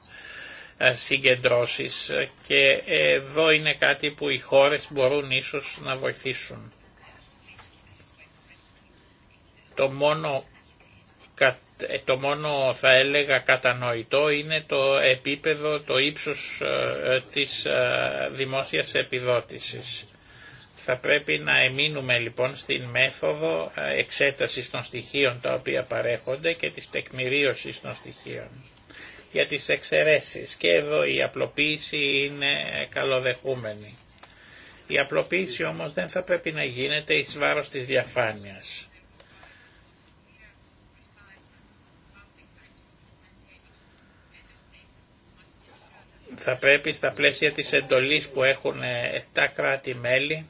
ε, συγκεντρώσεις και εδώ είναι κάτι που οι χώρες μπορούν ίσως να βοηθήσουν. Το μόνο, ε, το μόνο θα έλεγα κατανοητό είναι το επίπεδο, το ύψος της δημόσιας επιδότησης. Θα πρέπει να εμείνουμε λοιπόν στην μέθοδο ε, εξέτασης των στοιχείων τα οποία παρέχονται και της τεκμηρίωσης των στοιχείων. Για τις εξαιρέσεις και εδώ η απλοποίηση είναι καλοδεχούμενη. Η απλοποίηση όμως δεν θα πρέπει να γίνεται εις βάρος της διαφάνειας. θα πρέπει στα πλαίσια της εντολής που έχουν ε, τα κράτη-μέλη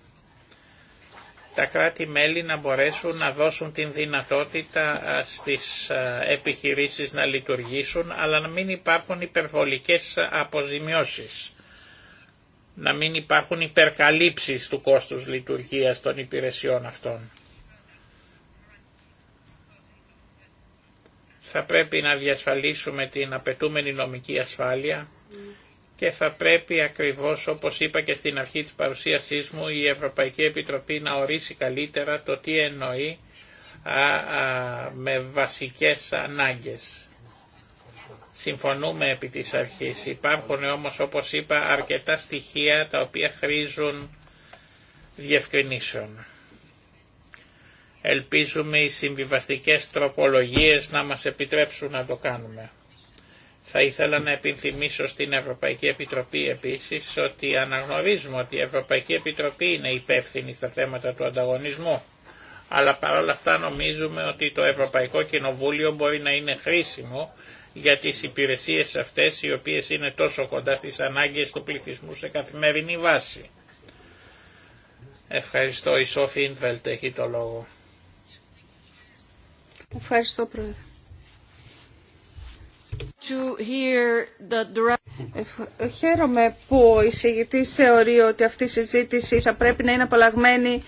τα κράτη-μέλη να μπορέσουν να δώσουν την δυνατότητα στις επιχειρήσεις να λειτουργήσουν, αλλά να μην υπάρχουν υπερβολικές αποζημιώσεις, να μην υπάρχουν υπερκαλύψεις του κόστους λειτουργίας των υπηρεσιών αυτών. Θα πρέπει να διασφαλίσουμε την απαιτούμενη νομική ασφάλεια mm και θα πρέπει ακριβώς όπως είπα και στην αρχή της παρουσίασής μου η Ευρωπαϊκή Επιτροπή να ορίσει καλύτερα το τι εννοεί α, με βασικές ανάγκες. Συμφωνούμε επί της αρχής. Υπάρχουν όμως όπως είπα αρκετά στοιχεία τα οποία χρήζουν διευκρινήσεων. Ελπίζουμε οι συμβιβαστικές τροπολογίες να μας επιτρέψουν να το κάνουμε. Θα ήθελα να επιθυμίσω στην Ευρωπαϊκή Επιτροπή επίσης ότι αναγνωρίζουμε ότι η Ευρωπαϊκή Επιτροπή είναι υπεύθυνη στα θέματα του ανταγωνισμού. Αλλά παρόλα αυτά νομίζουμε ότι το Ευρωπαϊκό Κοινοβούλιο μπορεί να είναι χρήσιμο για τις υπηρεσίες αυτές οι οποίες είναι τόσο κοντά στις ανάγκες του πληθυσμού σε καθημερινή βάση. Ευχαριστώ. Η Σόφη Ινβελτ έχει το λόγο. Ευχαριστώ Πρόεδρε. To ε, Χαίρομαι που ο εισηγητής θεωρεί ότι αυτή η συζήτηση θα πρέπει να είναι απαλλαγμένη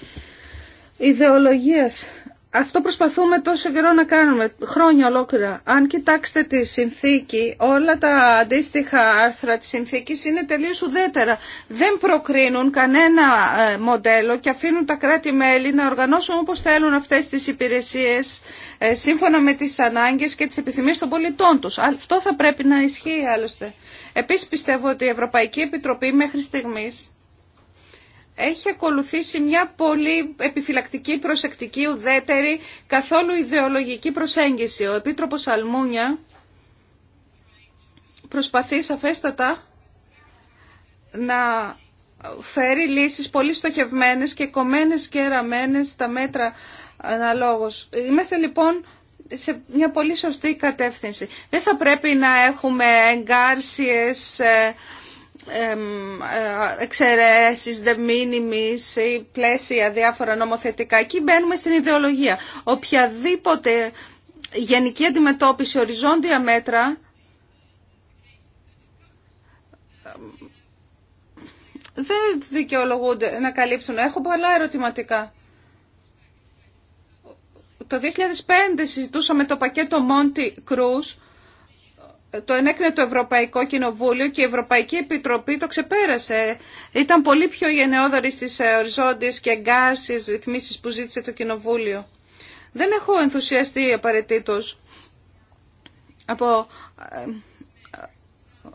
ιδεολογίας. Αυτό προσπαθούμε τόσο καιρό να κάνουμε, χρόνια ολόκληρα. Αν κοιτάξετε τη συνθήκη, όλα τα αντίστοιχα άρθρα της συνθήκης είναι τελείως ουδέτερα. Δεν προκρίνουν κανένα ε, μοντέλο και αφήνουν τα κράτη-μέλη να οργανώσουν όπως θέλουν αυτές τις υπηρεσίες ε, σύμφωνα με τις ανάγκες και τις επιθυμίες των πολιτών τους. Αυτό θα πρέπει να ισχύει άλλωστε. Επίσης πιστεύω ότι η Ευρωπαϊκή Επιτροπή μέχρι στιγμής έχει ακολουθήσει μια πολύ επιφυλακτική, προσεκτική, ουδέτερη, καθόλου ιδεολογική προσέγγιση. Ο Επίτροπος Αλμούνια προσπαθεί σαφέστατα να φέρει λύσεις πολύ στοχευμένες και κομμένες και ραμμένες στα μέτρα αναλόγως. Είμαστε λοιπόν σε μια πολύ σωστή κατεύθυνση. Δεν θα πρέπει να έχουμε εγκάρσιες ε, ε, εξαιρέσεις, δε μήνυμη ή πλαίσια διάφορα νομοθετικά. Εκεί μπαίνουμε στην ιδεολογία. Οποιαδήποτε γενική αντιμετώπιση, οριζόντια μέτρα δεν δικαιολογούνται να καλύπτουν. Έχω πολλά ερωτηματικά. Το 2005 συζητούσαμε το πακέτο Monty Cruz το ενέκρινε το Ευρωπαϊκό Κοινοβούλιο και η Ευρωπαϊκή Επιτροπή το ξεπέρασε. Ήταν πολύ πιο γενναιόδορη στις ε, οριζόντιες και εγκάσεις, ρυθμίσεις που ζήτησε το Κοινοβούλιο. Δεν έχω ενθουσιαστεί απαραίτητο από ε,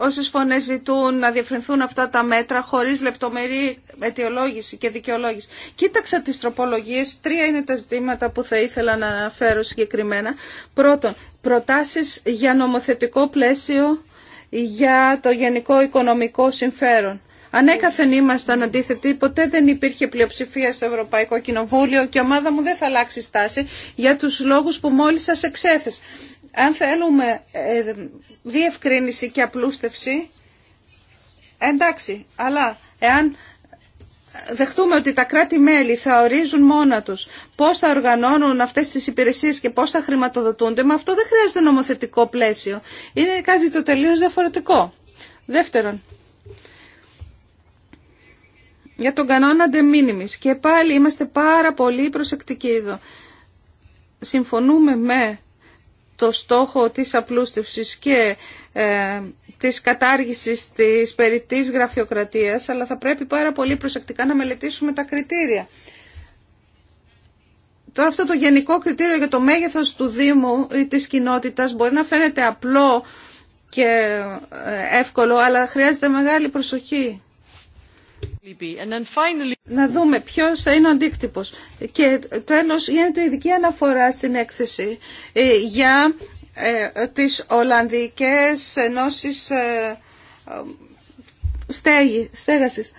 Όσες φωνές ζητούν να διευρυνθούν αυτά τα μέτρα χωρίς λεπτομερή αιτιολόγηση και δικαιολόγηση. Κοίταξα τις τροπολογίες. Τρία είναι τα ζητήματα που θα ήθελα να αναφέρω συγκεκριμένα. Πρώτον, προτάσεις για νομοθετικό πλαίσιο για το γενικό οικονομικό συμφέρον. έκαθεν ήμασταν αντίθετοι, ποτέ δεν υπήρχε πλειοψηφία στο Ευρωπαϊκό Κοινοβούλιο και η ομάδα μου δεν θα αλλάξει στάση για τους λόγους που μόλις σας εξέθεσε αν θέλουμε ε, διευκρίνηση και απλούστευση, εντάξει, αλλά εάν δεχτούμε ότι τα κράτη-μέλη θα ορίζουν μόνα τους πώς θα οργανώνουν αυτές τις υπηρεσίες και πώς θα χρηματοδοτούνται, με αυτό δεν χρειάζεται νομοθετικό πλαίσιο. Είναι κάτι το τελείως διαφορετικό. Δεύτερον, για τον κανόνα ντεμίνιμις και πάλι είμαστε πάρα πολύ προσεκτικοί εδώ. Συμφωνούμε με το στόχο της απλούστευσης και ε, της κατάργησης της περιττής γραφειοκρατίας, αλλά θα πρέπει πάρα πολύ προσεκτικά να μελετήσουμε τα κριτήρια. Τώρα αυτό το γενικό κριτήριο για το μέγεθος του Δήμου ή της κοινότητας μπορεί να φαίνεται απλό και ε, εύκολο, αλλά χρειάζεται μεγάλη προσοχή. Να δούμε ποιο θα είναι ο αντίκτυπος. Και τέλο, γίνεται ειδική αναφορά στην έκθεση ε, για ε, τις Ολλανδικές Ενώσεις ε, στέγη, Στέγασης.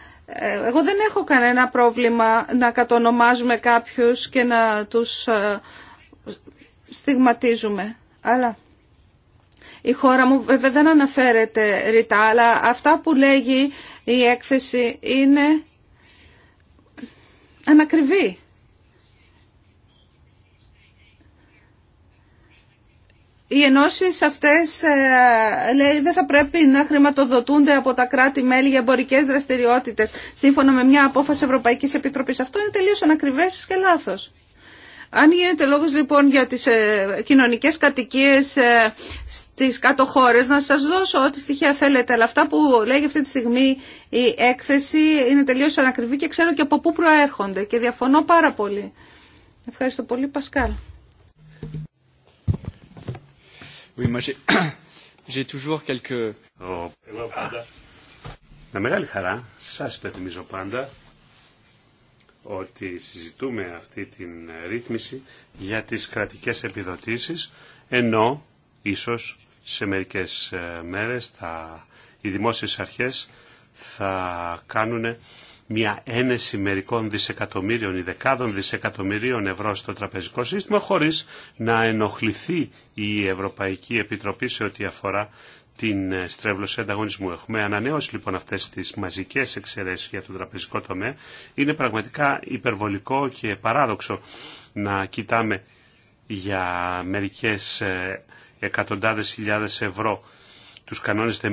Εγώ δεν έχω κανένα πρόβλημα να κατονομάζουμε κάποιους και να τους στιγματίζουμε. Αλλά η χώρα μου βέβαια δεν αναφέρεται ρητά, αλλά αυτά που λέγει η έκθεση είναι ανακριβή. Οι ενώσεις αυτές ε, λέει, δεν θα πρέπει να χρηματοδοτούνται από τα κράτη-μέλη για εμπορικέ δραστηριότητες σύμφωνα με μια απόφαση Ευρωπαϊκής Επιτροπής. Αυτό είναι τελείως ανακριβές και λάθος. Αν γίνεται λόγο λοιπόν για τις ε, κοινωνικές κατοικίες ε, στις κάτω χώρε να σας δώσω ό,τι στοιχεία θέλετε, αλλά αυτά που λέγει αυτή τη στιγμή η έκθεση είναι τελείω ανακριβή και ξέρω και από πού προέρχονται και διαφωνώ πάρα πολύ. Ευχαριστώ πολύ, Πασκάλ. Oui, moi j'ai toujours Με μεγάλη χαρά σα υπενθυμίζω πάντα ότι συζητούμε αυτή την ρύθμιση για τις κρατικές επιδοτήσεις, ενώ ίσως σε μερικές ε, μέρες θα, οι δημόσιες αρχές θα κάνουν μια ένεση μερικών δισεκατομμύριων ή δεκάδων δισεκατομμυρίων ευρώ στο τραπεζικό σύστημα χωρίς να ενοχληθεί η Ευρωπαϊκή Επιτροπή σε ό,τι αφορά την ε, στρέβλωση ανταγωνισμού. Έχουμε ανανέωσει λοιπόν αυτές τις μαζικές εξαιρέσει για τον τραπεζικό τομέα. Είναι πραγματικά υπερβολικό και παράδοξο να κοιτάμε για μερικές ε, εκατοντάδες χιλιάδες ευρώ τους κανόνες δε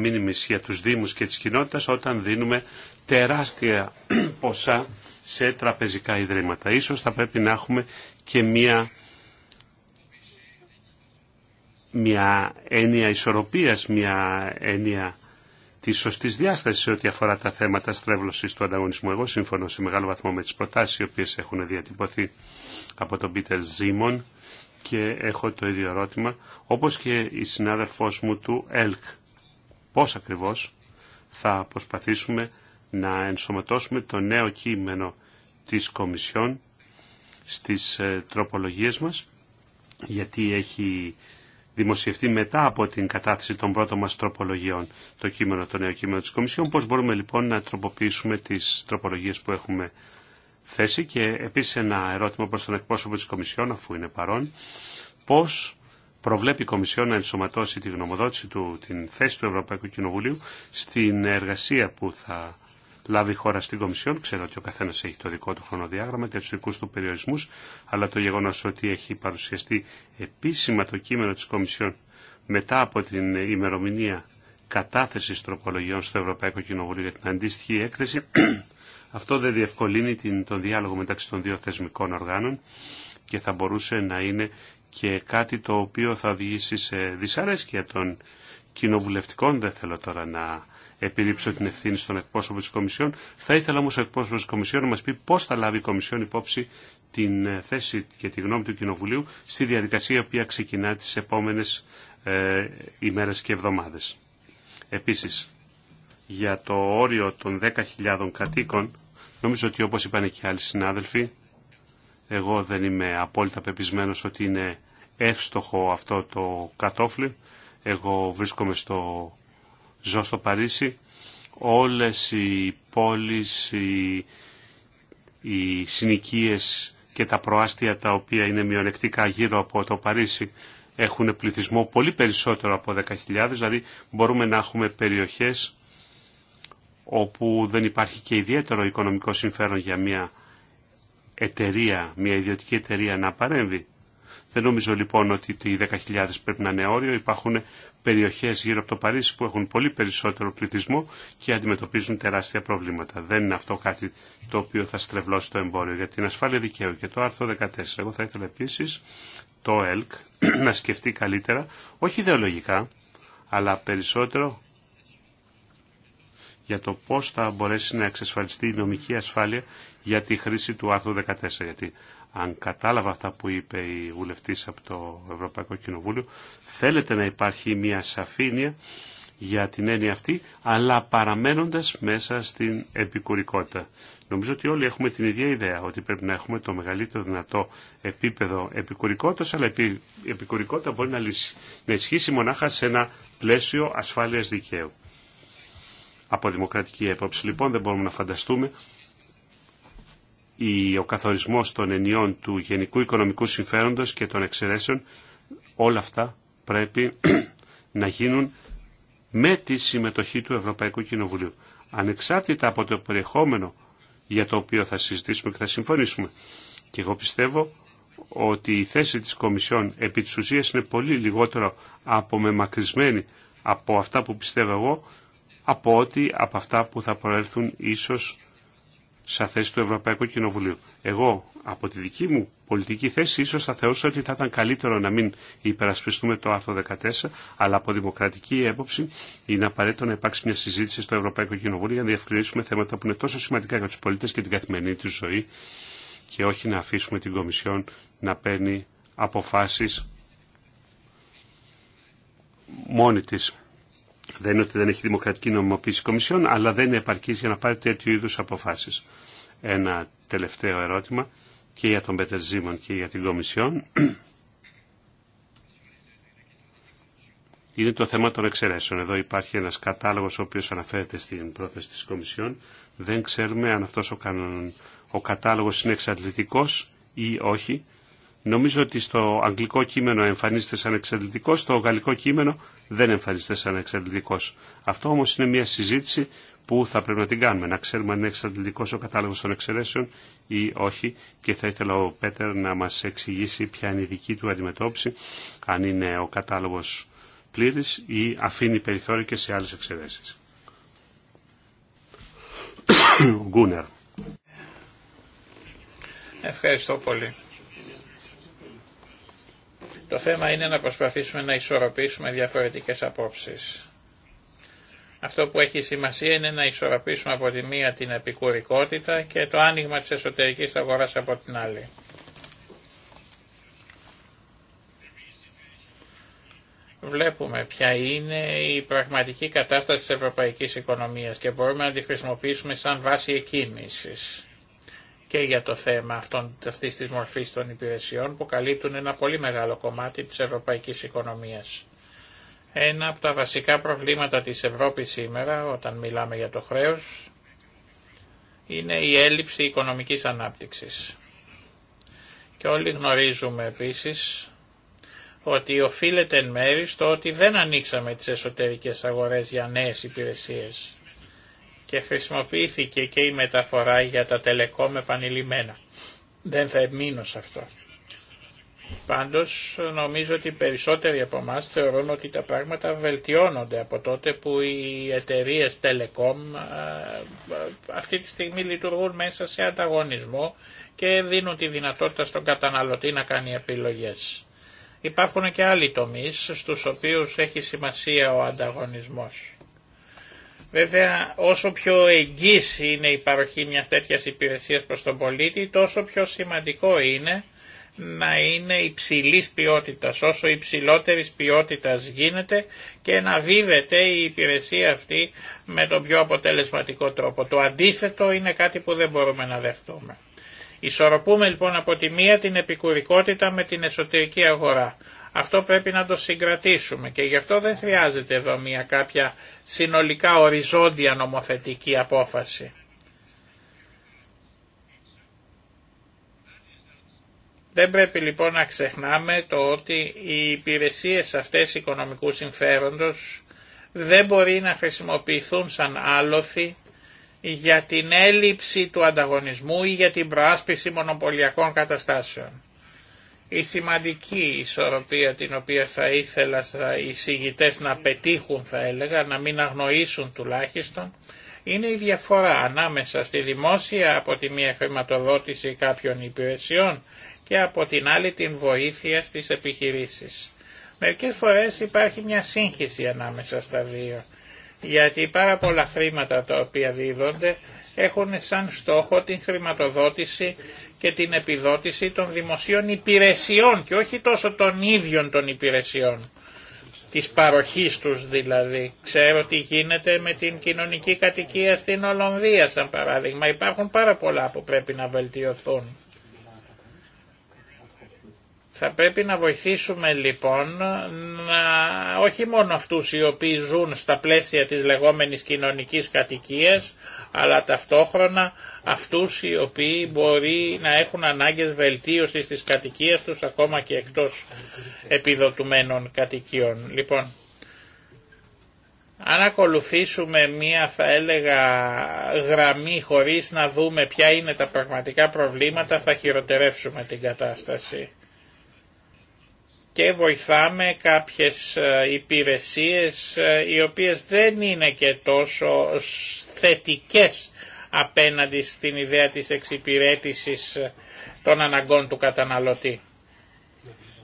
για τους Δήμους και τις κοινότητες όταν δίνουμε τεράστια ποσά σε τραπεζικά ιδρύματα. Ίσως θα πρέπει να έχουμε και μία μια έννοια ισορροπίας, μια έννοια της σωστής διάστασης σε ό,τι αφορά τα θέματα στρέβλωσης του ανταγωνισμού. Εγώ συμφωνώ σε μεγάλο βαθμό με τις προτάσεις οι οποίες έχουν διατυπωθεί από τον Πίτερ Ζήμον και έχω το ίδιο ερώτημα, όπως και η συνάδελφός μου του ΕΛΚ. Πώς ακριβώς θα προσπαθήσουμε να ενσωματώσουμε το νέο κείμενο της Κομισιόν στις ε, τροπολογίες μας, γιατί έχει δημοσιευτεί μετά από την κατάθεση των πρώτων μας τροπολογιών το κείμενο, το νέο κείμενο της Κομισιόν. Πώς μπορούμε λοιπόν να τροποποιήσουμε τις τροπολογίες που έχουμε θέσει και επίσης ένα ερώτημα προς τον εκπρόσωπο της Κομισιόν αφού είναι παρόν. Πώς προβλέπει η Κομισιόν να ενσωματώσει τη γνωμοδότηση του, την θέση του Ευρωπαϊκού Κοινοβουλίου στην εργασία που θα λάβει η χώρα στην Κομισιόν. Ξέρω ότι ο καθένα έχει το δικό του χρονοδιάγραμμα και του δικού του περιορισμού, αλλά το γεγονό ότι έχει παρουσιαστεί επίσημα το κείμενο τη Κομισιόν μετά από την ημερομηνία κατάθεση τροπολογιών στο Ευρωπαϊκό Κοινοβούλιο για την αντίστοιχη έκθεση, αυτό δεν διευκολύνει την, τον διάλογο μεταξύ των δύο θεσμικών οργάνων και θα μπορούσε να είναι και κάτι το οποίο θα οδηγήσει σε δυσαρέσκεια των κοινοβουλευτικών. Δεν θέλω τώρα να επιλήψω την ευθύνη στον εκπρόσωπο της Κομισιόν. Θα ήθελα όμως ο εκπρόσωπος της Κομισιόν να μας πει πώς θα λάβει η Κομισιόν υπόψη την ε, θέση και τη γνώμη του Κοινοβουλίου στη διαδικασία η οποία ξεκινά τις επόμενες ε, ημέρες και εβδομάδες. Επίσης, για το όριο των 10.000 κατοίκων, νομίζω ότι όπως είπαν και άλλοι συνάδελφοι, εγώ δεν είμαι απόλυτα πεπισμένος ότι είναι εύστοχο αυτό το κατόφλι. Εγώ βρίσκομαι στο ζω στο Παρίσι, όλες οι πόλεις, οι, οι συνοικίες και τα προάστια τα οποία είναι μειονεκτικά γύρω από το Παρίσι έχουν πληθυσμό πολύ περισσότερο από 10.000, δηλαδή μπορούμε να έχουμε περιοχές όπου δεν υπάρχει και ιδιαίτερο οικονομικό συμφέρον για μια εταιρεία, μια ιδιωτική εταιρεία να παρέμβει. Δεν νομίζω λοιπόν ότι οι 10.000 πρέπει να είναι όριο. Υπάρχουν περιοχές γύρω από το Παρίσι που έχουν πολύ περισσότερο πληθυσμό και αντιμετωπίζουν τεράστια προβλήματα. Δεν είναι αυτό κάτι το οποίο θα στρεβλώσει το εμπόριο για την ασφάλεια δικαίου και το άρθρο 14. Εγώ θα ήθελα επίση το ΕΛΚ να σκεφτεί καλύτερα, όχι ιδεολογικά, αλλά περισσότερο για το πώς θα μπορέσει να εξασφαλιστεί η νομική ασφάλεια για τη χρήση του άρθρου 14. Γιατί αν κατάλαβα αυτά που είπε η βουλευτής από το Ευρωπαϊκό Κοινοβούλιο, θέλετε να υπάρχει μια σαφήνεια για την έννοια αυτή, αλλά παραμένοντας μέσα στην επικουρικότητα. Νομίζω ότι όλοι έχουμε την ίδια ιδέα, ότι πρέπει να έχουμε το μεγαλύτερο δυνατό επίπεδο επικουρικότητας, αλλά η επικουρικότητα μπορεί να, ισχύσει μονάχα σε ένα πλαίσιο ασφάλειας δικαίου. Από δημοκρατική έποψη λοιπόν δεν μπορούμε να φανταστούμε ο καθορισμός των ενιών του γενικού οικονομικού συμφέροντος και των εξαιρέσεων, όλα αυτά πρέπει να γίνουν με τη συμμετοχή του Ευρωπαϊκού Κοινοβουλίου. Ανεξάρτητα από το περιεχόμενο για το οποίο θα συζητήσουμε και θα συμφωνήσουμε. Και εγώ πιστεύω ότι η θέση της Κομισιόν επί της ουσίας είναι πολύ λιγότερο απομεμακρυσμένη από αυτά που πιστεύω εγώ, από ότι από αυτά που θα προέλθουν ίσως σε θέση του Ευρωπαϊκού Κοινοβουλίου. Εγώ από τη δική μου πολιτική θέση ίσως θα θεωρούσα ότι θα ήταν καλύτερο να μην υπερασπιστούμε το άρθρο 14, αλλά από δημοκρατική έποψη είναι απαραίτητο να υπάρξει μια συζήτηση στο Ευρωπαϊκό Κοινοβούλιο για να διευκρινίσουμε θέματα που είναι τόσο σημαντικά για τους πολίτες και την καθημερινή του ζωή και όχι να αφήσουμε την Κομισιόν να παίρνει αποφάσεις μόνη της. Δεν είναι ότι δεν έχει δημοκρατική νομιμοποίηση Κομισιόν, αλλά δεν είναι επαρκής για να πάρει τέτοιου είδου αποφάσει. Ένα τελευταίο ερώτημα και για τον Πέτερ Ζήμον και για την Κομισιόν. Είναι το θέμα των εξαιρέσεων. Εδώ υπάρχει ένας κατάλογος ο οποίος αναφέρεται στην πρόθεση της Κομισιόν. Δεν ξέρουμε αν αυτός ο, κανον, ο κατάλογος είναι εξαντλητικός ή όχι Νομίζω ότι στο αγγλικό κείμενο εμφανίζεται σαν εξαντλητικό, στο γαλλικό κείμενο δεν εμφανίζεται σαν εξαντλητικό. Αυτό όμω είναι μια συζήτηση που θα πρέπει να την κάνουμε, να ξέρουμε αν είναι εξαντλητικό ο κατάλογο των εξαιρέσεων ή όχι. Και θα ήθελα ο Πέτερ να μα εξηγήσει ποια είναι η δική του αντιμετώπιση, αν είναι ο κατάλογο πλήρη ή αφήνει περιθώριο και σε άλλε εξαιρέσει. Γκούνερ. Ευχαριστώ πολύ. Το θέμα είναι να προσπαθήσουμε να ισορροπήσουμε διαφορετικές απόψεις. Αυτό που έχει σημασία είναι να ισορροπήσουμε από τη μία την επικουρικότητα και το άνοιγμα της εσωτερικής αγοράς από την άλλη. Βλέπουμε ποια είναι η πραγματική κατάσταση της ευρωπαϊκής οικονομίας και μπορούμε να τη χρησιμοποιήσουμε σαν βάση εκκίνησης και για το θέμα αυτών, αυτής της μορφής των υπηρεσιών που καλύπτουν ένα πολύ μεγάλο κομμάτι της ευρωπαϊκής οικονομίας. Ένα από τα βασικά προβλήματα της Ευρώπης σήμερα, όταν μιλάμε για το χρέος, είναι η έλλειψη οικονομικής ανάπτυξης. Και όλοι γνωρίζουμε επίσης ότι οφείλεται εν μέρη στο ότι δεν ανοίξαμε τις εσωτερικές αγορές για νέες υπηρεσίες και χρησιμοποιήθηκε και η μεταφορά για τα τελεκόμ επανειλημμένα. Δεν θα μείνω σε αυτό. Πάντως νομίζω ότι περισσότεροι από εμά θεωρούν ότι τα πράγματα βελτιώνονται από τότε που οι εταιρείε Telecom ε, αυτή τη στιγμή λειτουργούν μέσα σε ανταγωνισμό και δίνουν τη δυνατότητα στον καταναλωτή να κάνει επιλογές. Υπάρχουν και άλλοι τομείς στους οποίους έχει σημασία ο ανταγωνισμός. Βέβαια όσο πιο εγγύς είναι η παροχή μιας τέτοιας υπηρεσίας προς τον πολίτη τόσο πιο σημαντικό είναι να είναι υψηλή ποιότητα, όσο υψηλότερη ποιότητα γίνεται και να βίβεται η υπηρεσία αυτή με τον πιο αποτελεσματικό τρόπο. Το αντίθετο είναι κάτι που δεν μπορούμε να δεχτούμε. Ισορροπούμε λοιπόν από τη μία την επικουρικότητα με την εσωτερική αγορά. Αυτό πρέπει να το συγκρατήσουμε και γι' αυτό δεν χρειάζεται εδώ μια κάποια συνολικά οριζόντια νομοθετική απόφαση. Δεν πρέπει λοιπόν να ξεχνάμε το ότι οι υπηρεσίες αυτές οικονομικού συμφέροντος δεν μπορεί να χρησιμοποιηθούν σαν άλοθη για την έλλειψη του ανταγωνισμού ή για την προάσπιση μονοπωλιακών καταστάσεων. Η σημαντική ισορροπία την οποία θα ήθελα οι συγητές να πετύχουν θα έλεγα, να μην αγνοήσουν τουλάχιστον, είναι η διαφορά ανάμεσα στη δημόσια από τη μία χρηματοδότηση κάποιων υπηρεσιών και από την άλλη την βοήθεια στις επιχειρήσεις. Μερικές φορές υπάρχει μια σύγχυση ανάμεσα στα δύο, γιατί πάρα πολλά χρήματα τα οποία δίδονται έχουν σαν στόχο την χρηματοδότηση και την επιδότηση των δημοσίων υπηρεσιών και όχι τόσο των ίδιων των υπηρεσιών, της παροχής τους δηλαδή. Ξέρω τι γίνεται με την κοινωνική κατοικία στην Ολλανδία σαν παράδειγμα. Υπάρχουν πάρα πολλά που πρέπει να βελτιωθούν. Θα πρέπει να βοηθήσουμε λοιπόν να, όχι μόνο αυτούς οι οποίοι ζουν στα πλαίσια της λεγόμενης κοινωνικής κατοικίας, αλλά ταυτόχρονα αυτούς οι οποίοι μπορεί να έχουν ανάγκες βελτίωσης της κατοικίας τους ακόμα και εκτός επιδοτουμένων κατοικιών. Λοιπόν, αν ακολουθήσουμε μία θα έλεγα γραμμή χωρίς να δούμε ποια είναι τα πραγματικά προβλήματα θα χειροτερεύσουμε την κατάσταση και βοηθάμε κάποιες ε, υπηρεσίες ε, οι οποίες δεν είναι και τόσο θετικές απέναντι στην ιδέα της εξυπηρέτησης ε, των αναγκών του καταναλωτή.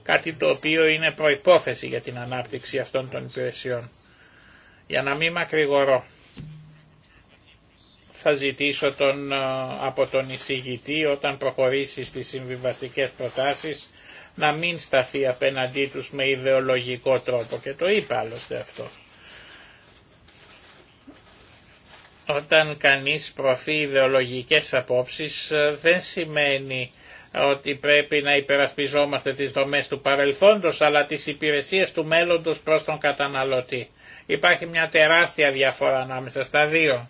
Κάτι το οποίο είναι προϋπόθεση για την ανάπτυξη αυτών των υπηρεσιών. Για να μην μακρηγορώ, θα ζητήσω τον, από τον εισηγητή όταν προχωρήσει στις συμβιβαστικές προτάσεις να μην σταθεί απέναντί τους με ιδεολογικό τρόπο και το είπε άλλωστε αυτό. Όταν κανείς προφεί ιδεολογικές απόψεις ε, δεν σημαίνει ότι πρέπει να υπερασπιζόμαστε τις δομές του παρελθόντος αλλά τις υπηρεσίες του μέλλοντος προς τον καταναλωτή. Υπάρχει μια τεράστια διαφορά ανάμεσα στα δύο.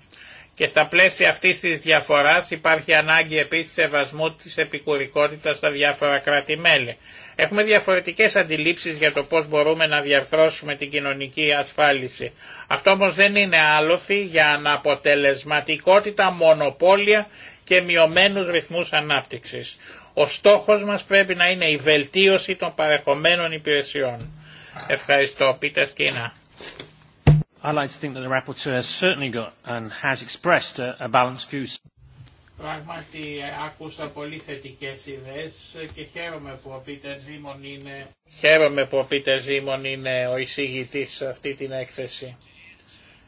Και στα πλαίσια αυτής της διαφοράς υπάρχει ανάγκη επίσης σεβασμού της επικουρικότητα στα διάφορα κράτη-μέλη. Έχουμε διαφορετικές αντιλήψεις για το πώς μπορούμε να διαρθρώσουμε την κοινωνική ασφάλιση. Αυτό όμω δεν είναι άλοθη για αναποτελεσματικότητα, μονοπόλια και μειωμένου ρυθμού ανάπτυξης. Ο στόχο μα πρέπει να είναι η βελτίωση των παρεχομένων υπηρεσιών. Ευχαριστώ. Πίτερ Σκίνα like to think that the rapporteur has certainly got and has expressed a balanced view. Πράγματι άκουσα πολύ θετικέ ιδέε και χαίρομαι που ο Πίτερ Ζήμων είναι... Χαίρομαι που ο Πίτερ Ζήμων είναι ο εισηγητής σε αυτή την έκθεση.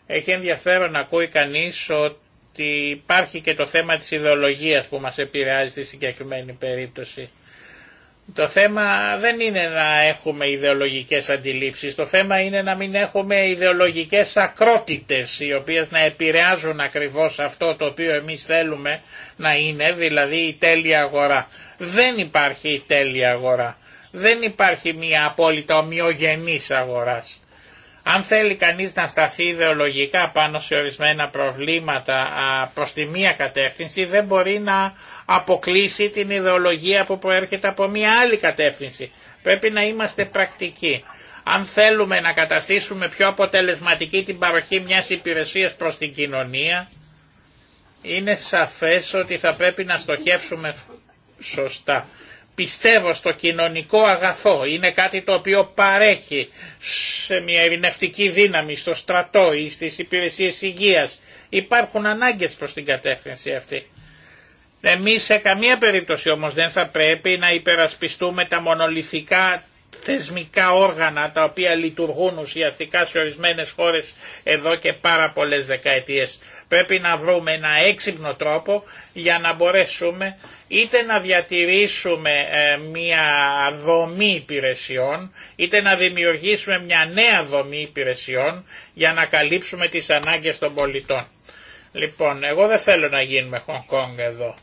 Έχει ενδιαφέρον να ακούει κανείς ότι υπάρχει και το θέμα της ιδεολογίας που μας επηρεάζει στη συγκεκριμένη περίπτωση. Το θέμα δεν είναι να έχουμε ιδεολογικές αντιλήψεις, το θέμα είναι να μην έχουμε ιδεολογικές ακρότητες οι οποίες να επηρεάζουν ακριβώς αυτό το οποίο εμείς θέλουμε να είναι, δηλαδή η τέλεια αγορά. Δεν υπάρχει η τέλεια αγορά, δεν υπάρχει μια απόλυτα ομοιογενής αγοράς. Αν θέλει κανείς να σταθεί ιδεολογικά πάνω σε ορισμένα προβλήματα προς τη μία κατεύθυνση δεν μπορεί να αποκλείσει την ιδεολογία που προέρχεται από μία άλλη κατεύθυνση. Πρέπει να είμαστε πρακτικοί. Αν θέλουμε να καταστήσουμε πιο αποτελεσματική την παροχή μιας υπηρεσίας προς την κοινωνία είναι σαφές ότι θα πρέπει να στοχεύσουμε σωστά πιστεύω στο κοινωνικό αγαθό, είναι κάτι το οποίο παρέχει σε μια ειρηνευτική δύναμη, στο στρατό ή στις υπηρεσίες υγείας. Υπάρχουν ανάγκες προς την κατεύθυνση αυτή. Εμείς σε καμία περίπτωση όμως δεν θα πρέπει να υπερασπιστούμε τα μονολυθικά θεσμικά όργανα τα οποία λειτουργούν ουσιαστικά σε ορισμένες χώρες εδώ και πάρα πολλές δεκαετίες. Πρέπει να βρούμε ένα έξυπνο τρόπο για να μπορέσουμε είτε να διατηρήσουμε ε, μια δομή υπηρεσιών είτε να δημιουργήσουμε μια νέα δομή υπηρεσιών για να καλύψουμε τις ανάγκες των πολιτών. Λοιπόν, εγώ δεν θέλω να γίνουμε Χονκ εδώ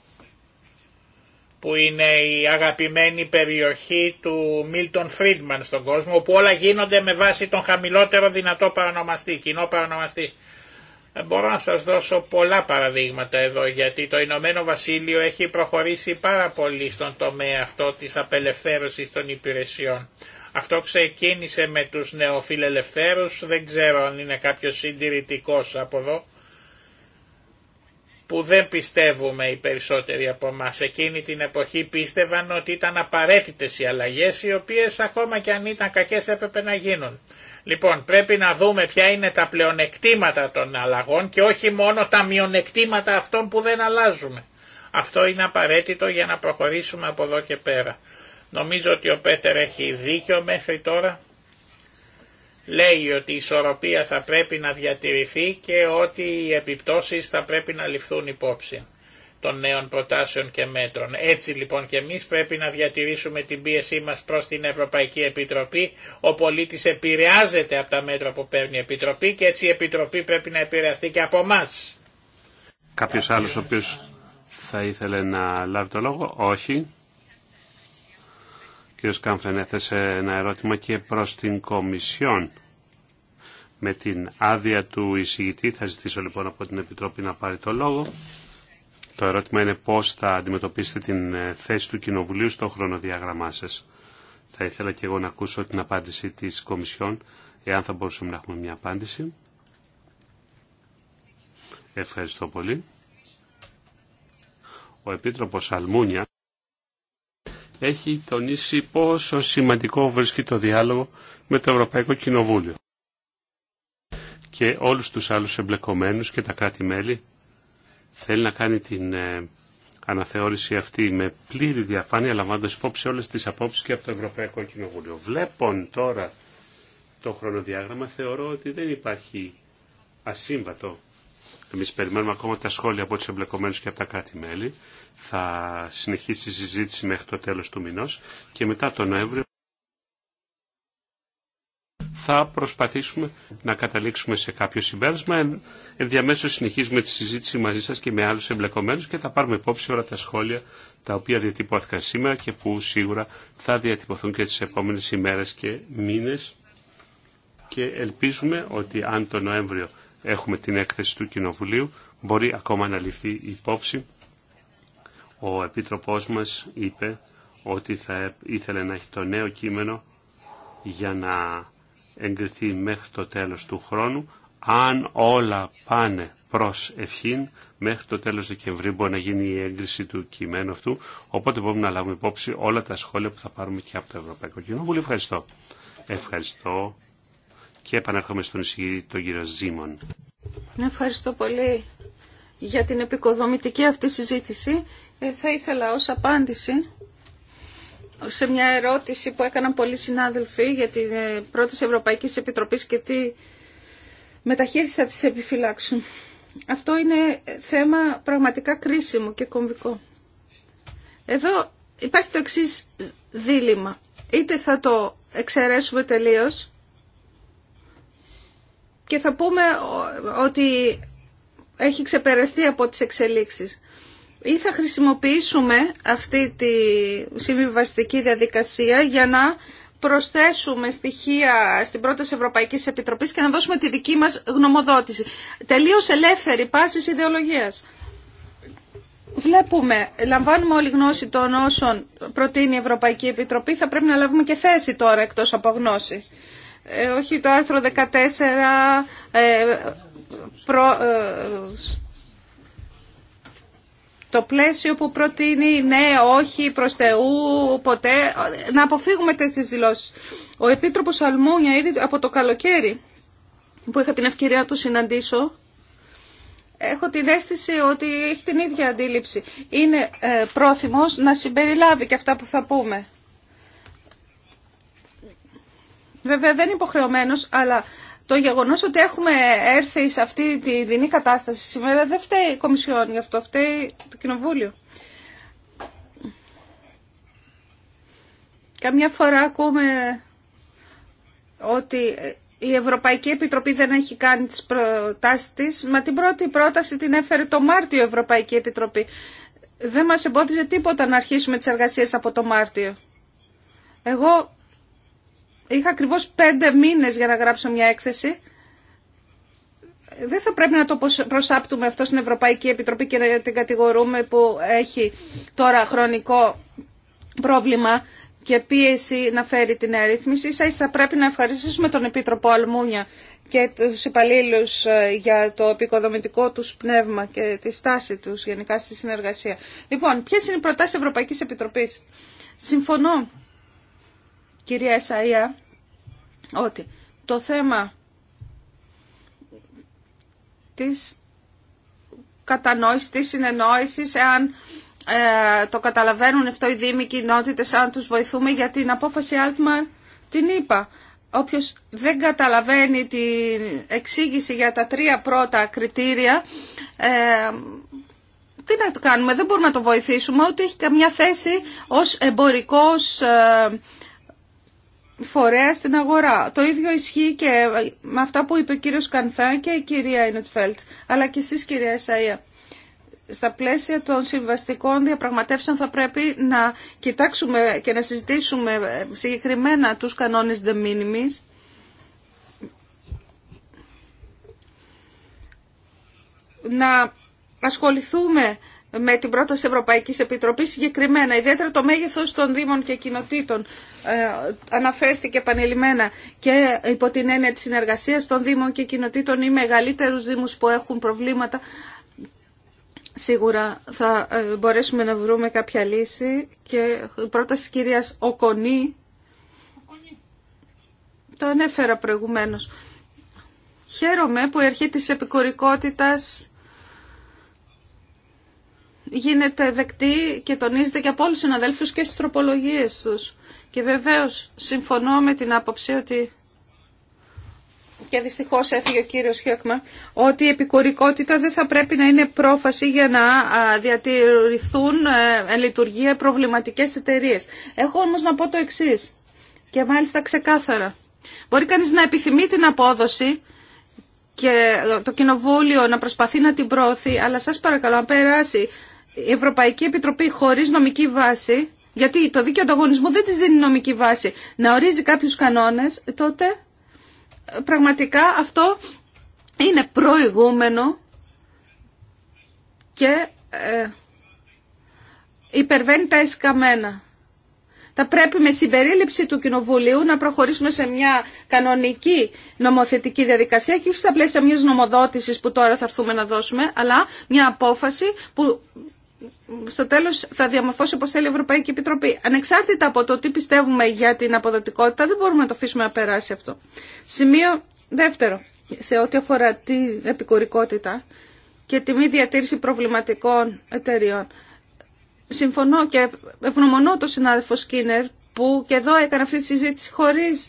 που είναι η αγαπημένη περιοχή του Μίλτον Φρίντμαν στον κόσμο, όπου όλα γίνονται με βάση τον χαμηλότερο δυνατό παρανομαστή, κοινό παρανομαστή. Ε, μπορώ να σας δώσω πολλά παραδείγματα εδώ, γιατί το Ηνωμένο Βασίλειο έχει προχωρήσει πάρα πολύ στον τομέα αυτό της απελευθέρωσης των υπηρεσιών. Αυτό ξεκίνησε με τους νεοφιλελευθέρους, δεν ξέρω αν είναι κάποιος συντηρητικός από εδώ, που δεν πιστεύουμε οι περισσότεροι από εμά. Εκείνη την εποχή πίστευαν ότι ήταν απαραίτητε οι αλλαγέ, οι οποίες ακόμα και αν ήταν κακές έπρεπε να γίνουν. Λοιπόν πρέπει να δούμε ποια είναι τα πλεονεκτήματα των αλλαγών και όχι μόνο τα μειονεκτήματα αυτών που δεν αλλάζουμε. Αυτό είναι απαραίτητο για να προχωρήσουμε από εδώ και πέρα. Νομίζω ότι ο Πέτερ έχει δίκιο μέχρι τώρα λέει ότι η ισορροπία θα πρέπει να διατηρηθεί και ότι οι επιπτώσεις θα πρέπει να ληφθούν υπόψη των νέων προτάσεων και μέτρων. Έτσι λοιπόν και εμείς πρέπει να διατηρήσουμε την πίεσή μας προς την Ευρωπαϊκή Επιτροπή. Ο πολίτης επηρεάζεται από τα μέτρα που παίρνει η Επιτροπή και έτσι η Επιτροπή πρέπει να επηρεαστεί και από εμά. Κάποιος άλλος ο οποίος θα ήθελε να λάβει το λόγο. Όχι κ. Κάμφρεν έθεσε ένα ερώτημα και προς την Κομισιόν. Με την άδεια του εισηγητή θα ζητήσω λοιπόν από την Επιτροπή να πάρει το λόγο. Το ερώτημα είναι πώς θα αντιμετωπίσετε την ε, θέση του Κοινοβουλίου στο χρονοδιάγραμμά σας. Θα ήθελα και εγώ να ακούσω την απάντηση της Κομισιόν, εάν θα μπορούσαμε να έχουμε μια απάντηση. Ευχαριστώ πολύ. Ο Επίτροπος Αλμούνια έχει τονίσει πόσο σημαντικό βρίσκει το διάλογο με το Ευρωπαϊκό Κοινοβούλιο και όλους τους άλλους εμπλεκομένους και τα κράτη-μέλη. Θέλει να κάνει την ε, αναθεώρηση αυτή με πλήρη διαφάνεια, λαμβάνοντας υπόψη όλες τις απόψεις και από το Ευρωπαϊκό Κοινοβούλιο. Βλέπον τώρα το χρονοδιάγραμμα, θεωρώ ότι δεν υπάρχει ασύμβατο εμείς περιμένουμε ακόμα τα σχόλια από τους εμπλεκομένους και από τα κράτη-μέλη. Θα συνεχίσει η συζήτηση μέχρι το τέλος του μηνός και μετά τον Νοέμβριο θα προσπαθήσουμε να καταλήξουμε σε κάποιο συμπέρασμα. Ενδιαμέσως συνεχίζουμε τη συζήτηση μαζί σας και με άλλους εμπλεκομένους και θα πάρουμε υπόψη όλα τα σχόλια τα οποία διατυπώθηκαν σήμερα και που σίγουρα θα διατυπωθούν και τις επόμενες ημέρες και μήνες και ελπίζουμε ότι αν το Νοέμβριο έχουμε την έκθεση του Κοινοβουλίου, μπορεί ακόμα να ληφθεί υπόψη. Ο Επίτροπός μας είπε ότι θα ε, ήθελε να έχει το νέο κείμενο για να εγκριθεί μέχρι το τέλος του χρόνου. Αν όλα πάνε προς ευχήν, μέχρι το τέλος Δεκεμβρίου μπορεί να γίνει η έγκριση του κειμένου αυτού, οπότε μπορούμε να λάβουμε υπόψη όλα τα σχόλια που θα πάρουμε και από το Ευρωπαϊκό Κοινοβούλιο. Ευχαριστώ. Ευχαριστώ και επανέρχομαι στον εισηγητή τον κύριο Ζήμων. Ευχαριστώ πολύ για την επικοδομητική αυτή συζήτηση. Ε, θα ήθελα ως απάντηση σε μια ερώτηση που έκαναν πολλοί συνάδελφοι για την ε, πρώτη Ευρωπαϊκή Επιτροπή και τι μεταχείριση θα τις επιφυλάξουν. Αυτό είναι θέμα πραγματικά κρίσιμο και κομβικό. Εδώ υπάρχει το εξής δίλημα. Είτε θα το εξαιρέσουμε τελείως και θα πούμε ότι έχει ξεπεραστεί από τις εξελίξεις. Ή θα χρησιμοποιήσουμε αυτή τη συμβιβαστική διαδικασία για να προσθέσουμε στοιχεία στην πρώτη Ευρωπαϊκής Επιτροπής και να δώσουμε τη δική μας γνωμοδότηση. Τελείως ελεύθερη πάσης ιδεολογίας. Βλέπουμε, λαμβάνουμε όλη γνώση των όσων προτείνει η Ευρωπαϊκή Επιτροπή, θα πρέπει να λάβουμε και θέση τώρα εκτός από γνώση ε, όχι το άρθρο 14 ε, προ, ε, το πλαίσιο που προτείνει ναι, όχι, προς Θεού, ποτέ, να αποφύγουμε τέτοιες δηλώσεις. Ο Επίτροπος Αλμούνια ήδη από το καλοκαίρι που είχα την ευκαιρία να του συναντήσω, έχω την αίσθηση ότι έχει την ίδια αντίληψη. Είναι ε, πρόθυμος να συμπεριλάβει και αυτά που θα πούμε. Βέβαια δεν είναι υποχρεωμένος, αλλά το γεγονός ότι έχουμε έρθει σε αυτή τη δινή κατάσταση σήμερα δεν φταίει η Κομισιόν, γι' αυτό φταίει το Κοινοβούλιο. Καμιά φορά ακούμε ότι η Ευρωπαϊκή Επιτροπή δεν έχει κάνει τις προτάσεις της, μα την πρώτη πρόταση την έφερε το Μάρτιο η Ευρωπαϊκή Επιτροπή. Δεν μας εμπόδιζε τίποτα να αρχίσουμε τις εργασίες από το Μάρτιο. Εγώ Είχα ακριβώς πέντε μήνες για να γράψω μια έκθεση. Δεν θα πρέπει να το προσάπτουμε αυτό στην Ευρωπαϊκή Επιτροπή και να την κατηγορούμε που έχει τώρα χρονικό πρόβλημα και πίεση να φέρει την αρρύθμιση. Ίσα ίσα πρέπει να ευχαριστήσουμε τον Επίτροπο Αλμούνια και τους υπαλλήλου ε, για το επικοδομητικό τους πνεύμα και τη στάση τους γενικά στη συνεργασία. Λοιπόν, ποιες είναι οι προτάσεις Ευρωπαϊκής Επιτροπής. Συμφωνώ κυρία Εσαΐα ότι το θέμα της κατανόησης, της συνεννόησης, εάν ε, το καταλαβαίνουν αυτό οι δήμοι κοινότητες, αν τους βοηθούμε για την απόφαση Altman, την είπα. Όποιος δεν καταλαβαίνει την εξήγηση για τα τρία πρώτα κριτήρια, ε, τι να το κάνουμε, δεν μπορούμε να το βοηθήσουμε, ούτε έχει καμιά θέση ως εμπορικός ε, φορέα στην αγορά. Το ίδιο ισχύει και με αυτά που είπε ο κύριο Κανφέ και η κυρία Ινετφέλτ, αλλά και εσεί κυρία Σαΐα. Στα πλαίσια των συμβαστικών διαπραγματεύσεων θα πρέπει να κοιτάξουμε και να συζητήσουμε συγκεκριμένα τους κανόνες de minimis. Να ασχοληθούμε με την πρόταση ευρωπαϊκή Επιτροπής συγκεκριμένα. Ιδιαίτερα το μέγεθος των Δήμων και Κοινοτήτων ε, αναφέρθηκε επανειλημμένα και υπό την έννοια της συνεργασίας των Δήμων και Κοινοτήτων ή μεγαλύτερους Δήμους που έχουν προβλήματα σίγουρα θα ε, μπορέσουμε να βρούμε κάποια λύση και η πρόταση κυρίας Οκονή το ανέφερα προηγουμένως. Χαίρομαι που η αρχή της επικουρικότητας γίνεται δεκτή και τονίζεται και από όλους τους συναδέλφους και στις τροπολογίες τους. Και βεβαίως συμφωνώ με την άποψη ότι και δυστυχώς έφυγε ο κύριος Χιόκμα, ότι η επικουρικότητα δεν θα πρέπει να είναι πρόφαση για να διατηρηθούν ε, εν λειτουργία προβληματικές εταιρείε. Έχω όμως να πω το εξής και μάλιστα ξεκάθαρα. Μπορεί κανείς να επιθυμεί την απόδοση και το κοινοβούλιο να προσπαθεί να την πρόθει, αλλά σας παρακαλώ να περάσει η Ευρωπαϊκή Επιτροπή χωρί νομική βάση, γιατί το δίκαιο ανταγωνισμού δεν τη δίνει νομική βάση, να ορίζει κάποιου κανόνε, τότε ε, πραγματικά αυτό είναι προηγούμενο και ε, υπερβαίνει τα εσκαμένα. Θα πρέπει με συμπερίληψη του Κοινοβουλίου να προχωρήσουμε σε μια κανονική νομοθετική διαδικασία και όχι στα πλαίσια μιας νομοδότησης που τώρα θα έρθουμε να δώσουμε, αλλά μια απόφαση που στο τέλο, θα διαμορφώσει πώς θέλει η Ευρωπαϊκή Επιτροπή. Ανεξάρτητα από το τι πιστεύουμε για την αποδοτικότητα, δεν μπορούμε να το αφήσουμε να περάσει αυτό. Σημείο δεύτερο, σε ό,τι αφορά την επικουρικότητα και τη μη διατήρηση προβληματικών εταιριών. Συμφωνώ και ευγνωμονώ τον συνάδελφο Σκίνερ που και εδώ έκανε αυτή τη συζήτηση χωρίς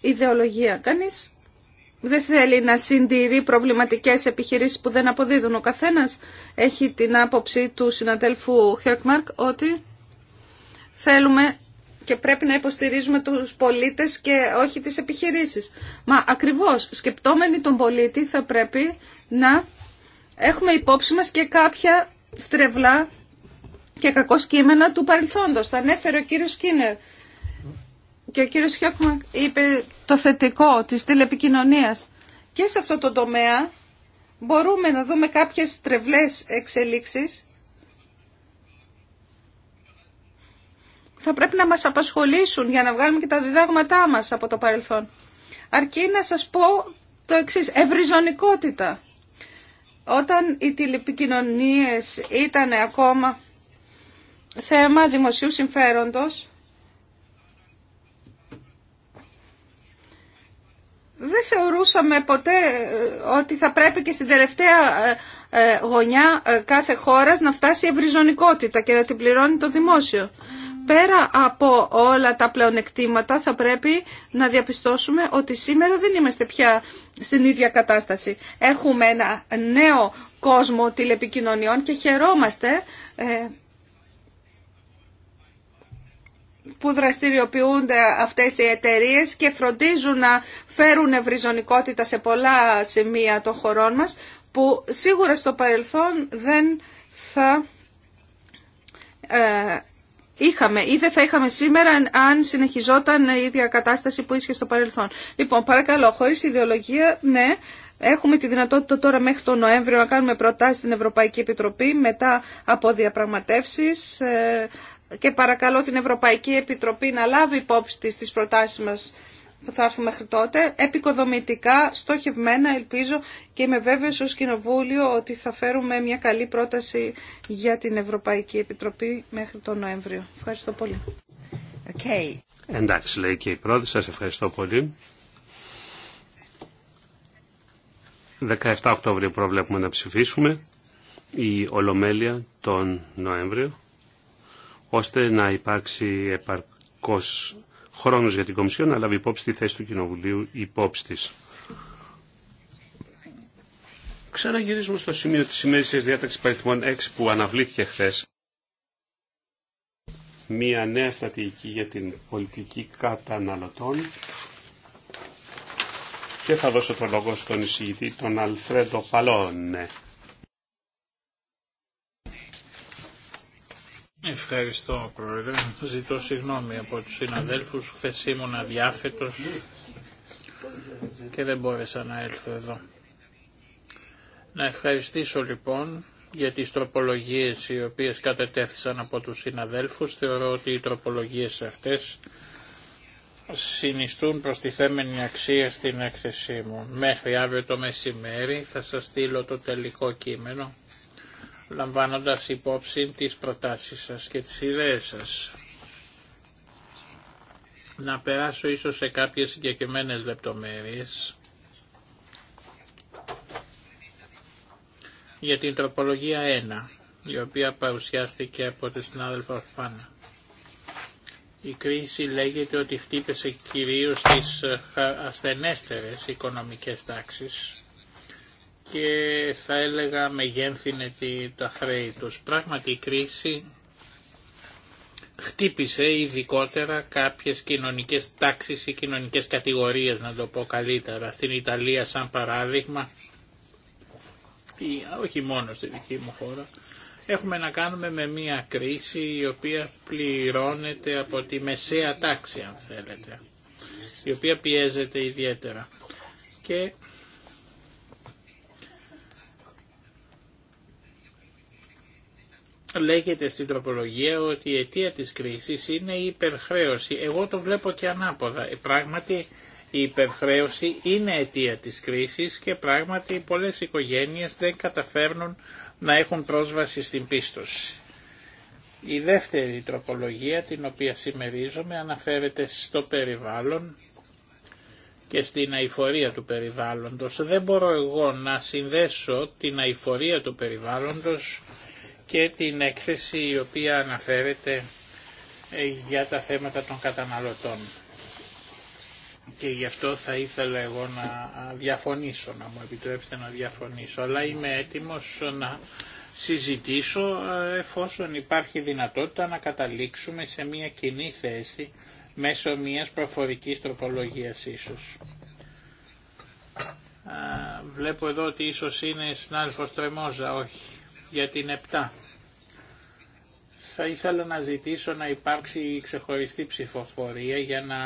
ιδεολογία. Κανείς δεν θέλει να συντηρεί προβληματικές επιχειρήσεις που δεν αποδίδουν. Ο καθένας έχει την άποψη του συναδέλφου Χέρκμαρκ ότι θέλουμε και πρέπει να υποστηρίζουμε τους πολίτες και όχι τις επιχειρήσεις. Μα ακριβώς σκεπτόμενοι τον πολίτη θα πρέπει να έχουμε υπόψη μας και κάποια στρεβλά και κακό του παρελθόντος. Θα ανέφερε ο κύριος Σκίνερ και ο κύριος Χιόκμαν είπε το θετικό της τηλεπικοινωνίας. Και σε αυτό το τομέα μπορούμε να δούμε κάποιες τρευλές εξελίξεις. Θα πρέπει να μας απασχολήσουν για να βγάλουμε και τα διδάγματά μας από το παρελθόν. Αρκεί να σας πω το εξής, ευρυζωνικότητα. Όταν οι τηλεπικοινωνίες ήταν ακόμα θέμα δημοσίου συμφέροντος, ακούσαμε ποτέ ε, ότι θα πρέπει και στην τελευταία ε, ε, γωνιά κάθε χώρας να φτάσει η ευρυζωνικότητα και να την πληρώνει το δημόσιο. Πέρα από όλα τα πλεονεκτήματα θα πρέπει να διαπιστώσουμε ότι σήμερα δεν είμαστε πια στην ίδια κατάσταση. Έχουμε ένα νέο κόσμο τηλεπικοινωνιών και χαιρόμαστε που δραστηριοποιούνται αυτές οι εταιρείες και φροντίζουν να φέρουν ευρυζωνικότητα σε πολλά σημεία των χωρών μας που σίγουρα στο παρελθόν δεν θα ε, είχαμε ή δεν θα είχαμε σήμερα αν συνεχιζόταν η ίδια κατάσταση που ίσχυε στο παρελθόν. Λοιπόν, παρακαλώ, χωρίς ιδεολογία, ναι, έχουμε τη δυνατότητα τώρα μέχρι τον Νοέμβριο να κάνουμε προτάσεις στην Ευρωπαϊκή Επιτροπή μετά από διαπραγματεύσεις ε, και παρακαλώ την Ευρωπαϊκή Επιτροπή να λάβει υπόψη της τις προτάσεις μας που θα έρθουν μέχρι τότε, επικοδομητικά, στοχευμένα, ελπίζω και είμαι βέβαιος ως Κοινοβούλιο ότι θα φέρουμε μια καλή πρόταση για την Ευρωπαϊκή Επιτροπή μέχρι τον Νοέμβριο. Ευχαριστώ πολύ. Okay. Εντάξει, λέει και η πρώτη. Σας ευχαριστώ πολύ. 17 Οκτώβριο προβλέπουμε να ψηφίσουμε η Ολομέλεια τον Νοέμβριο ώστε να υπάρξει επαρκώς χρόνος για την Κομισιόν να λάβει υπόψη τη θέση του Κοινοβουλίου υπόψη της. Ξαναγυρίζουμε στο σημείο της σημείωσης διάταξης παριθμών 6 που αναβλήθηκε χθε. Μία νέα στατική για την πολιτική καταναλωτών και θα δώσω το λόγο στον εισηγητή τον Αλφρέντο Παλόνε. Ευχαριστώ Πρόεδρε. Ζητώ συγγνώμη από τους συναδέλφους. Χθες ήμουν αδιάθετος και δεν μπόρεσα να έλθω εδώ. Να ευχαριστήσω λοιπόν για τις τροπολογίες οι οποίες κατετέθησαν από τους συναδέλφους. Θεωρώ ότι οι τροπολογίες αυτές συνιστούν τη θέμενη αξία στην έκθεσή μου. Μέχρι αύριο το μεσημέρι θα σας στείλω το τελικό κείμενο λαμβάνοντας υπόψη τις προτάσεις σας και τις ιδέες σας. Να περάσω ίσως σε κάποιες συγκεκριμένες λεπτομέρειες για την τροπολογία 1, η οποία παρουσιάστηκε από τη συνάδελφα Φάνα. Η κρίση λέγεται ότι χτύπησε κυρίως τις ε, ασθενέστερες οικονομικές τάξεις και θα έλεγα τη, τα χρέη τους. Πράγματι η κρίση χτύπησε ειδικότερα κάποιες κοινωνικές τάξεις ή κοινωνικές κατηγορίες, να το πω καλύτερα. Στην Ιταλία σαν παράδειγμα, ή όχι μόνο στη δική μου χώρα, έχουμε να κάνουμε με μια κρίση η οποία πληρώνεται από τη μεσαία τάξη αν θέλετε, η οποία πιέζεται ιδιαίτερα. Και λέγεται στην τροπολογία ότι η αιτία της κρίσης είναι η υπερχρέωση. Εγώ το βλέπω και ανάποδα. Ε, πράγματι η υπερχρέωση είναι αιτία της κρίσης και πράγματι πολλές οικογένειες δεν καταφέρνουν να έχουν πρόσβαση στην πίστοση. Η δεύτερη τροπολογία την οποία συμμερίζομαι αναφέρεται στο περιβάλλον και στην αηφορία του περιβάλλοντος. Δεν μπορώ εγώ να συνδέσω την αηφορία του περιβάλλοντος και την έκθεση η οποία αναφέρεται ε, για τα θέματα των καταναλωτών. Και γι' αυτό θα ήθελα εγώ να διαφωνήσω, να μου επιτρέψετε να διαφωνήσω, αλλά είμαι έτοιμος να συζητήσω εφόσον υπάρχει δυνατότητα να καταλήξουμε σε μια κοινή θέση μέσω μιας προφορικής τροπολογίας ίσως. Βλέπω εδώ ότι ίσως είναι συνάδελφος Τρεμόζα, όχι, για την 7 θα ήθελα να ζητήσω να υπάρξει ξεχωριστή ψηφοφορία για να,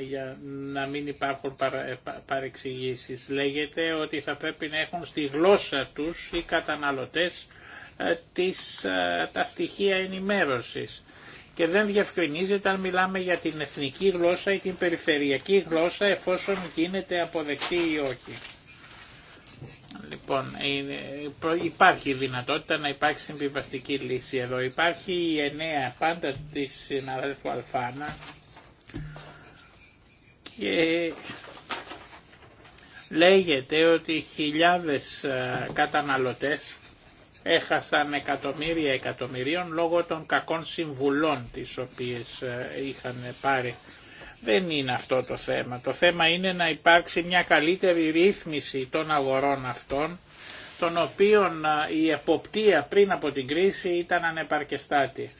για να μην υπάρχουν ε, παρεξηγήσεις. Λέγεται ότι θα πρέπει να έχουν στη γλώσσα τους οι καταναλωτές ε, τις, ε, τα στοιχεία ενημέρωσης. Και δεν διευκρινίζεται αν μιλάμε για την εθνική γλώσσα ή την περιφερειακή γλώσσα εφόσον γίνεται αποδεκτή ή όχι. Λοιπόν, υπάρχει δυνατότητα να υπάρξει συμβιβαστική λύση εδώ. Υπάρχει η εννέα πάντα της συναδέλφου Αλφάνα και λέγεται ότι χιλιάδες ε, καταναλωτές έχασαν εκατομμύρια εκατομμυρίων λόγω των κακών συμβουλών τις οποίες ε, είχαν πάρει δεν είναι αυτό το θέμα. Το θέμα είναι να υπάρξει μια καλύτερη ρύθμιση των αγορών αυτών, των οποίων η εποπτεία πριν από την κρίση ήταν ανεπαρκεστάτη.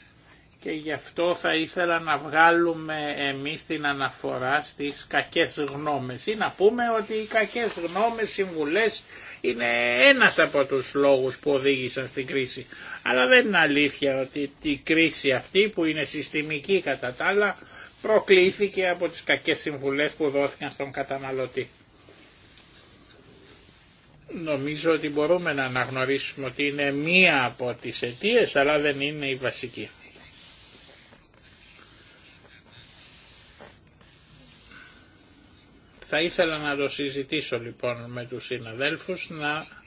Και γι' αυτό θα ήθελα να βγάλουμε εμείς την αναφορά στις κακές γνώμες ή να πούμε ότι οι κακές γνώμες, συμβουλές είναι ένας από τους λόγους που οδήγησαν στην κρίση. Αλλά δεν είναι αλήθεια ότι η κρίση αυτή που είναι συστημική κατά τα άλλα προκλήθηκε από τις κακές συμβουλές που δόθηκαν στον καταναλωτή. Νομίζω ότι μπορούμε να αναγνωρίσουμε ότι είναι μία από τις αιτίε, αλλά δεν είναι η βασική. Θα ήθελα να το συζητήσω λοιπόν με τους συναδέλφους να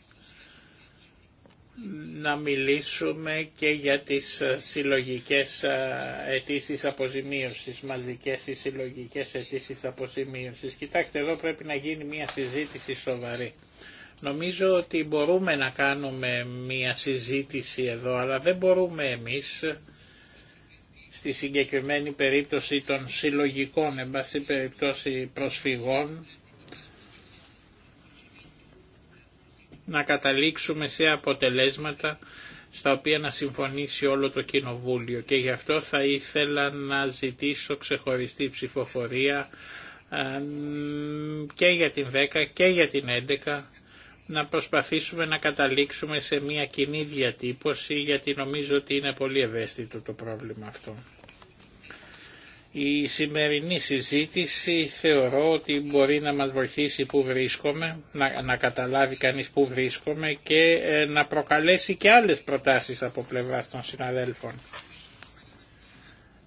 να μιλήσουμε και για τις ε, συλλογικές ε, αιτήσει αποζημίωσης, μαζικές ή συλλογικές αιτήσει αποζημίωσης. Κοιτάξτε, εδώ πρέπει να γίνει μια συζήτηση σοβαρή. Νομίζω ότι μπορούμε να κάνουμε μια συζήτηση εδώ, αλλά δεν μπορούμε εμείς στη συγκεκριμένη περίπτωση των συλλογικών, εν πάση περιπτώσει προσφυγών, να καταλήξουμε σε αποτελέσματα στα οποία να συμφωνήσει όλο το Κοινοβούλιο και γι' αυτό θα ήθελα να ζητήσω ξεχωριστή ψηφοφορία ε, και για την 10 και για την 11 να προσπαθήσουμε να καταλήξουμε σε μια κοινή διατύπωση γιατί νομίζω ότι είναι πολύ ευαίσθητο το πρόβλημα αυτό. Η σημερινή συζήτηση θεωρώ ότι μπορεί να μας βοηθήσει που βρίσκομαι, να, καταλάβει κανείς που βρίσκομαι και ε, να προκαλέσει και άλλες προτάσεις από πλευράς των συναδέλφων.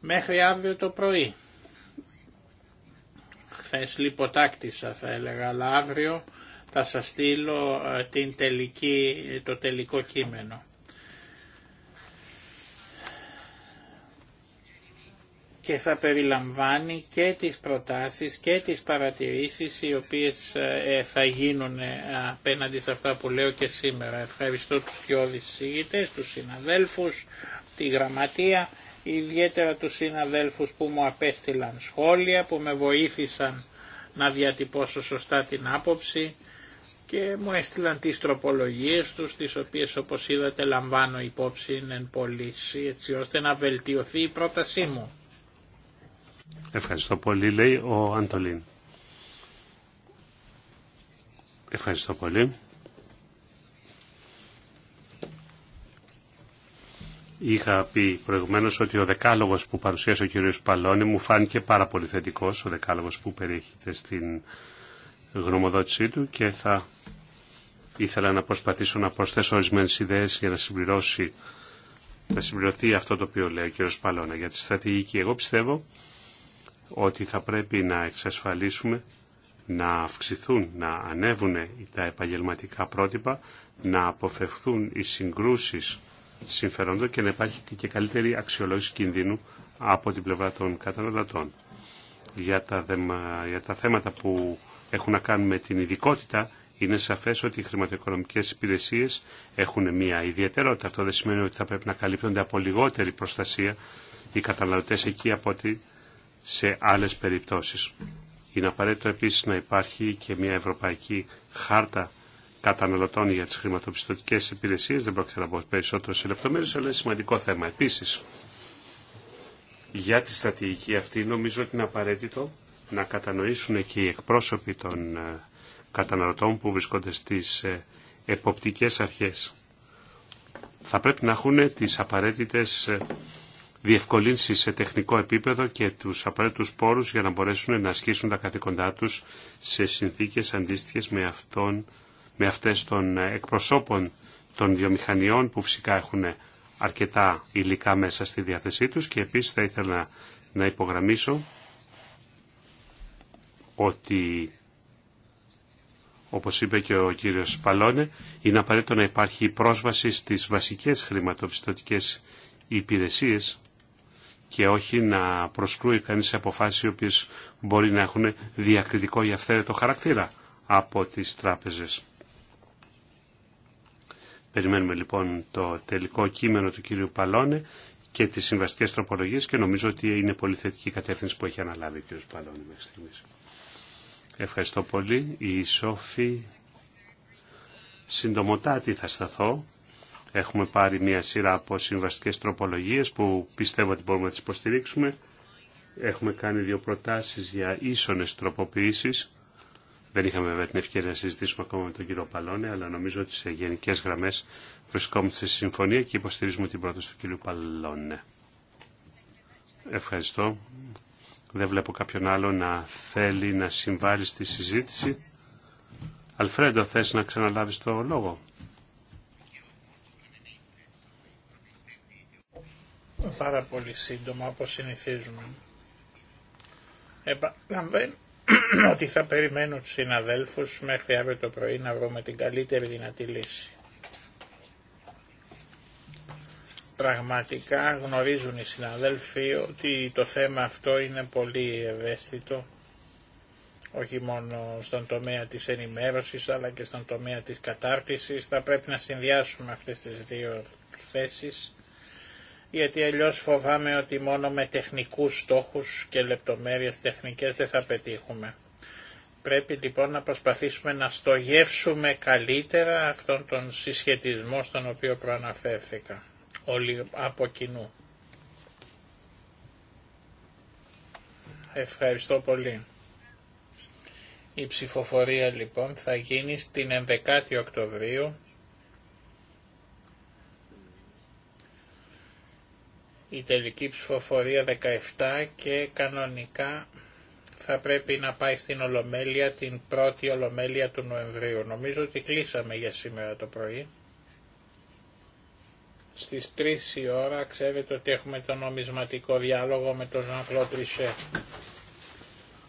Μέχρι αύριο το πρωί. Χθες λιποτάκτησα θα έλεγα, αλλά αύριο θα σας στείλω ε, την το τελικό κείμενο. και θα περιλαμβάνει και τις προτάσεις και τις παρατηρήσεις οι οποίες ε, ε, θα γίνουν ε, απέναντι σε αυτά που λέω και σήμερα. Ευχαριστώ τους κοιόδης συγητές, τους συναδέλφους, τη γραμματεία, ιδιαίτερα τους συναδέλφους που μου απέστειλαν σχόλια, που με βοήθησαν να διατυπώσω σωστά την άποψη και μου έστειλαν τις τροπολογίες τους, τις οποίες όπως είδατε λαμβάνω υπόψη εν πολύ, έτσι ώστε να βελτιωθεί η πρότασή μου. Ευχαριστώ πολύ, λέει ο Αντολίν. Ευχαριστώ πολύ. Είχα πει προηγουμένω ότι ο δεκάλογος που παρουσίασε ο κ. Παλώνη μου φάνηκε πάρα πολύ θετικό, ο δεκάλογος που περιέχεται στην γνωμοδότησή του και θα ήθελα να προσπαθήσω να προσθέσω ορισμένε ιδέε για να συμπληρώσει να συμπληρωθεί αυτό το οποίο λέει ο κ. Παλώνα για τη στρατηγική. Εγώ πιστεύω ότι θα πρέπει να εξασφαλίσουμε να αυξηθούν, να ανέβουν τα επαγγελματικά πρότυπα, να αποφευθούν οι συγκρούσεις συμφερόντων και να υπάρχει και καλύτερη αξιολόγηση κινδύνου από την πλευρά των καταναλωτών. Για τα, για τα θέματα που έχουν να κάνουν με την ειδικότητα, είναι σαφές ότι οι χρηματοοικονομικές υπηρεσίες έχουν μια ιδιαιτερότητα. Αυτό δεν σημαίνει ότι θα πρέπει να καλύπτονται από λιγότερη προστασία οι καταναλωτές εκεί από ότι σε άλλες περιπτώσεις. Είναι απαραίτητο επίσης να υπάρχει και μια ευρωπαϊκή χάρτα καταναλωτών για τις χρηματοπιστωτικές υπηρεσίες. Δεν πρόκειται να πω περισσότερο σε λεπτομέρειες, αλλά είναι σημαντικό θέμα. Επίσης, για τη στρατηγική αυτή νομίζω ότι είναι απαραίτητο να κατανοήσουν και οι εκπρόσωποι των ε, καταναλωτών που βρισκόνται στις ε, εποπτικές αρχές. Θα πρέπει να έχουν τις απαραίτητες ε, διευκολύνσει σε τεχνικό επίπεδο και τους απαραίτητους πόρους για να μπορέσουν να ασκήσουν τα καθήκοντά τους σε συνθήκες αντίστοιχε με, αυτόν, με αυτές των εκπροσώπων των βιομηχανιών που φυσικά έχουν αρκετά υλικά μέσα στη διάθεσή τους και επίσης θα ήθελα να υπογραμμίσω ότι όπως είπε και ο κύριος Παλώνε είναι απαραίτητο να υπάρχει πρόσβαση στις βασικές χρηματοπιστωτικές υπηρεσίες και όχι να προσκρούει κανείς σε αποφάσεις οι οποίες μπορεί να έχουν διακριτικό ή αυθαίρετο χαρακτήρα από τις τράπεζες. Περιμένουμε λοιπόν το τελικό κείμενο του κύριου Παλώνε και τις συμβαστικές τροπολογίες και νομίζω ότι είναι πολύ θετική η κατεύθυνση που έχει αναλάβει ο κύριος Παλώνε μέχρι στιγμής. Ευχαριστώ πολύ. Η Σόφη συντομοτάτη θα σταθώ Έχουμε πάρει μια σειρά από συμβαστικές τροπολογίες που πιστεύω ότι μπορούμε να τις υποστηρίξουμε. Έχουμε κάνει δύο προτάσεις για ίσονες τροποποιήσεις. Δεν είχαμε βέβαια την ευκαιρία να συζητήσουμε ακόμα με τον κύριο Παλώνε, αλλά νομίζω ότι σε γενικέ γραμμέ βρισκόμαστε στη συμφωνία και υποστηρίζουμε την πρόταση του κύριου Παλώνε. Ευχαριστώ. Δεν βλέπω κάποιον άλλο να θέλει να συμβάλλει στη συζήτηση. Αλφρέντο, θες να ξαναλάβεις το λόγο. Πάρα πολύ σύντομα όπως συνηθίζουμε. Επαναλαμβάνω ότι θα περιμένω τους συναδέλφους μέχρι αύριο το πρωί να βρούμε την καλύτερη δυνατή λύση. Πραγματικά γνωρίζουν οι συναδέλφοι ότι το θέμα αυτό είναι πολύ ευαίσθητο όχι μόνο στον τομέα της ενημέρωσης αλλά και στον τομέα της κατάρτισης. Θα πρέπει να συνδυάσουμε αυτές τις δύο θέσεις γιατί αλλιώς φοβάμαι ότι μόνο με τεχνικούς στόχους και λεπτομέρειες τεχνικές δεν θα πετύχουμε. Πρέπει λοιπόν να προσπαθήσουμε να στογεύσουμε καλύτερα αυτόν τον συσχετισμό στον οποίο προαναφέρθηκα, όλοι από κοινού. Ευχαριστώ πολύ. Η ψηφοφορία λοιπόν θα γίνει στην 11η Οκτωβρίου η τελική ψηφοφορία 17 και κανονικά θα πρέπει να πάει στην Ολομέλεια, την πρώτη Ολομέλεια του Νοεμβρίου. Νομίζω ότι κλείσαμε για σήμερα το πρωί. Στις 3 η ώρα ξέρετε ότι έχουμε τον νομισματικό διάλογο με τον Ζαν